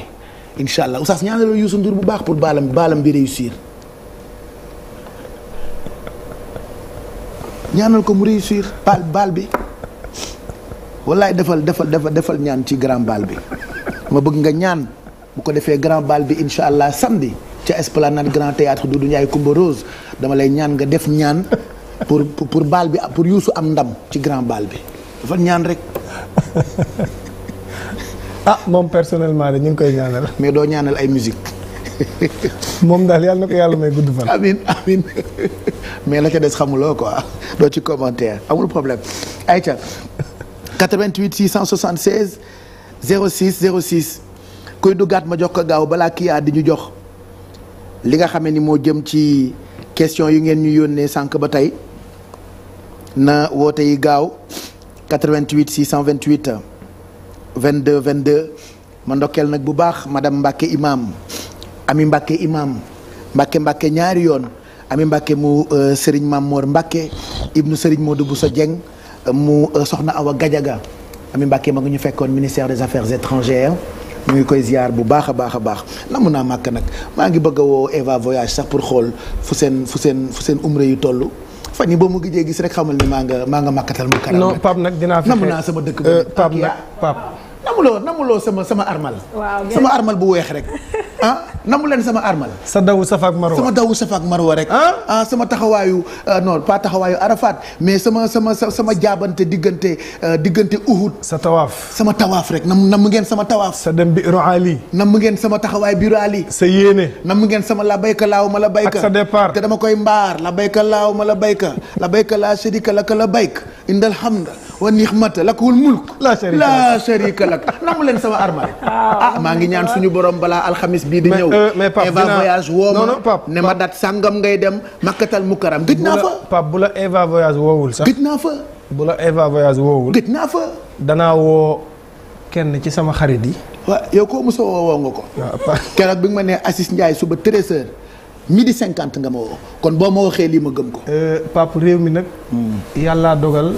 incha allah oustaz ñaanaloo Youssou Ndour bu baax pour baalam baalam bi réussir. ñaanal ko mu réussir baal baal bi wallaay defal defal defal defal ñaan ci grand bal bi ma bëgg nga ñaan bu ko defee grand bal bi incha allah samedi ca esplanade grand théâtre Doudou Ndiaye Coumba Rose dama lay ñaan nga def ñaan pour pour bal bi pour Youssou am ndam ci grand baal bi dafa ñaan rek. ah moom personnellement de ñu ngi koy ñaanal. mais doo ñaanal ay musique moom daal yàlla na ko yàlla may gudd fan. amin amin mais la ca des xamuloo ko quoi doo ci commentaire amul problème. ayca 88 676 06 06 kuy duggaat ma jox ko gaaw balaa kii yaa di ñu jox li nga xamee ni moo jëm ci question yi ngeen ñu yónnee sànq ba tey. na woote yi gaaw 88 628 22 22 ma ndokkeel nag bu baax madame Mbacke imam ami Mbacke imam Mbacke Mbacke ñaari yoon ami Mbacke mu euh, Serigne Mamour Mbacke ibnu Serigne Modou sa Dieng mu euh, soxna Awa Gadiaga ami Mbacke ma ngi ñu fekkoon ministère des affaires étrangères mu ngi koy ziar bu baax a baax a baax mun naa màkk nag maa ngi bëgg woo Eva voyage sax pour xool fu seen fu seen fu seen umre yu toll. fan yi ba mu gëjee gis rek xamal ni maa nga maa nga makkatal mu karam non Pape nag dinaa fexe nam naa sama dëkk ba euh, Pape nag Pape namuloo namuloo sama sama armal. waaw sama armal bu weex rek ah namu leen sama armal. sa daw safaak marwa sama dawu safaak marwa rek. ah, ah sama taxawaayu ah, non pas taxawaayu Arafat mais sama sama sama jaabante diggante ah, diggante Uhud. sa tawaaf sama tawaaf rek nam mu ngeen sama tawaaf. sa dem biiru ngeen sama taxawaay biiru Ali. sa yéene. nam ngeen sama labayka laaw ma labayka. ak dama koy mbaar labayka laaw ma labayka labayka laa sharika laka labayk indal hamda wa nixmata lakul mulk. laa sharika lakk nangu leen sama armari ah, ah maa ngi ñaan suñu borom balaa alxamis bii di ñëw euh, mais Pape Eva voyage woo ma ne ma dat sàngam ngay dem makkatal mukaram gëj naa fa Pape bu la Eva voyage woowul sax gëj naa fa bu la Eva voyage woowul gëj naa fa danaa woo kenn ci sama xarit yi waaw yow koo mosoo woo woo nga ko keroog bi nga ma ne Assis Ndiaye suba 13h midi cinquante nga ma woo kon boo ma waxee lii ma gëm ko euh, Pape réew mi nag hmm. yàllaa dogal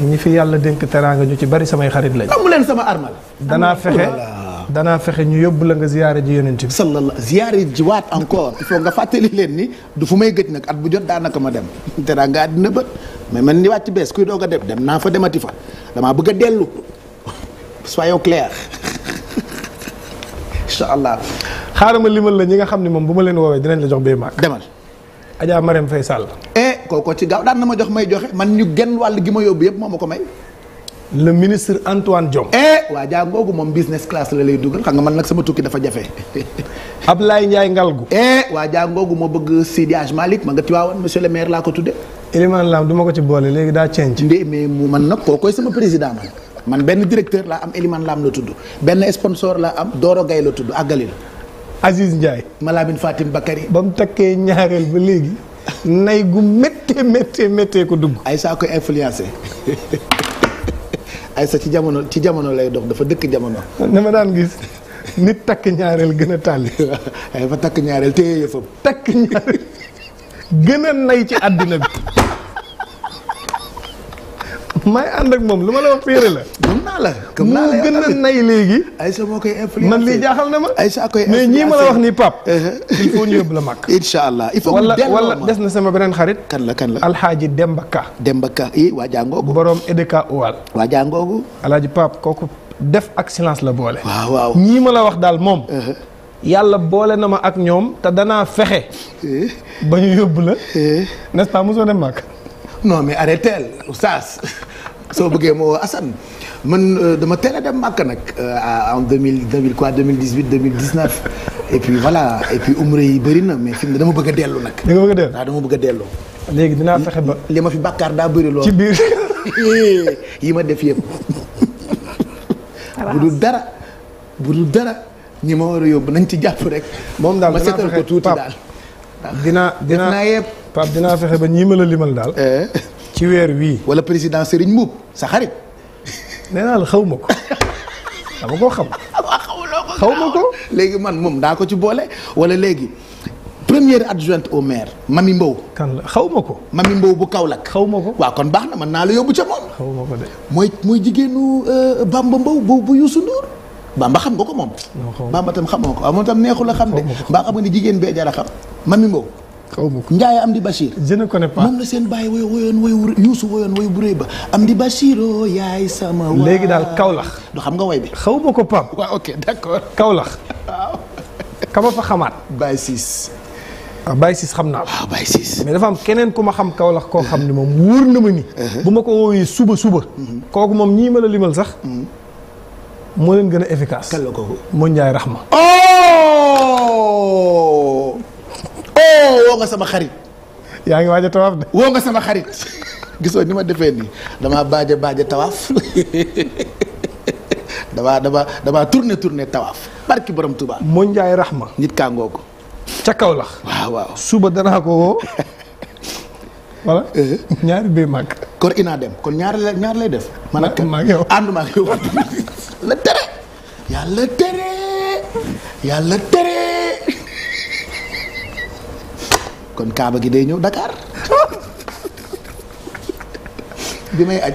ñi fi yàlla dénk teraanga ñu ci bari samay xarit lañ. amu leen sama armal. danaa fexe danaa fexe ñu yóbbu la nga ziyaare ji yonent bi. sallallahu ziyaare ji waat encore il nga fàttali leen ni du fu may gëj nag at bu jot daanaka ma dem teraanga àddina ba mais man ni wàcc bees kuy doog a dem dem naa fa demati fa damaa bëgg a dellu soyons clair incha allah. xaaral ma limal la ñi nga xam ne moom bu ma leen woowee dinañ la jox bee maag. demal. Adja Marème Faye Sall. Eh, kooko ci gaaw daan na ma jox may joxe man ñu genn wàll gi ma yóbbu yëpp moo ma ko may. le ministre Antoine Diome. eh waa jaa googu moom business class la lay dugal xam nga man nag sama tukki dafa jafe. ab Ablaye ngal gu eh waa jaa googu ma bëgg Sidi Hadj Malick ma nga Tiwaawan monsieur le maire laa ko tudde Elimane Lam ma ko ci boole léegi daa change. ndé mais mu man nag kookoy sama président man benn directeur laa am Elimane Lam la tudd benn sponsor laa am Doro Gaye la tudd àggali la. Aziz Ndiaye. Malamine Fatim Bakary. ba mu takkee ñaareel ba léegi. nay gu méttee méttee méttee ko dugg. ay saa koy influencé ay sa ci jamono ci jamono lay dox dafa dëkk jamono. dama daan gis nit takk ñaareel gën a tàlli. ay fa takk ñaareel téye yëfam. takk ñaareel gën a nay ci àddina bi. may ànd ak moom lu ma la wax féere la. gëm naa gën a nay léegi. Aïssa moo koy man lii jaaxal na ma. Aïssa koy influencé mais ñii ma la wax nii Pape. Uh-huh. il faut ñu yóbbu la mag. incha allah il faut wala wala des na sama beneen xarit. kan la kan la Alxaaji Demba Ka. Demba Ka i borom Edeka waa jàngoogu. Alxaaji Pape kooku def ak silence la boole. waaw waaw ñii ma la wax daal moom. Uh-huh. yàlla boole na ma ak ñoom te danaa fexe. Uh-huh. ba ñu yóbbu la. n'est-ce pas dem mag. non mais arrêtel oustaz soo bëggee moo Assane man euh, dama teel a dem Màkka nag euh, en deux mille deux mille quoi deux mille dix huit deux mille dix neuf et puis yi bëri na mais fi mu ne dama bëgg a dellu nag. da nga bëgg a dellu waaw a dellu. léegi dinaa fexe ba. li ma fi bàkkaar daa barilo lool ci biir. yi ma def yëpp. bu dul dara bu dul dara ñi ma war a yóbbu nañ ci jàpp rek. moom daal ma seetal ko tuuti daal. dinaa dinaa dinaa yëpp. Pape dinaa fexe ba ñii ma la limal daal. Eh? ci weer wii. wala président Serigne Mboup sa xarit. nee naa la xaw ma ko dama koo xam. xaw ma ko léegi man moom daa ko ci boole wala léegi. première adjointe au maire Mami Mbow. kan la xaw ma ko. Mami Mbow bu kaw xaw ma ko waaw kon baax na mën naa la yóbbu ca moom. xaw ma ko de. mooy mooy jigéenu euh, Bamba Mbow bu bu Youssou Ndour. Bamba xam nga ko moom. Bamba tam xamoo ko waaw moom tam neexul a xam de. mbaa xam nga ni jigéen bee jar a xam. Mami xaw ma ko Ndiaye am di je ne connais pas moom la seen bàyyi woyo woyoon woyu Youssou woyoon woyu bu rëy ba Amdi Bachir oo oh, yaay sama. waa léegi daal Kaolack. du xam nga woy bi. xaw ma ko Pape. waaw ok d'accord Kaolack. fa xamaat. Baye Ciss. ah Baye xam naa ko. waaw ah, Baye mais dafa am keneen ku ma xam Kaolack koo xam ni moom wóor na ma ni. Uh-huh. bu ma ko woowee suba suba. Mm-hmm. kooku moom sax. Mm-hmm. moo leen gën a efficace. kan la kooku moo Ndiaye Rahma. oh. oh woo nga sama xarit. yaa ngi waaj a tawaaf de. woo nga sama xarit. gisoo ni ma defee nii damaa baaje baaje tawaaf damaa damaa damaa tourné tourné tawaaf. barki borom Touba. moo Ndiaye Rahma. nit kaa ca kaw lax waaw suba danaa ko woo. voilà eh, eh. ñaari bay mag. kor ina dem kon ñaar lay ñaar lay def. man ak maa ngi yow ànd maa ngi yàlla tere yàlla tere yàlla tere kon kaaba gi day ñëw dakaar bi may aj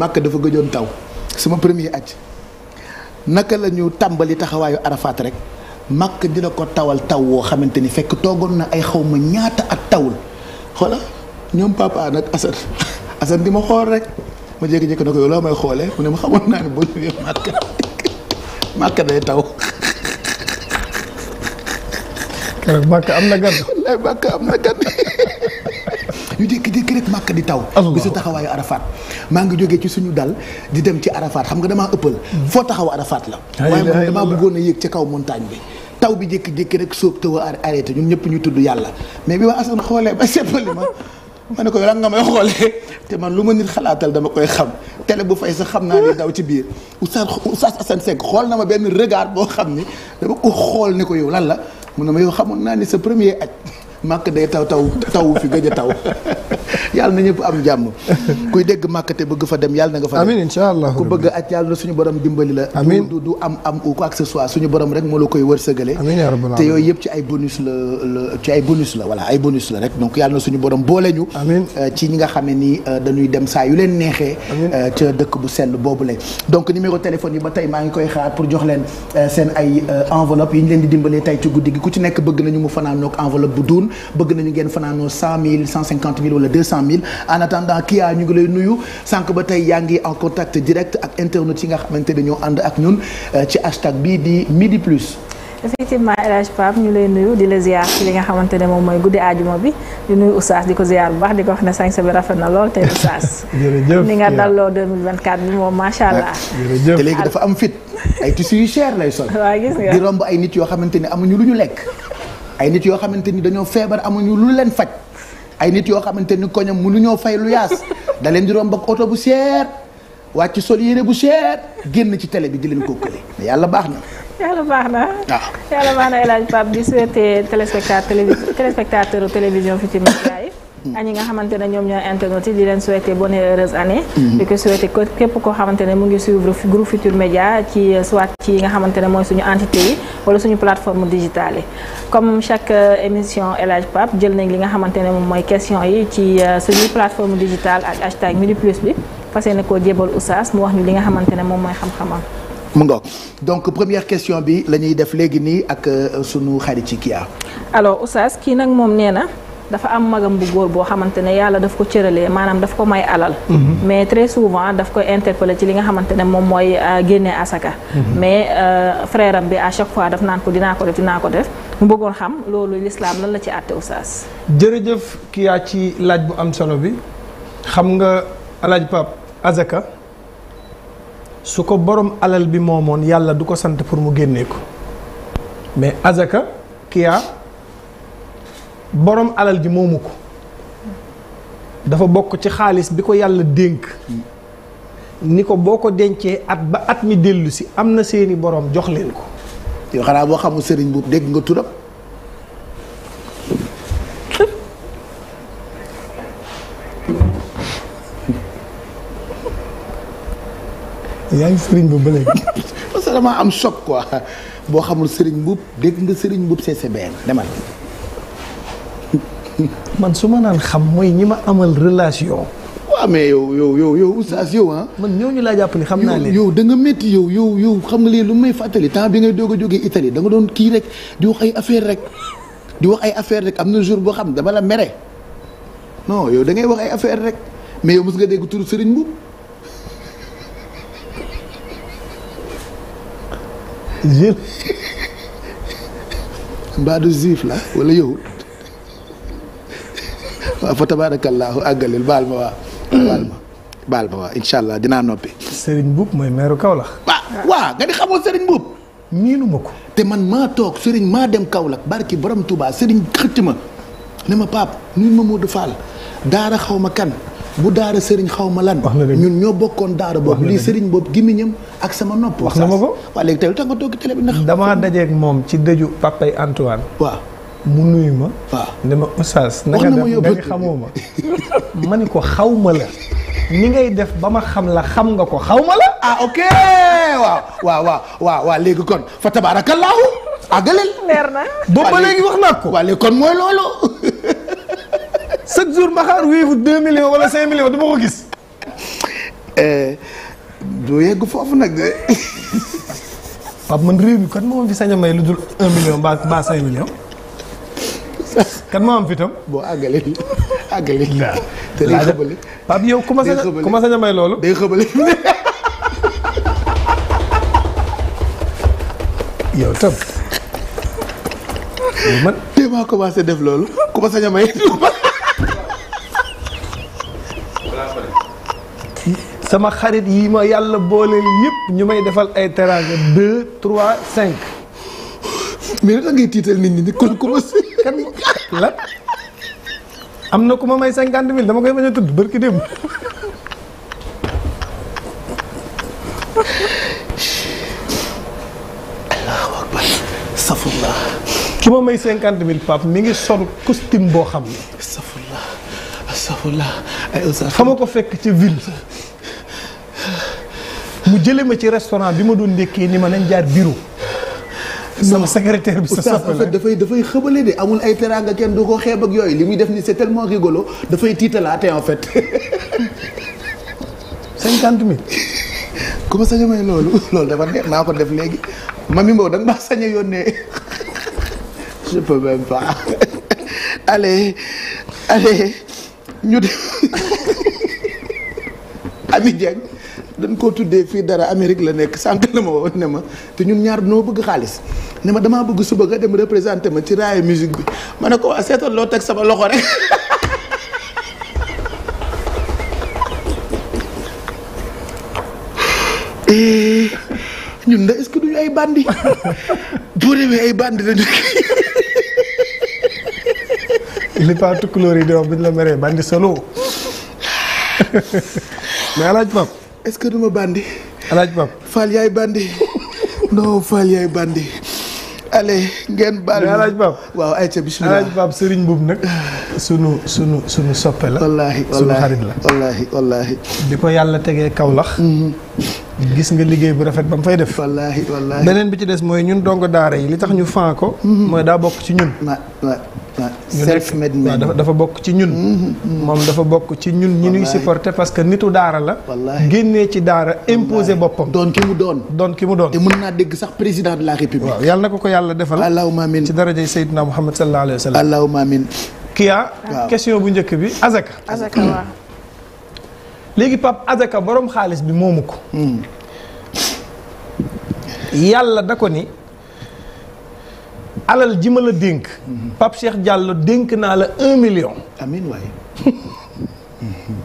màkk dafa gëjoon taw suma premier aj naka la ñu tàmbali taxawaayu Arafat rek màkk dina ko tawal taw woo xamante ni fekk toogoon na ay xaw ma ñaata at tawul xoola ñoom papa nag Assane di ma xool rek ma jékki-jékki ne ko yow loo may xoolee mu ne ma xamoon naa ne boo ñëwee màkk màkk day taw. keroog màkk am na gan. wallaay màkk am na gan. ñu jékki-jékki rek màkk di taw. bisu taxawaayu Arafat maa ngi jóge ci suñu dal di dem ci Arafat xam nga damaa ëppal. Hmm. foo taxaw Arafat la. waaye man damaa bëggoon a yéeg ci kaw montagne bi. taw bi jëkk jékki rek sóob taw a ñun ñëpp ñu tudd yàlla mais bi ma asan xoolee ba seppali ma. ma ne ko yow nga may xoolee te man lu ma nit xalaatal dama koy xam télé bu fay sax xam naa ni daw ci biir oustaz oustaz Assane seek xool na ma benn regard boo xam ni dama ko xool ni ko yow lan la mun na ma yow xamoon naa ni sa premier at. màkk day taw taw taw fi gëj a taw yàlla na ñëpp am jàmm kuy dégg màkk te bëgg fa dem yàlla na nga fa dem amiin incha allah ku bëgg aj yàlla na suñu borom dimbali la amiin du am am u quoi que suñu borom rek moo la koy wërsëgale amiin yaa yooyu yëpp ci ay bonus la ci la voilà ay bonus la rek donc yàlla na suñu borom boole ñu amiin euh, ci ñi nga xam ne ni euh, dañuy dem saa yu leen neexee euh, ca dëkk bu sell boobu lañ donc numéro téléphone yi ba tey maa ngi koy xaar pour jox leen seen ay enveloppe yi ñu leen di dimbalee tey ci guddi gi ku ci nekk bëgg nañu mu fanaanook enveloppe bu duun bëgg nañu ngeen fanaanoo cent mille cent cinquante mille wala deux cent mille en attendant Kia ñu ngi lay nuyu sànq ba tey yaa ngi en contact direct ak internet yi nga xamante dañoo ànd ak ñun euh, ci hashtag bii di midi plus. effectivement El Hadj Pape ñu lay nuyu di la ziar ci li nga xamante ne moom mooy guddi aajuma bi di nuyu Oustaz di ko ziar bu baax di ko wax ne sañse bi rafet na lool tey Oustaz. jërëjëf ni nga dalloo 2024 bi moom macha allah. Ah, te léegi dafa am fit ay tissus yu cher lay sol. waaw yoo xamante ne amuñu lu ñu lekk. ay nit yoo xamante ni dañoo feebar amuñu lu leen faj ay nit yoo xamante ni mu koñam mënuñoo fay lu yaas da leen di romb ak oto bu cher wàcc sol yére bu cher génn ci tele bi di leen kookale yàlla baax na. yàlla baax na waaw ah. yàlla baax na El Hadj Pape di souhaiter téléspectateur téléspectateur télévision Futurs Médias ak ñi nga xamante ne ñoom ñoo internet yi leen souhaiter bonne et heureuse année. Mm-hmm. di ko souhaiter képp koo xamante ne mu ngi suivre groupe Futurs Médias ci euh, soit ci nga xamante ne mooy suñu entité yi wala suñu plateforme digitale yi. comme chaque euh, émission El Hadj jël nañ li nga xamante ne moom mooy question yi ci euh, suñu plateforme digitale ak hashtag Midi Plus bi fas yéene koo jébal Oustaz mu wax ñu li nga xamante ne moom mooy xam-xamam. mu ngoog donc première question bi la ñuy def léegi nii ak sunu xarit ci Kia. alors Oustaz kii nag moom nee na. dafa am magam bu góor boo xamante ne yàlla daf ko cëralee maanaam daf ko may alal. Mm-hmm. mais très souvent daf koy interpeller ci li nga xamante ne moom mooy euh, génne asaka. Mm-hmm. mais euh, frère am bi à chaque fois daf naan ko dinaa ko def dinaa ko def mu bëggoon xam loolu lislaam lan la ci àtte saas jërëjëf ki ci laaj bu am solo bi xam nga alaaj pap azaka su ko borom alal bi moomoon yàlla du ko sant pour mu génnee ko mais azaka ki borom alal ji moomu ko dafa bokk ci xaalis bi ko yàlla dénk ni ko boo ko dencee at ba at mi dellu am na seeni borom jox leen ko yow boo xamul sëriñ bu dégg nga turam yaa sëriñ bu ba léegi am soq ko boo xamul sëriñ buub dégg nga sëriñ buub CCBM demal man su ma naan xam mooy ñi ma amal relation. waaw mais yow yow yow yow oustaz yow ah. man ñooñu laa jàpp ni xam naa leen yow da nga métti yow yow yow xam nga léegi lu may fàttali temps bi ngay doog a jógee Italie da doon kii rek di wax ay affaire rek di wax ay affaire rek am na jour boo xam dama la mere non yow dangay wax ay affaire rek mais yow mos nga dégg turu Serigne Mboub. jël. Mbaa du juif la wala yow. waaw fa tabaarakallaahu àggalil baal ma waa baal ma baal ma waa incha allah dinaa noppi. Serigne Mboup mooy meeru Kaolack. waaw waaw nga di xamoo Serigne Mboup. miinu ko. te man maa toog sëriñ maa dem Kaolack barki borom Touba Serigne xëcc ma ne ma Pape nuyu ma Modou Fall daara xaw ma kan. bu daara sëriñ xaw ma lan. ñun ñoo bokkoon daara boobu lii sëriñ boobu gémmiñam ak sama nopp. wax na ma ko waaw léegi tey lu tax nga toog télé bi ndax. damaa dajeeg moom ci dëju papay Antoine. mu nuyu ma. waaw ne ma na nga def nga xamoo ma. ma ko xaw ma la. ni ngay def ba ma xam la xam nga ko xaw ma la. ah ok waaw waaw waaw waaw waaw léegi kon fa tabaarakallaahu àggaleel. leer boobu ba léegi wax naa ko. waaw loolu. chaque jour ma xaar wéefu 2 millions wala 5 millions du ko gis. Eh, doo yegg foofu nag de. Pape man réew mi kon moom fi sañ may lu dul 1 million mbaa mbaa millions. kan moo am fitam boo àggale àggale te day xëbali Pape yow ku ma sañ ku ma sañ a may loolu day xëbali yow tam man tey maa commencé def loolu ku ma sañ a may sama xarit yi ma yàlla booleel yëpp ñu may defal ay teranga deux trois cinq mais da ni kon ku ma am na ku ma may cinquante mille dama koy bañ a tudd barki démb. allahu ki ma may cinquante mille mi ngi sol costume boo xam ne. safullah safullah fa ma ko fekk ci ville. mu jëlee ma ci restaurant bi ma doon ndékkee ni ma nañ jaar bureau. sama secrétaire bi sa soppe dafay dafay xëbale de amul ay teraanga kenn du ko xeeb yooyu li muy def ni c'est tellement rigolo dafay tiitalaate en fait. cinquante mille. ku ma sañ a may loolu loolu dafa neex naa ko def léegi mami Mbow da nga maa sañ a yónnee je peux même ñu def Ami Dieng. dañ koo tuddee fii dara Amérique la nekk sànq la ma woon ne ma te ñun ñaar noo bëgg xaalis ne ma damaa bëgg suba nga dem représenté ma ci raaya musique bi ma ne ko waa seetal loo teg sama loxo rek. ñun da est-ce que duñu ay bandi boo demee ay bandi lañu. li pas yi di wax bu ñu la meree bandi solo mais alaaj pap est-ce que duma bandi. alaaj Pape Fall yaay bandi non Fall yaay bandi. allez ngeen baal ma alaaj Pape waaw ayca nag. sunu sunu soppe la. wallaahi sunu xarit la. di ko yàlla tegee Kaolack. Mm-hmm. gis nga liggéey bu rafet ba mu fay def. wallaahi wallaahi beneen bi ci des mooy ñun dong daara yi li tax ñu fan ko. Mm-hmm. mooy daa bokk ci ñun. wa wa wa self dafa bokk ci ñun. Mm-hmm. moom dafa bokk ci ñun ñi ñuy supporter parce que nitu daara la. wallaahi génnee ci daara imposer boppam. doon ki mu doon. doon ki mu doon. te mën naa dégg sax président de la république. waaw yàlla na ko ko yàlla defal. allahumma amiin ci darajay Seydina Muhammad sallallahu alayhi wa sallam. allahumma amiin. Kia. question bu njëkk bi Azaka. Azaka waaw. léegi pap azaka boroom xaalis bi moomu ko hmm. yàlla da ko ni alal ji ma la dénk hmm. Pape Cheikh Diallo dénk naa la un million amin waaye hmm.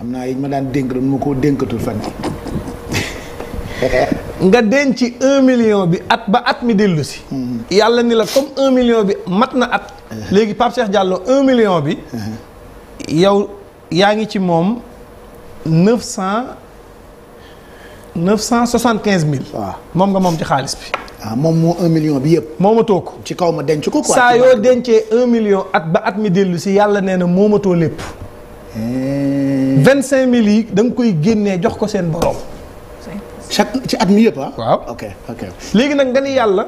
am naa yi ma daan dénk doon ma koo dénkatul fan nga denc un million bi at ba at mi dellusi yàlla ni la comme un million bi mat na at eh. léegi Pape Cheikh Diallo un million bi eh. yow yaa ngi ci moom neuf cent neuf cent soixante quinze mille. waaw moom nga moom ci xaalis bi. Ah, moom moo un million bi yëpp. moomatoo ko. ci kaw ma denc ko quoi. saa yoo dencee un million at ba at mi dellu si yàlla nee na moomatoo lépp. Eh. vingt cinq mille yi danga koy génnee jox ko seen borom. chaque ci at mi yëpp ah? waaw ok léegi nag nga ni yàlla.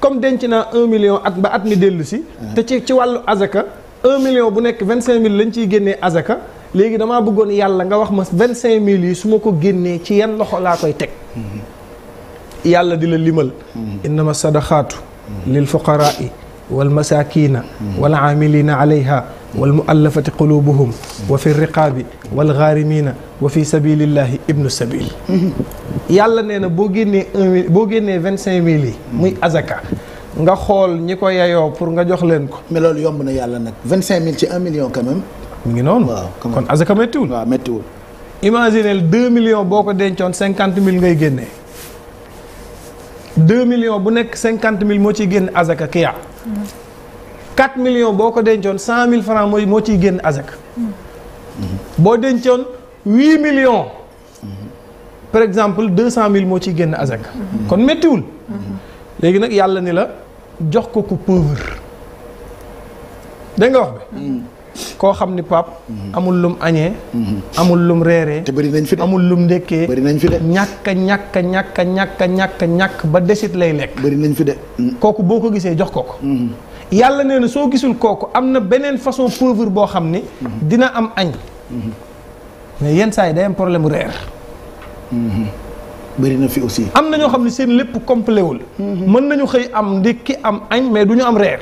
comme denc naa un million at ba at mi dellu si. Eh. te ci ci wàllu azaka. un million bu nekk vingt cinq mille lañ ciy génnee azaka. léegi damaa bëggoon yàlla nga wax ma vingt cinq mille yi su ma ko génnee ci yan loxo laa koy teg yàlla di la limal innama sadaqaatu lil fuqaraai wal masakina wal amilina alayha wal muallafati qulubuhum wa fi riqaabi wal gaarimina wa fi sabilillahi ibnu sabil yàlla nee na boo génnee un boo génnee vingt cinq mille yi muy azaka nga xool ñi ko yeyoo pour nga jox leen ko mais yomb na yàlla nag vingt cinq mille ci million quand mu ngi noonu. waaw kon asaka méttiwul. waaw méttiwul. imaginez 2 millions boo ko dencoon cinquante mille ngay génnee 2 millions bu nekk cinquante mille moo ciy génn asaka kiya 4 boo ko dencoon 100 mille francs mooy moo ciy génn asaka. Mm-hmm. boo dencoon 8 millions. Mm-hmm. par exemple deux 200 mille moo ciy génn asaka. Mm-hmm. kon méttiwul. léegi nag yàlla ni la jox ko ku pauvre. dégg bi. Mm. koo xam ni pap amul lum añee amul lum reere te bëri fi amul lum ndékkee bëri nañ fi de ñàkka ñàkk ñàkk a ñàkk ba desit lay lekk bëri nañ fi de kooku boo ko gisee jox ko ko yàlla nee na soo gisul kooku am na beneen façon pauvre boo xam ni dina am añ mais yenn saa yi day am problème reer bëri na fi aussi am na ñoo xam ne seen lépp complet wul mën nañu xëy am ndékki am añ mais du ñu am reer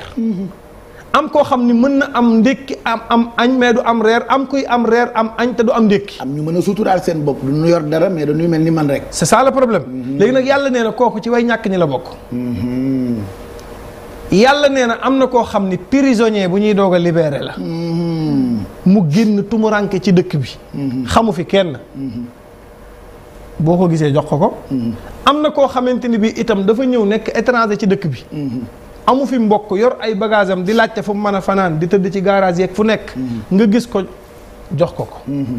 am koo xam ni mën na am ndékki am am añ mais du am reer am kuy am reer am añ te du am ndékki am ñu mën a suturaal seen bopp du ñu yor dara mais dañuy mel ni man rek c'est ça le problème mm-hmm. léegi nag yàlla nee kooku ci way ñàkk ñi la bokk mm-hmm. yàlla nee na am na koo xam ni prisonnier bu ñuy doog a la mm-hmm. mu génn tumuranke ci dëkk bi xamu fi kenn boo ko gisee jox ko ko am na koo xamante ni bi itam dafa ñëw nekk étranger ci dëkk bi amu fi mbokk yor ay bagage am di laajte fu mu mën a fanaan di tëdd ci garage yeeg fu nekk mhm. nga gis ko jox ko ko mhm.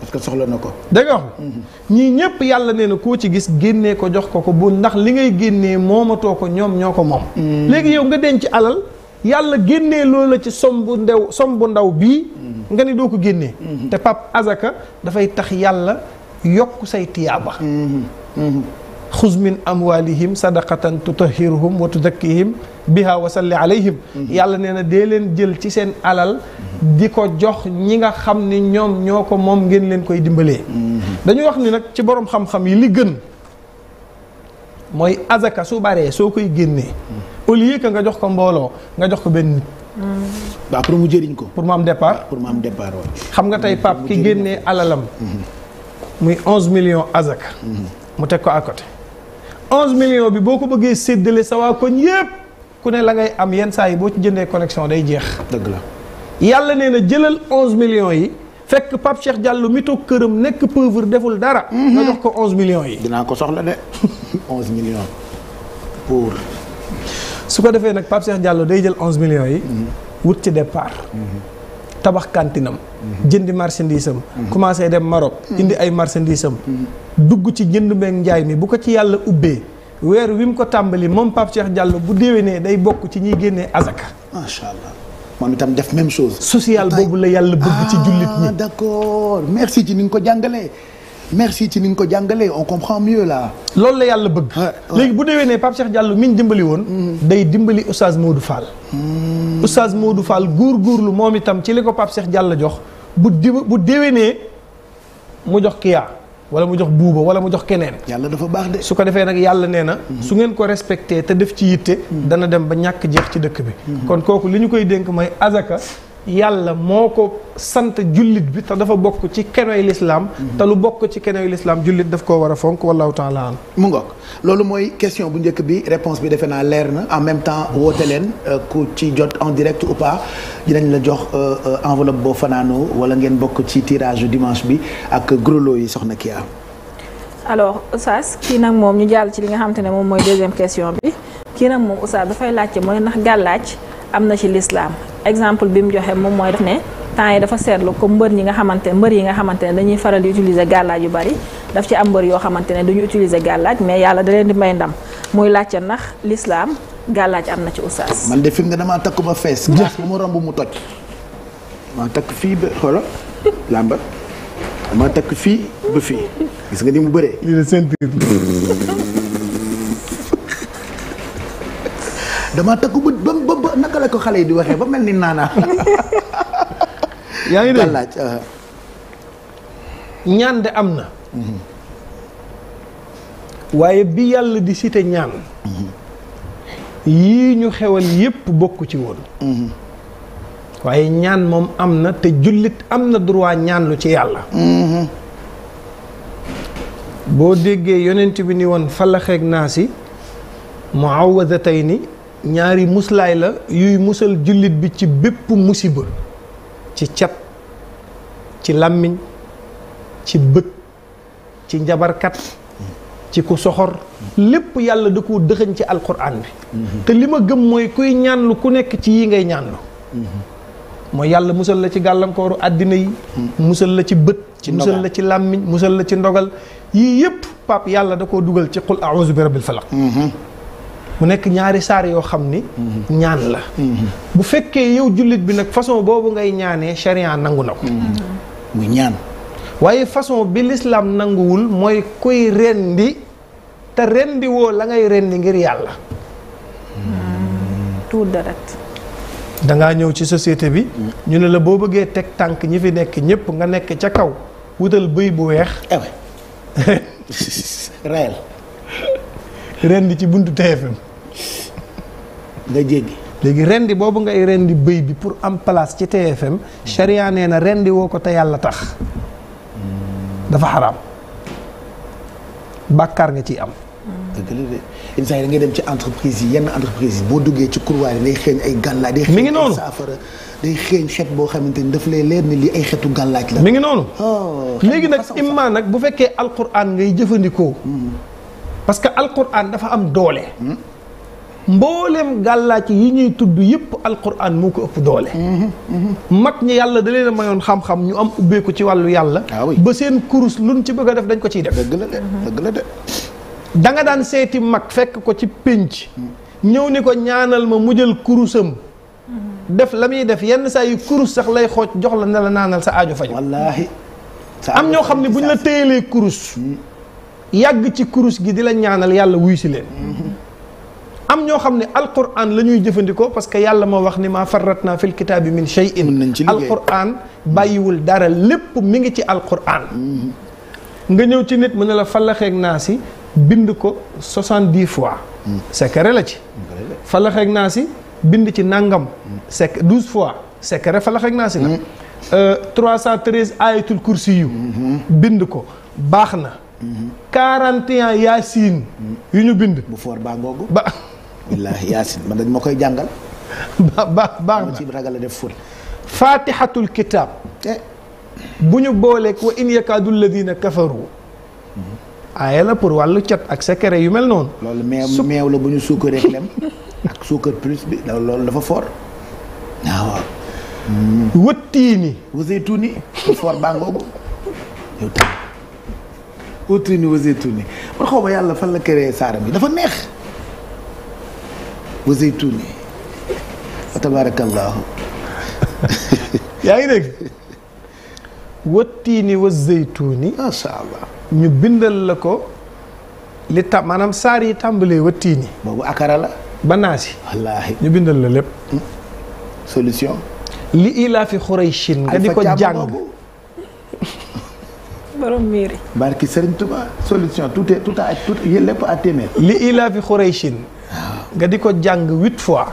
parce que soxla na ko da mhm. ñii ñëpp yàlla nee na koo ci gis génnee ko jox ko ko bu ndax li ngay génnee moomatoo ko ñoom ñoo ko moom léegi yow nga denc alal yàlla génnee loola ci som bu ndew som bu ndaw bii nga ni doo ko génnee te pap azaka dafay tax yàlla yokk say tiyaaba xuz min amwalihim sadaqatan tutahhiruhum wa tuzakkihim biha wa salli alayhim mhm. yàlla nee na dee leen jël ci seen alal mhm. di ko jox ñi nga xam ni ñoom ñoo ko moom ngeen leen koy dimbalee mhm. dañu wax ni nag ci boroom xam-xam yi li gën mooy azaka su baree soo koy génnee au lieu que nga jox ko mbooloo nga jox ko benn nit mu jëriñ ko pour mu am départ pour mu am départ xam tey pap ki génnee alalam muy onze million azaka mu teg ko à onze million bi boo ko bëggee séddale sa waa koñ yépp ku ne la ngay am yenn saa yi boo ci jëndee connexion day jeex. dëgg la yàlla nee na jëlal onze millions yi. fekk Pape Cheikh mito mi toog këram nekk pauvre deful dara. Mhm. nga jox ko onze million yi. dinaa ko soxla de onze million pour. ko defee nag Pape Cheikh day jël onze millions yi. Mhm. wut ci départ. Mhm. tabax kantinam jëndi marchandise am commencé dem Maroc indi ay marchandise dugg ci jënd meeg njaay mi bu ko ci yàlla ubbee weer wi mu ko tàmbali moom Pape Cheikh bu bu déwénee day bokk ci ñuy génnee azaka macha allah moom itam def même chose social boobu la yàlla bëgg ci ah, jullit ñi d'accord ci ni nga ko jàngalee merci ci ni nga ko jàngalee on comprend mieux là. loolu la yàlla bëgg. léegi bu déwee ne Pape Cheikh mi ñu dimbali woon. Mm. day dimbali Oustaz Modou Fall. Mm. Oustaz Modou Fall góorgóorlu moom itam ci li ko Pape Cheikh jox bu di bu déwee mu jox kiyaa wala mu jox buuba wala mu jox keneen. yàlla dafa baax su ko defee nag yàlla nee na. Mm-hmm. su ngeen ko respecté te def ci yitte. Mm-hmm. dana dem ba ñàkk jeex ci dëkk bi. Mm-hmm. kon kooku li ñu koy dénk mooy azaka. yàlla moo ko sant jullit bi te dafa bokk ci kenoy lislaam mhm. te lu bokk ci kenoy lislaam jullit daf koo war a fonk wallahu taala an mu ngoog loolu mooy question bu njëkk bi réponse bi defe naa leer na en même temps woote leen euh, ku ci jot en direct ou pas dinañ la jox euh, euh, enveloppe boo fanaanoo wala ngeen bokk ci tirage dimanche bi ak grelot yi soxna ki a alors Oustaz kii nag moom ñu jàll ci li nga xamante ne moom mooy deuxième question bi kii nag moom Oustaz dafay laajte ndax gàllaaj am na ci lislaam exemple bi mu joxe moom mooy def ne temps yi dafa seetlu ko mbër ñi nga xamante mbër yi nga xamante ne dañuy faral di utiliser gàllaaj yu bari daf ci am mbër yoo xamante ne duñu utiliser gàllaaj mais yàlla da leen di may ndam muy laajte nax lislaam gàllaaj am na ci oustaz. man de fi nga damaa takk ba fees. jëf bu ma romb mu toj. maa takk fii ba xolo làmba maa takk fii ba fii gis nga di mu bëree. lii la damaa takku ba ba ba naka la ko xale yi di waxee ba mel ni naanaa. yaa ngi ah. ñaan de am na. waaye bi yàlla di site ñaan. yi ñu xewal yépp bokk ci woon. waaye ñaan moom am na te jullit am na droit ñaan lu ci yàlla. boo déggee yonent bi ni woon falaxeeg naa si mu tey ni ñaari muslaay la yuy musal jullit bi ci bépp musiba ci cat ci làmmiñ ci bët ci njabarkat ci ku soxor lépp yàlla da koo dëxëñ ci alquran bi mhm. te li ma gëm mooy kuy ñaanlu ku nekk ci yi ngay ñaanlu mhm. mooy yàlla musal la ci gàllankooru àddina yi mhm. musal la ci bët ci musal la ci làmmiñ musal la ci ndogal yii yëpp pap yàlla da koo dugal ci qul a'uzu bi rabbil falaq mu nekk ñaari saar yoo xam ni ñaan la bu fekkee yow jullit bi nag façon boobu ngay ñaanee sharia nangu na ko muy ñaan waaye façon bi lislaam nanguwul mooy kuy rendi te rendi woo la ngay rendi ngir yàlla hmm. tuur deret dangaa ñëw ci société bi ñu ne la boo bëggee teg tànk ñi fi nekk ñëpp nga nekk ca kaw wutal bëy bu weex eh reyal rendi ci buntu TFM nga jéggi. léegi rendi boobu ngay rendi bëy bi pour am place ci TFM charia nee na rendi woo ko te yàlla tax dafa xaraam bàkkaar nga ciy am. dëgg de yenn saa da ngay dem ci entreprise yi yenn yi boo duggee ci couloir yi day xeeñ ay gàllaaj. day xeeñ ay saafara day xeeñ xet boo xamante ni daf lay leer ni lii ay xetu gàllaaj la. mi ngi noonu. Oh, léegi nag imma nag bu fekkee alquran ngay jëfandikoo. Hmm. parce que alquran dafa am doole. Hmm. mboolem gàllaaci yi ñuy tudd yëpp alquran moo ko ëpp doole. mag ñi yàlla da leen mayoon xam-xam ñu am ubbeeku ci wàllu yàlla. Ah ba seen kurus luñ ci bëgg a def dañ ko ciy def. dëgg daan seeti mag fekk ko ci pénc. ñëw ni ko ñaanal ma mu jël kurusam. def la muy def yenn saa yi kurus sax lay xooj jox la ne la naanal sa aajo faj. am ñoo xam ne bu ñu la téyelee kurus. yàgg ci kurus gi di la ñaanal yàlla wuy si leen. Mm-hmm. am ñoo xam ne alquran la lañuy jëfandikoo parce que yàlla moo wax ni maa farratna fil kitaabi min shay'in alquran bàyyiwul dara lépp mi ngi ci alquran mm-hmm. nga ñëw ci nit mën na la falaxeeg naa si bind ko soixante-dix fois mm. secret la ci falaxeeg naa si bind ci nangam mm. sec douze fois secret falaxeeg naa si la mm. euh, trois cent treize ayatul kursi yu mm-hmm. bind ko baax na mm-hmm. quarante et un yu ñu bind bu billaahi yaasin dañ ma koy jàngal. baax baax baax na ci ragal a def ful. faatihatul kitaab. Eh. bu ñu booleeg wa in yakaadu alladina kafaru. Mhm. aaya la pour wàllu cat ak secret yu mel noonu. loolu meew meew la bu ñu suukaree lem ak suukar plus bi loolu dafa fort. waaw. Hmm. wëttiini. wëzeytuuni bu fort baa wëttiini wëzeytuuni man xaw ma yàlla fan la créé saaram bi dafa neex. wa zeytuuni wa tabaarakallaahu ñu bindal la ko li tam maanaam saar yi tàmbalee wattiini boobu akara la ba ñu bindal la lépp hmm? solution li ilaafi xurayshin nga di ko jàng borom miiri barki Sëriñ Tuubaa nga di ko jàng huit fois.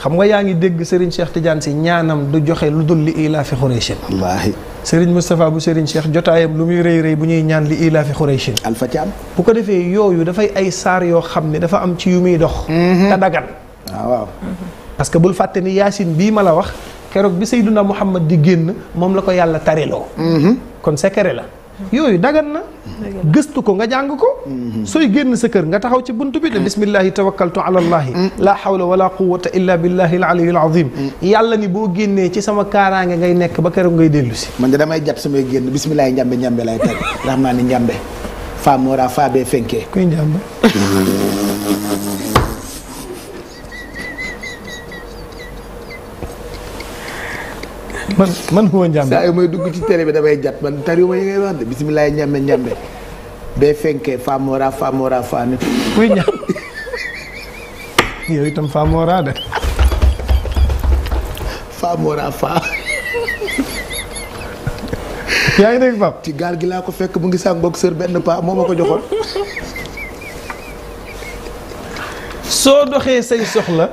xam nga yaa ngi dégg Serigne Cheikh Tidiane si ñaanam du joxe lu dul li ilaafi Xuraysin. wallaahi. Serigne Moustapha bu Serigne Cheikh jotaayam lu muy rëy rëy bu ñuy ñaan li ilaafi Xuraysin. alfa ci bu ko defee yooyu dafay ay saar yoo xam ne dafa am ci yu muy dox. Mhm. te dagan. Ah, waaw que bul fàtte ni yaasin bii ma la wax keroog bi Seydina Muhammad di génn moom la ko yàlla tariloo. Mhm. kon secret la. yooyu dagan na gëstu ko nga jàng ko mhm. sooy génn sa kër nga taxaw ci bunt bi ne bismillahi tawakkaltu ala allahi mhm. la hawla wala quwwata illa billahi al aliyul azim mhm. yàlla ni boo génnee ci sama kaaraange ngay nekk ba këram ngay dellu si man de damay jàpp samay génn bismillahi njambe njambe lay tag rahmaani njambe fa moora fa be kuy njambe man man huwa njàmbe saa yu may dugg ci télé bi damay jàpp man tariwuma yi ngay wax de bisimilah ñambe ñambe bee fenkee Famora Famora Fane. kuy ña de. ngi dégg ci gaal gi laa ko fekk mu ngi sànq boog sër benn paa moo a ko joxoon. soo doxee say soxla.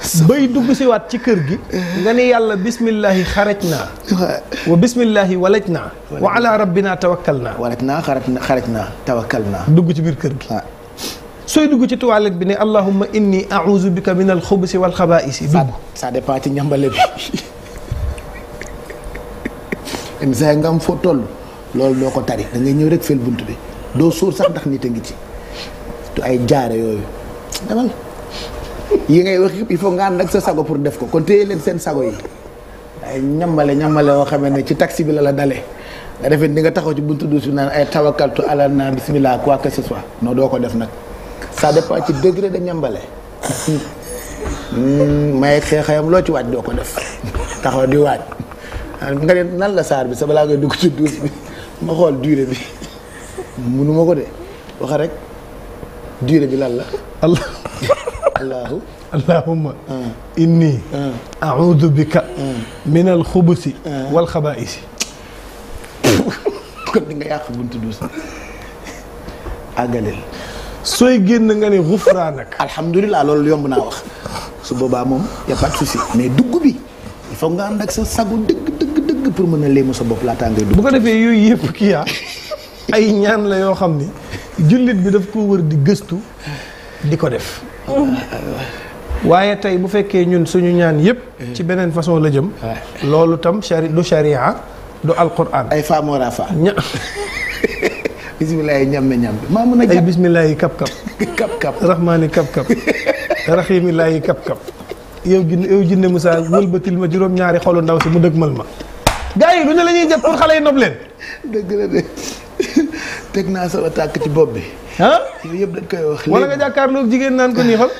bay dugg si waat ci kër gi. nga ni yàlla bismillahi xaraj naa. wa bismillahi walaj naa. wa ala rabbina tawakkal naa. walaj naa xaraj naa tawakkal naa. dugg ci biir kër gi. Ah. sooy dugg ci toilette bi ne allahumma inni a'uuzu bika min al xubusi wal xabaa'isi. dugg ça dépend ci ñambale bi. MSA nga am foo toll loolu doo ko tari da ngay ñëw rek fel bunt bi doo sóor sax ndax nit a ngi ci. te ay jaare yooyu demal. yi ngay wax yëpp il faut nga ànd ak sa sago pour def ko kon téye leen seen sago yi ay ñambale ñambale woo xamee ne ci taxi bi la la dalee nga defee ni nga taxaw ci buntu duus bi ay tawakaltu ala na bismillah quoi que ce soit non doo ko def nag ça dépend ci degré de ñambale hmm, may xeexayam loo ci waaj doo ko def taxaw di waaj ah, nga ne nan la saar bi sa balaa ngay dugg ci duus bi ma xool durée bi mënu ma ko de wax rek durée bi lal la allahu allahumma ah. inni ah. audu bika ah. min alxubusi wal xabaisi kon di nga yàq buntu duus àggaleel sooy génn nga ne xufraan nag alhamdulilah loolu yomb naa wax su boobaa moom y a pas de dugg bi il faut nga ànd ak sa sagu dëgg dëgg pour mën a léemu sa bopp laataa ngay dugg bu ko defee yooyu yëpp kii ay ñaan la yoo xam ni jullit bi daf koo wër di gëstu di ko def. waaye tey bu fekkee ñun suñu ñaan yëpp. ci beneen façon la jëm. loolu tam chari du charia du alquran. ay fa mora fa. ña. bisimilah ñam na ñam bi maa mën a. ay bisimilah yi kap kap. kap kap rahmaani kap yow jinne yow wëlbatil ma juróom-ñaari xolu ndaw si mu dëgmal ma. gars yi lu ne la ñuy pour xale yi nob leen. teg naa sama tàkk ci bopp bi. ah yooyu yëpp dañ koy wax. wala nga jàkkaarloog jigéen naan ko nii xol.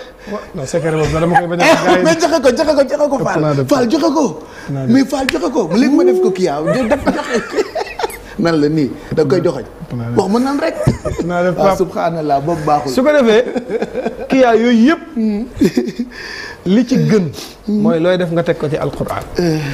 non secret boobu dama koy bañ a. mais joxe ko joxe ko joxe ko Fall Fall joxe ko. mais Fall joxe ko léegi ma def ko kii yaa def joxe. nan la nii da koy joxoñ wax ma nan rek. naa def waaw ah, subhanallah boobu baaxul. su ko defee kii yaa yooyu yëpp. Hmm. li ci gën. Hmm. mooy looy def nga teg ko ci alquran. Eh.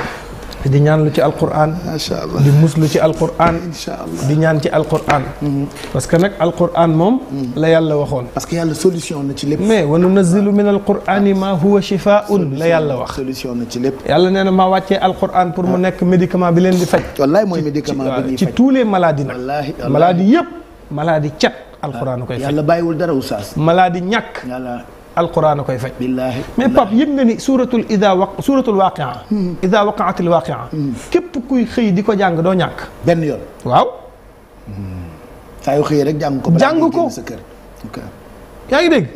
di ñaan lu ci alquran. macha allah di muslu ci alquran. incha allah di ñaan ci alquran. Mm-hmm. parce que nag alquran moom. Mm-hmm. la yàlla waxoon. parce que yàlla solution na ci lépp. mais wa nunazzilu min alqurani ma huwa shifaun la wax. solution na ci lépp. yàlla nee na maa wàccee alquran pour mu ah. nekk médicament bi leen di faj. wallaay mooy médicament bi ñuy faj ci tous les maladies nag. wallaahi maladies yëpp. maladies cat alquran koy ah, faj. yàlla bàyyiwul dara oustaz. maladies ñàkk. alquran koy faj. billaahi mais Pape yëg nga ni suuratul Ida waq suuratul waaqia. Hmm. Ida waqaatil waaqia. Hmm. képp kuy xëy di ko jàng doo ñàkk. benn yoon waaw. Hmm. saa yu xëy jàng ko. jàng ko sa kër yaa ngi dégg.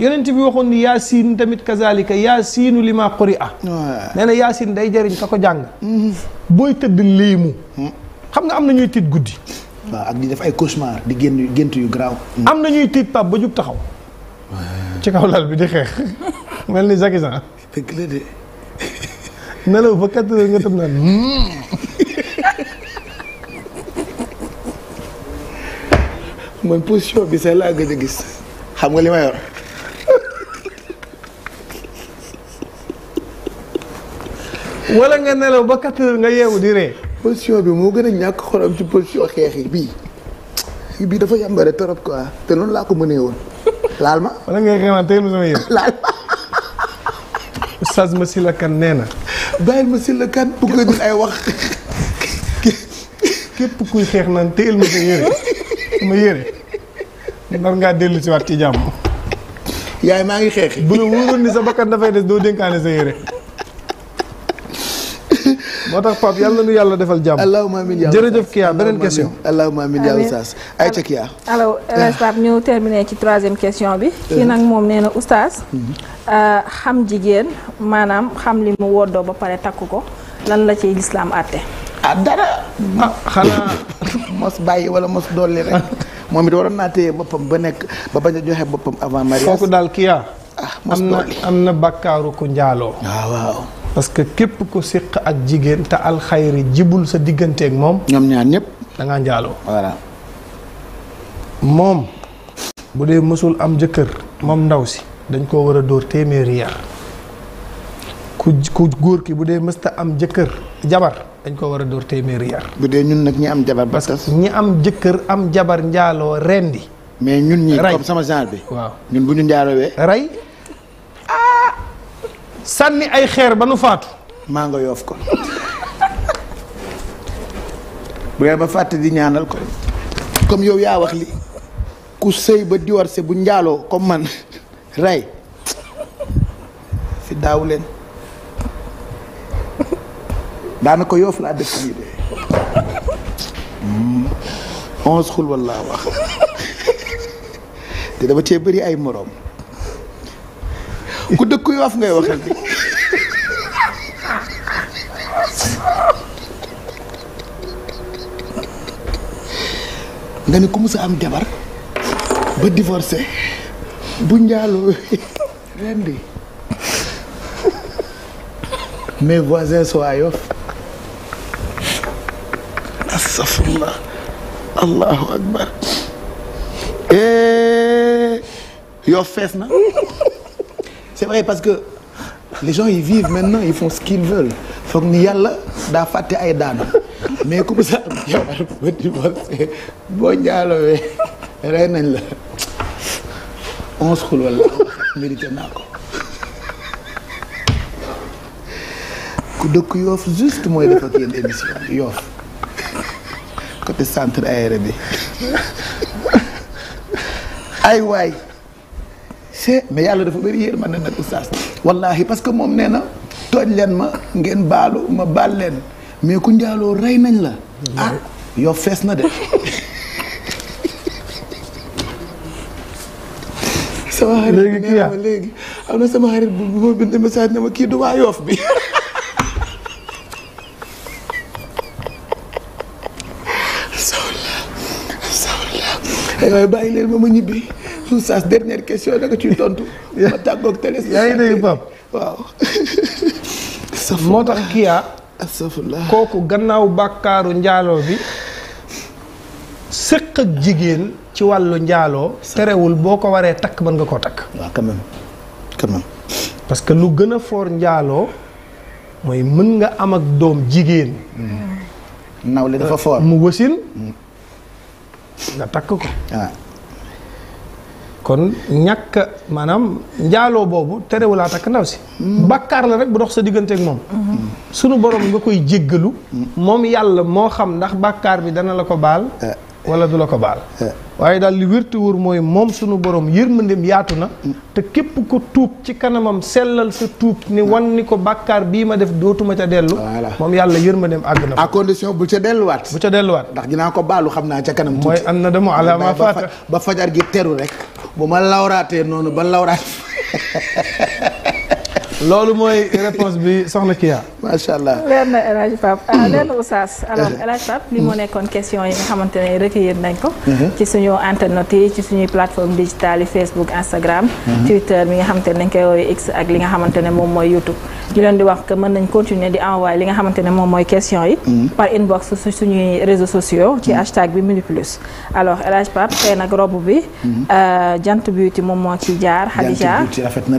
yonent bi waxoon ni Yaasin tamit kazaalika Yaasinu lima quri'a. nee na Yaasin day jëriñ ka ko jàng. booy tëdd léemu. xam nga am na ñuy tiit guddi. di def ay cauchemar di génn gént yu garaaw. am na ñuy tiit Pape ba jub taxaw. ci kaw lal bi di xeex mel ni Zaki Zan. la de. nelaw ba quatre heures nga tëb naan. man hmm. position bi sax laa gëj a gis xam nga li ma yor. wala nga nelaw ba quatre heures nga yeewu di ree. position bi moo gën a ñàkk xorom ci position xeex yi bii bii dafa yàmbare torop quoi te noonu laa ko mënee woon. laal ma wala ngay xeexaan teel ma sama yéen laal ma oustaz ma Kane nee na bàyyil Masila Kane bu ko ay wax képp kuy xeex naan teel ma sa yére sama yére nar ngaa dellu si waat ci jàmm yaay maa ngi xeexi bu la wóoroon ni sa bakkan dafay des doo dénkaane sa yére moo tax Pape yàlla nu yàlla defal jàmm. allahumma amiin yàlla jërëjëf Kia beneen question. allahumma amiin yàlla oustaz ayca Kia. alors eh. euh, Pape ñu terminé ci troisième question bi. kii eh. nag moom nee na oustaz. Mhm. Euh, xam jigéen maanaam xam li mu woddoo ba pare takku ko lan la ci lislaam àtte. ah dara ah xanaa mos bàyyi wala mos dolli rek moom it waroon naa téye boppam ba nekk ba bañ a joxe boppam avant mariage. kooku daal Kia. ah mos dolli am na am na bakkaaru ku njaaloo. Ah, parce que képp ko séq ak jigéen te alxayri jibul sa digganteeg moom. ñoom ñaan ñëpp. da ngaa njaaloo. voilà. moom. bu dee mësul am jëkkër. moom ndaw si dañ koo war a dóor téeméeri yar. ku ku góor ki bu dee mësta am jëkkër jabar dañ ko war a dóor téeméeri yar. bu dee ñun nag ñi am jabar ba parce que ñi am jëkkër am jabar njaaloo rendi mais ñun ñii comme sama genre bi. waaw ñun bu ñu njaaloowee. rey sànni ay xeer ba nu faatu. maa nga yoof ko bu ngeen ma fàtte di ñaanal ko comme yow yaa wax li ku sëy ba divorcé bu njaaloo comme man rey fi daaw leen daanaka yoof laa dëkk nii de hmm. onze xul wallaa wax te dama cee bëri ay moroom ku dëkk Yoof ngay waxal bi nga ne ku mus a am jabar ba divorcé bu njaaloo rendi mes voisins sont à Yoff astafurlah allahu akbar eh, Yoff fees na c'est vrai parce que les gens ils vivent maintenant ils font ce qu'ils veulent foog ni yàlla daa fàtte ay daanu mais ku sa am jabar ba divorcé boo njaalowee rey nañ la onze xul wala mérité naa ko ku dëkk yoof juste mooy def ak yéen émission yoof côté centre aéré bi ay waay c'est mais yàlla dafa ma yërmande nag oustaz wallahi parce que moom nee na tooj leen ma ngeen baalu ma baal leen mais ku njaaloo rey nañ la ah yow fees na de sama xarit nee ma léegi am na sama xarit bu ma bind ne ma kii du waa yoof bi sawla sawla ay bàyyi leen ma ma ñibbi oustaz dernière question da nga moo tax kiyaa. Ah? kooku gannaaw bàkkaaru njaaloo bi. sëq ak jigéen ci wàllu njaaloo. serewul boo ko waree takk mën nga koo takk. waaw que lu gën a foor njaaloo mooy mën nga am ak doom jigéen. Hmm. Euh, mu wasin hmm. nga takk ko. Ah. kon ñàkk maanaam njaaloo boobu terewu laa takk ndaw si mm-hmm. bàkkaar la rek bu dox sa diggante ak moom mm-hmm. sunu borom nga koy jéggalu mm-hmm. moom yàlla moo xam ndax bàkkaar bi dana la ko baal eh. wala du la ko baal eh. waaye daal li wér mooy moom sunu borom yërmandeem yaatu na mm. te képp ko tuub ci kanamam sellal sa tuub ni mm. wan ni ko bàkkaar bii ma def dootuma ca dellu moom yàlla yërmandeem àgg na à condition bu ca delluwaat bu ca delluwaat ndax dinaa ko baalu xam naa ca kanam mooy am na dama ala ba fajar gi teru rek bu ma lawraatee noonu ba lawraat loolu mooy réponse bi soxna Kia. macha allah leer na El Hadj Pape ah eh. li moo nekkoon question yi nga xamante ne recueillir nañ ko. Mhm. ci suñu internet yi ci suñuy plateforme digitale yi Facebook Instagram. Mhm. Twitter bi nga xamante ne dañ koy woowee X ak li nga xamante ne moom mooy YouTube. ñu leen di wax que mën nañ continuer di envoyer li nga xamante ne moom mooy question yi. Mhm. par inbox su suñuy réseaux sociaux. ci hashtag bi Midi Plus. alors El Hadj Pape tey nag robe bi. Euh, jant beauty moom moo ci jaar. Khadija jant beauty rafet na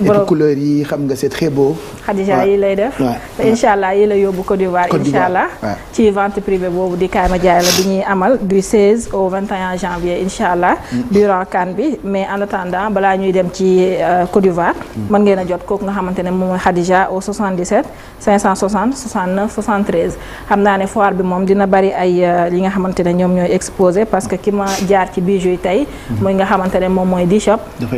et puis couleur yi xam nga c'est très beau. yi lay def. incha allah yi la yóbbu Côte d'Ivoire. incha allah ci vente privée boobu di Kaay ma jaay la bi ñuy amal du 16 au 21 janvier incha allah. Mm. durant CAN bi mais en attendant balaa ñuy dem ci euh, Côte d'Ivoire. man mm. ngeen a jot kooku nga xamante ne moom mooy Khadija au 77 560 69 73 xam naa ne foire bi moom dina bari ay euh, li nga xamante ne ñoom ñooy exposé parce que ki ma jaar ci bijoux yi tey. Mm-hmm. muy nga xamante ne moom mooy di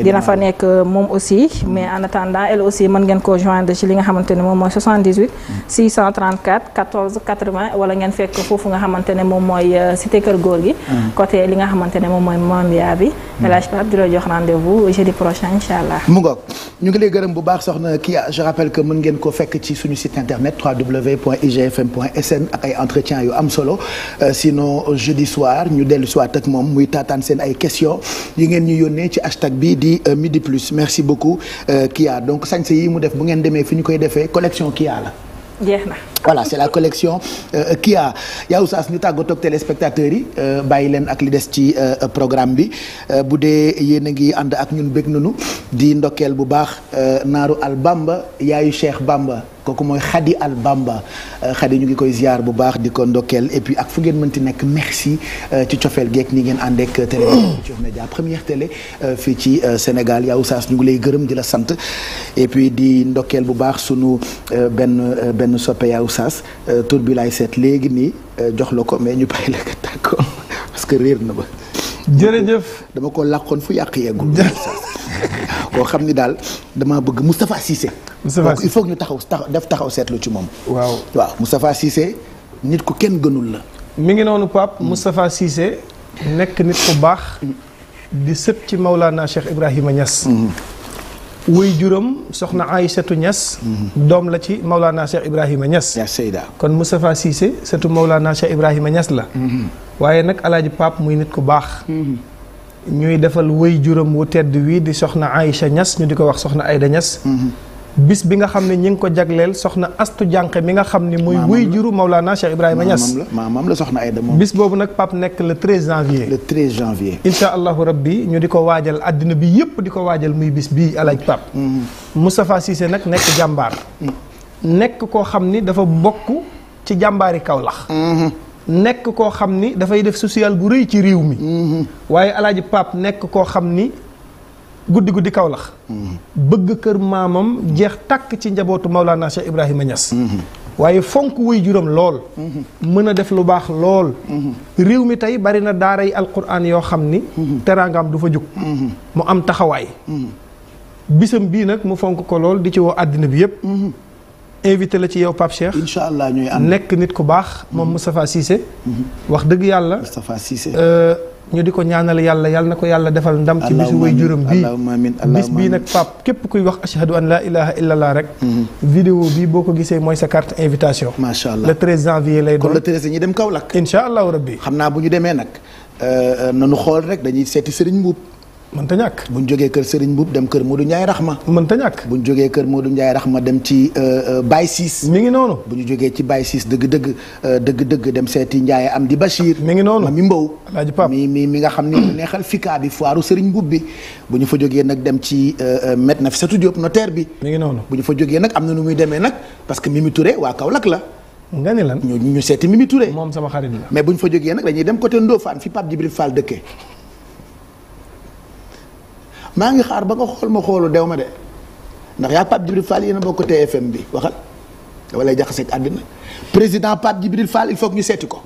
dina fa euh, en attendant elle aussi mën ngeen koo joindre ci li nga xamante ne moom mooy 78 634 14 80 wala ngeen fekk foofu nga xamante ne moom mooy euh, cité kër góor gi mm. côté li nga xamante ne moom mooy Mambia bi mm. El Hadj Pape di la jox rendez jeudi prochain incha allah mu ngoog ñu ngi lay gërëm bu baax soxna kii je rappelle que mën ngeen ko fekk ci suñu site internet www.igfm.sn ak ay entretiens yu am solo euh, sinon jeudi soir ñu dellu soit ak moom muy taataan seen ay questions yi ngeen ñu yónnee ci hashtag bi di euh, midi plus merci beaucoup Kia donc sañse yi mu def bu ngeen demee fi ñu koy defee collection Kia la. voilà c'est la collection Kia euh, yaa Oustaz ñu tàggatoo ak téléspectateurs yi euh, bàyyi leen ak li des ci euh, programme bi bu dee yéen a ngi ànd ak ñun bëgg nañu di ndokkeel bu baax naaru al Bamba yaayu Cheikh Bamba kooku mooy Khady al Bamba Khady ñu ngi koy ziar bu baax di ko ndokkeel et puis ak fu ngeen mënti nekk merci ci cofeel geek ñi ngeen ànd ak télévision Futurs Médias première télé fii ci Sénégal yaa Oustaz ñu ngi lay gërëm di la sant et puis di ndokkeel bu baax sunu benn benn soppe Oustaz euh, tur bi lay seet léegi nii euh, jox la ko mais ñu bàyyi la ko tàkkoon parce que réer na ba. jërëjëf dama ko làqoon fu yàq yeggul. koo xam ni daal damaa bëgg Moustapha Cissé. Moustapha Cissé il ñu taxaw def taxaw seetlu ci moom. waaw waaw Moustapha nit ku kenn gënul la. mi ngi noonu Pape Moustapha Cissé nekk nit ku baax. di sët ci Maulana Cheikh Ibrahima Niass. Mm-hmm. wuy juróom soxna setu Ñas mhm. doom la ci Maulana Cheikh Ibrahima Ñas kon Moustapha setu sëtu Maulana Cheikh Ibrahima Ñas la mhm. waaye nag alaaji Pape muy nit ku baax mhm. ñuy defal wuy juróom wu tedd wii di soxna Aysa Ñas ñu di ko wax soxna Ayda Ñas bis bi nga xam ne ñi ngi ko jagleel soxna astu jànqe mi nga xam ne muy wuy juru Maulana Cheikh Ibrahima Niass maamam la soxna Aïda moom bis boobu nag Pape nekk le 13 janvier le 13 janvier incha allahu rabbi ñu di ko waajal àddina bi yëpp di ko waajal muy bis bii alaaj Pape mm-hmm. Moustapha Cissé nag nekk jàmbaar mm-hmm. nekk koo xam ni dafa bokk ci jàmbaari Kaolack mm-hmm. nekk koo xam ni dafay def social bu rëy ci réew mi waaye alaaji Pape nekk koo xam ni guddi guddi Kaolack bëgg kër maamam jeex takk ci njabootu Maulana Cheikh Ibrahima Niass waaye fonk wuy juróom lool mën a def lu baax lool réew mi tey bari na daara yi alquran yoo xam ni teraangaam du fa jug mu am taxawaay bisam bii nag mu fonk ko lool di ci woo àddina bi yëpp invité la ci yow Pape Cheikh incha allah ñuy nekk nit ku baax moom Moustapha Cissé mhm. wax dëgg yàlla Moustapha Cissé euh, ñu di ko ñaanal yàlla yàlla na ko yàlla defal ndam ci bisu way juróom bii bis bii nag pap képp kuy wax ashhadu an laa ilaha illallah rek mm-hmm. video bii boo ko gisee mooy sa carte invitation macha allah le 13 janvier lay doon le 13 ñu dem Kaolack incha allahu rabbi xam naa bu ñu demee nag euh, euh, nanu xool rek dañuy seeti Serigne Mboup mënta ñàkk ñu jógee kër Serigne Mboup dem kër Modou Ndiaye Rahma mënta ñàkk buñ jógee kër Modou Ndiaye Rahma dem ci euh, euh, Baye Ciss mi ngi noonu bu ñu jógee ci Baye Ciss dëgg-dëgg euh, dëgg-dëgg dem seeti Ndiaye am di Bachir mi ngi noonu mi Mbow Alaaji Pape mi mi nga xam ne neexal fika bi foiru Serigne Mboup bi bu ñu fa jógee nag dem ci Maître Nafissatou Diop notaire bi mu ngi noonu bu ñu fa jógee nag am na nu muy demee nag parce que Mimi Touré waa Kaolack la nga ni lan ñu ñu seeti Mimi Touré moom sama xarit la mais bu ñu fa jógee nag dañuy dem côté Ndofane fi Pape Djibril Fall dëkkee maa ngi xaar ba nga xool ma xoolu dew ma de ndax yaa Pape Djibril Fall yéen a bokk TFM bi waxal dafa lay jaxaseeg àddina président Pape Djibril Fall il faut que ñu seeti ko.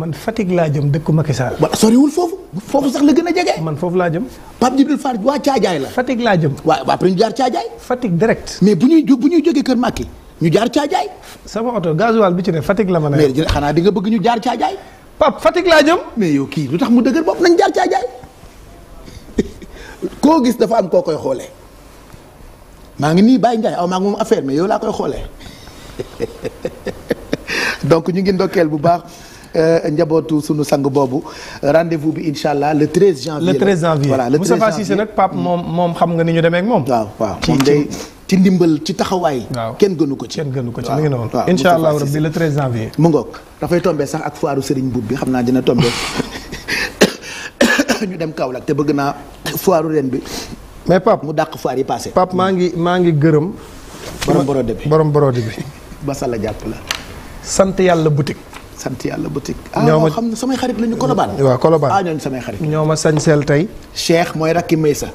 man Fatick laa jëm dëkku Macky Sall. wala soriwul foofu foofu sax la gën a jege. man foofu laa jëm. Pape Djibril Fall waa Caajaay la. Fatick laa jëm. waaw après ñu jaar Caajaay. Fatick direct. mais bu ñuy bu ñuy jógee kër Macky ñu jaar Caajaay. sama oto gasoil bi ci ne Fatick la ma ne. mais xanaa di nga bëgg ñu jaar Caajaay. Pape Fatick laa jëm. mais yow kii lu tax mu dëgër bopp nañ jaar Caajaay. koo gis dafa am koo koy xoolee maa ngi nii Baye Ndiaye aw maa ngi moom affaire mais yow laa koy xoolee donc ñu ngi ndokkeel bu baax euh, njabootu sunu sang boobu rendez-vous bi incha allah le 13 janvier. le 13 janvier voilà le 13 janvier moom moom xam nga ñu demee moom. waaw waaw moom day ndimbal ci taxawaay. waaw kenn gënu ko ci. kenn ko ci mi ngi noonu. waaw incha allah rabbi le 13 janvier. mu ngoog dafay tombé sax ak foiru Serigne Boub bi xam naa dina tombé. ñu dem Kaolack te bëgg naa foiru ren bi. mais Pape mu dàq foire yi passé. Pape maa ngi maa ngi gërëm. borom borode bi borom borode bi. Masalla jàpp la. sant yàlla boutique. sant yàlla boutique. ñoo ah, ma xam ne samay xarit la ñu Colobane. waaw Colobane ah ñooñu samay xarit. ñoo ma sañseel tey. Cheikh mooy rakki Maysa.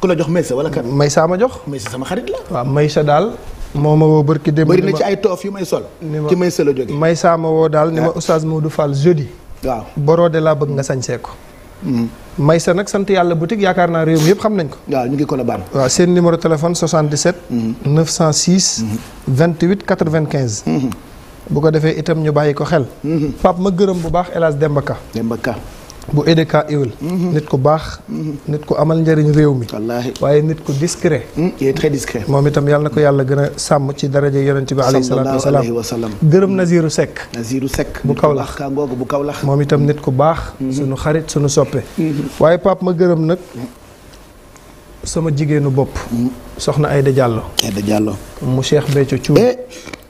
ku la jox Maysa wala kan. Maysa ma jox. Maysa sama xarit la. waaw Maysa daal. moo ma woo barki démb. bëri na ci ay toof yu may sol. ci Maysa la jógee. Maysa ma woo daal ni ma ah. Oustaz Modou Fall jeudi. waaw borode laa bëgg nga sañsee ko. Maysa nag sant yàlla boutique yaakaar naa réew mi yëpp xam nañ ko. waaw ñu ngi ko Colobane. waaw seen numéro téléphone 77. 906. 28 95. bu ko defee itam ñu bàyyi ko xel. Mhm. Pape ma gërëm bu baax El dembaka Demba bu EDK iwul. Mhm. nit ku baax. Mhm. nit ku amal njëriñ réew mi. wallaahi waaye nit ku discret. Hmm, il est très discret. moom itam yàlla na ko yàlla gën a sàmm ci daraja yonent bi. alayhi salaatu wa salaam gërëm Naziru sekk Naziru Seck bu Kaolack bu Kaolack. moom itam nit ku baax. Mhm. sunu xarit sunu soppe. waaye Pape ma gërëm nag. Hmm. sama jigéenu bopp. soxna Aida Diallo. Aida Diallo. mu Cheikh Béthio Thioune. eh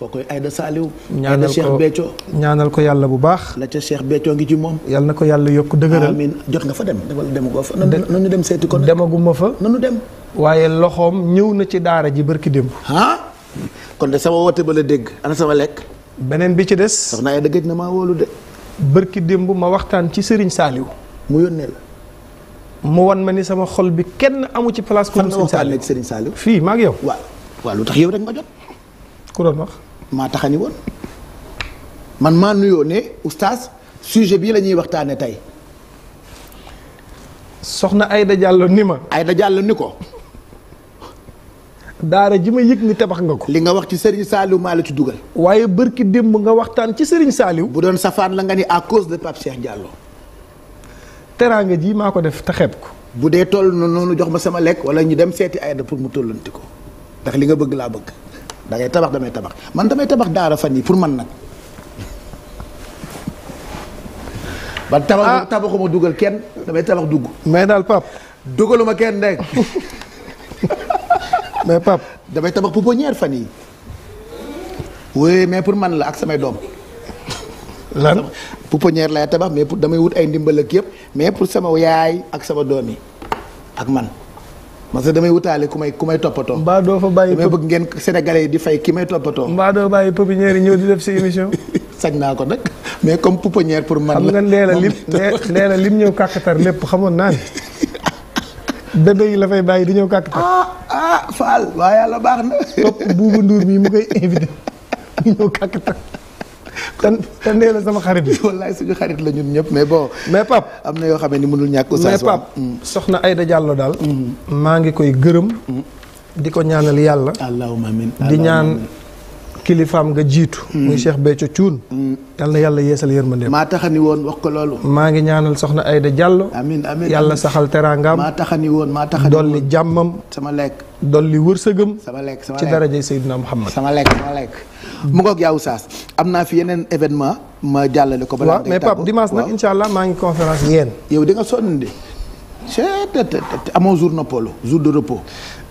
kookoy Aida Saliou. ñaanal ko Cheikh ñaanal ko yàlla bu baax. la ca Cheikh Béthio ngi ci moom. yàlla na ko yàlla yokk dëgëral. amiin jot nga fa dem wala demagoo fa. nanu dem seeti ko demaguma fa. nanu dem. waaye loxoom ñëw na ci daara ji bërki démb. ah kon de sama woote ba la dégg ana sama lekk. beneen bi ci des. soxna Aida gëj na maa wóolu de. barki démb ma waxtaan ci Serigne saaliw mu yónnee mu wan ma ni sama xol bi kenn amu ci place. ku dul Serigne Saliou fii maa ngi yow. waaw waaw lu tax yow rek ma jot. ku doon wax. maa taxani woon man maa nuyoo ne oustaz sujet bii la ñuy waxtaanee tey. soxna Aida Diallo ni ma. Aida Diallo ni ko. daara ji ma yëg ni tabax nga ko. li nga wax ci Serigne Saliou maa la ci dugal. waaye bërki démb nga waxtaan ci Serigne Saliou. bu doon safaan la nga ni à cause de Pape Cheikh Diallo. teraanga ji maa ko def te xeeb ko. bu dee toll na noonu jox ma sama lekk wala ñu dem seeti ayda pour mu tollanti ko ndax li nga bëgg laa bëgg dangay tabax damay tabax man damay tabax daara fan yi pour man nag. ba tabax ah. tabaxuma dugal kenn damay tabax dugg. mais daal pap dugaluma kenn rek. mais pap damay tabax ñeer fan yi. oui mais pour man la ak samay doom. laa lan pouponnière lay tabax mais pour damay wut ay ndimbal ak yëpp mais pour sama yaay ak sama doom yi ak man parce que damay wutaale ku may ku may toppatoo. mbaa doo fa bàyyi damay bëgg ngeen sénégalais yi di fay ki may toppatoo. mbaa doo bàyyi yi ñëw di def si émission. naa ko nag mais comme pouponnière pour man la xam nga leela lim leela lim ñëw kàkkatar lépp xamoon naa ne la fay di ñëw kàkkatar. ah, ah baax na. topp buubu nduur mi mu koy invité di ñëw kàkkatar. tan tan nee la sama xarit bi wallaay suñu xarit la ñun ñëpp mais bon mais Pape am na yoo xam ne ni mënul ñàkk mais Pape mm. ay da Diallo daal mm. maa ngi koy gërëm mm. di ko ñaanal yàlla allahumma di ñaan kilifaam nga jiitu. Mm. muy Cheikh Béthio Thioune. Mm. yal na yàlla yeesal yërmandeem. maa taxani woon wax ko maa ngi ñaanal soxna Aida Diallo. amiin yàlla saxal teraangaam. maa taxani woon maa taxani woon dolli jàmmam. sama lekk dolli wërsëgam. sama lekk sama lekk ci darajay Seydina Muhammad. sama lekk sama lekk. mu ngoog yaa am naa fi yeneen événement ma jàllale ko. balaa mais Pape dimanche nag incha allah maa ngi conférence yéen. yow di nga sonn de. amoo jour noppalu jour de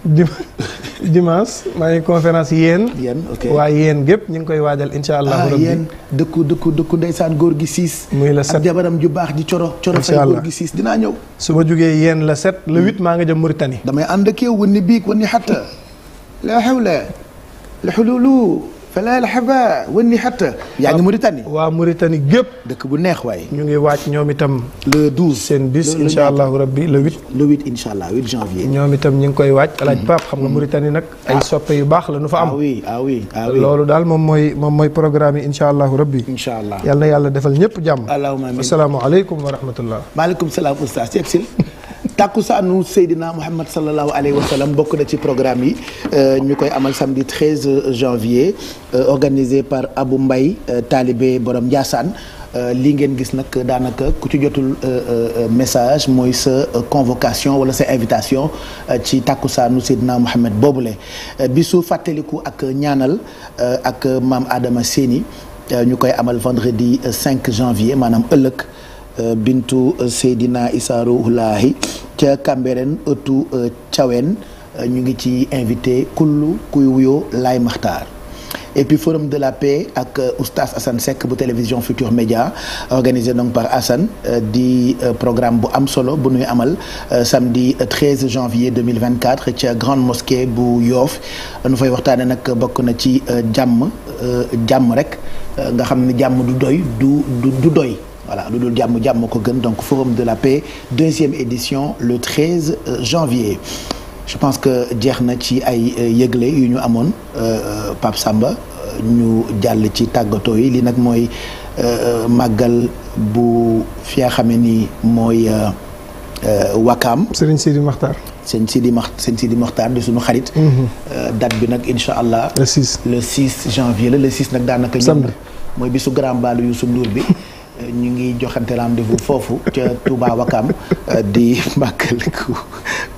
dimanche maa ngi conférence yéen. yéen ok waa yéen gépp ñu ngi koy waajal incha allah. Ah, rabbi yéen dëkku dëkku dëkku ndeysaan góor gi siis. muy la set jabaram ju baax ji coro. coro fay góor dinaa ñëw. su ma jugee yéen la set le huit maa ngi jëm Mauritanie. damay ànd ak yow wan ni biig wan xatta. la xewle la xululu. fala alhaba wënni xatta yaa ngi Mauritanie waa Mauritanie gépp dëkk bu neex waaye ñu ngi wàcc ñoom itam le 12 seen bis insha allahu rabbi le 8 le 8 insha allah 8 ñoom itam ñu ngi koy wàcc alaaj mhm. Pape xam nga mhm. Mauritanie nag ay ah. soppe yu baax la nu fa am ah oui ah, ah loolu daal moom mooy moom mooy programme yi insha allahu rabbi insha allah yal yàlla defal ñëpp jàmm allahumma asalaamu aleykum wa rahmatullah maaleykum salaam oustaz tàkkusaanu Seydina Mouhamed sallallahu alayhi wa sallam bokk na ci programme yi euh, ñu koy amal samedi 13 janvier euh, organisé par abu mbay euh, taalibe borom Ndiassane lii ngeen gis nag daanaka ku ci jotul message mooy sa convocation wala sa invitation ci tàkkusaanu Seydina Mouhamed boobule bisu fàttaliku ak ñaanal ak maam Adama Séni ñu koy amal vendredi 5 janvier maanaam ëllëg. bintu Seydina Issa Rouhulahi ca Cambérène ëttu euh, Thiawène euh, ñu ngi ci invité kullu kuy wuyoo Laye Makhtar et puis forum de la paix ak euh, oustaz Assane Seck bu télévision Futur Média organisé donc par Assane di programme bu am solo bu nuy amal samedi 13 janvier 2024 ca grande mosquée bu Yoff nu fay waxtaane nag bokk na ci jàmm jàmm rek nga xam ne jàmm du doy du du doy voilà lu dul jàmm jàmm ko gën donc forum de la paix deuxième édition le 13 euh, janvier je pense que jeex na ci ay euh, yëgle yu ñu amoon euh, Pape Samba ñu jàll ci tàggatoo yi li nag mooy màggal bu fi nga xamee ni mooy Wakaam. Serigne Sidi Makhtar. sëñ Sidi Max sëñ Sidi Maxtaar di suñu xarit. Mm-hmm. date bi nag incha allah. le 6 le 6 janvier la le 6 nag daanaka. samedi mooy bisu grand baalu Youssou Ndour bi. ñu ngi joxante rendez-vous foofu ca Touba Wakam euh, di màggaliku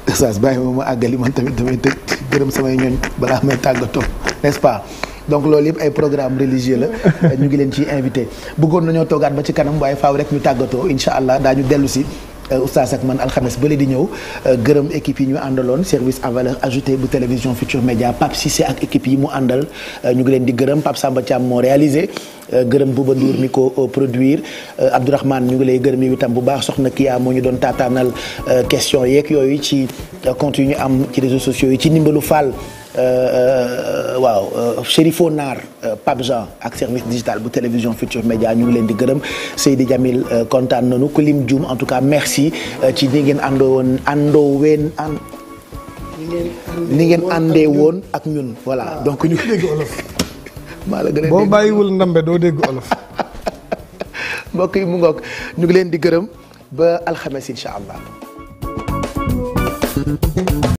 Oustaz bàyyi ma ma àggali man tamit damay tëj gërëm samay ñooñ balaa may tàggatoo n'est-ce pas donc loolu yëpp ay programme religieux la ñu ngi leen ci invité bëggoon nañoo toogaat ba ci kanam waaye faaw rek ñu tàggatoo incha allah daañu dellu si Euh, oustaz ak man alxames bële di ñëw euh, gërëm équipe yi ñu àndaloon service à valeur ajoutée bu télévision Futur Média Pape Cissé ak équipe yi mu àndal euh, ñu ngi leen di gërëm Pape Samba Thiam moo réalisé gërëm Bouba Ndour mi ko produire Abdourahmane ñu ngi lay gërëm yow itam bu baax soxna Kia moo ñu doon taataanal question yeeg yooyu ci compte yu ñu am ci réseaux sociaux yi ci ndimbalu Fall Euh, euh, waaw euh, Chérifo Naar Pape Jean ak service digital bu télévision Futur Média ñu ngi leen di gërëm Seydi Jamil kontaan nañu ku lim Dioum en tout cas merci ci ni ngeen woon àndoo ni ngeen àndee woon ak ñun voilà ah. donc ñu dégg olof boo bàyyiwul doo dégg olof yi mu ngoog ñu ngi leen di gërëm ba alxames incha allah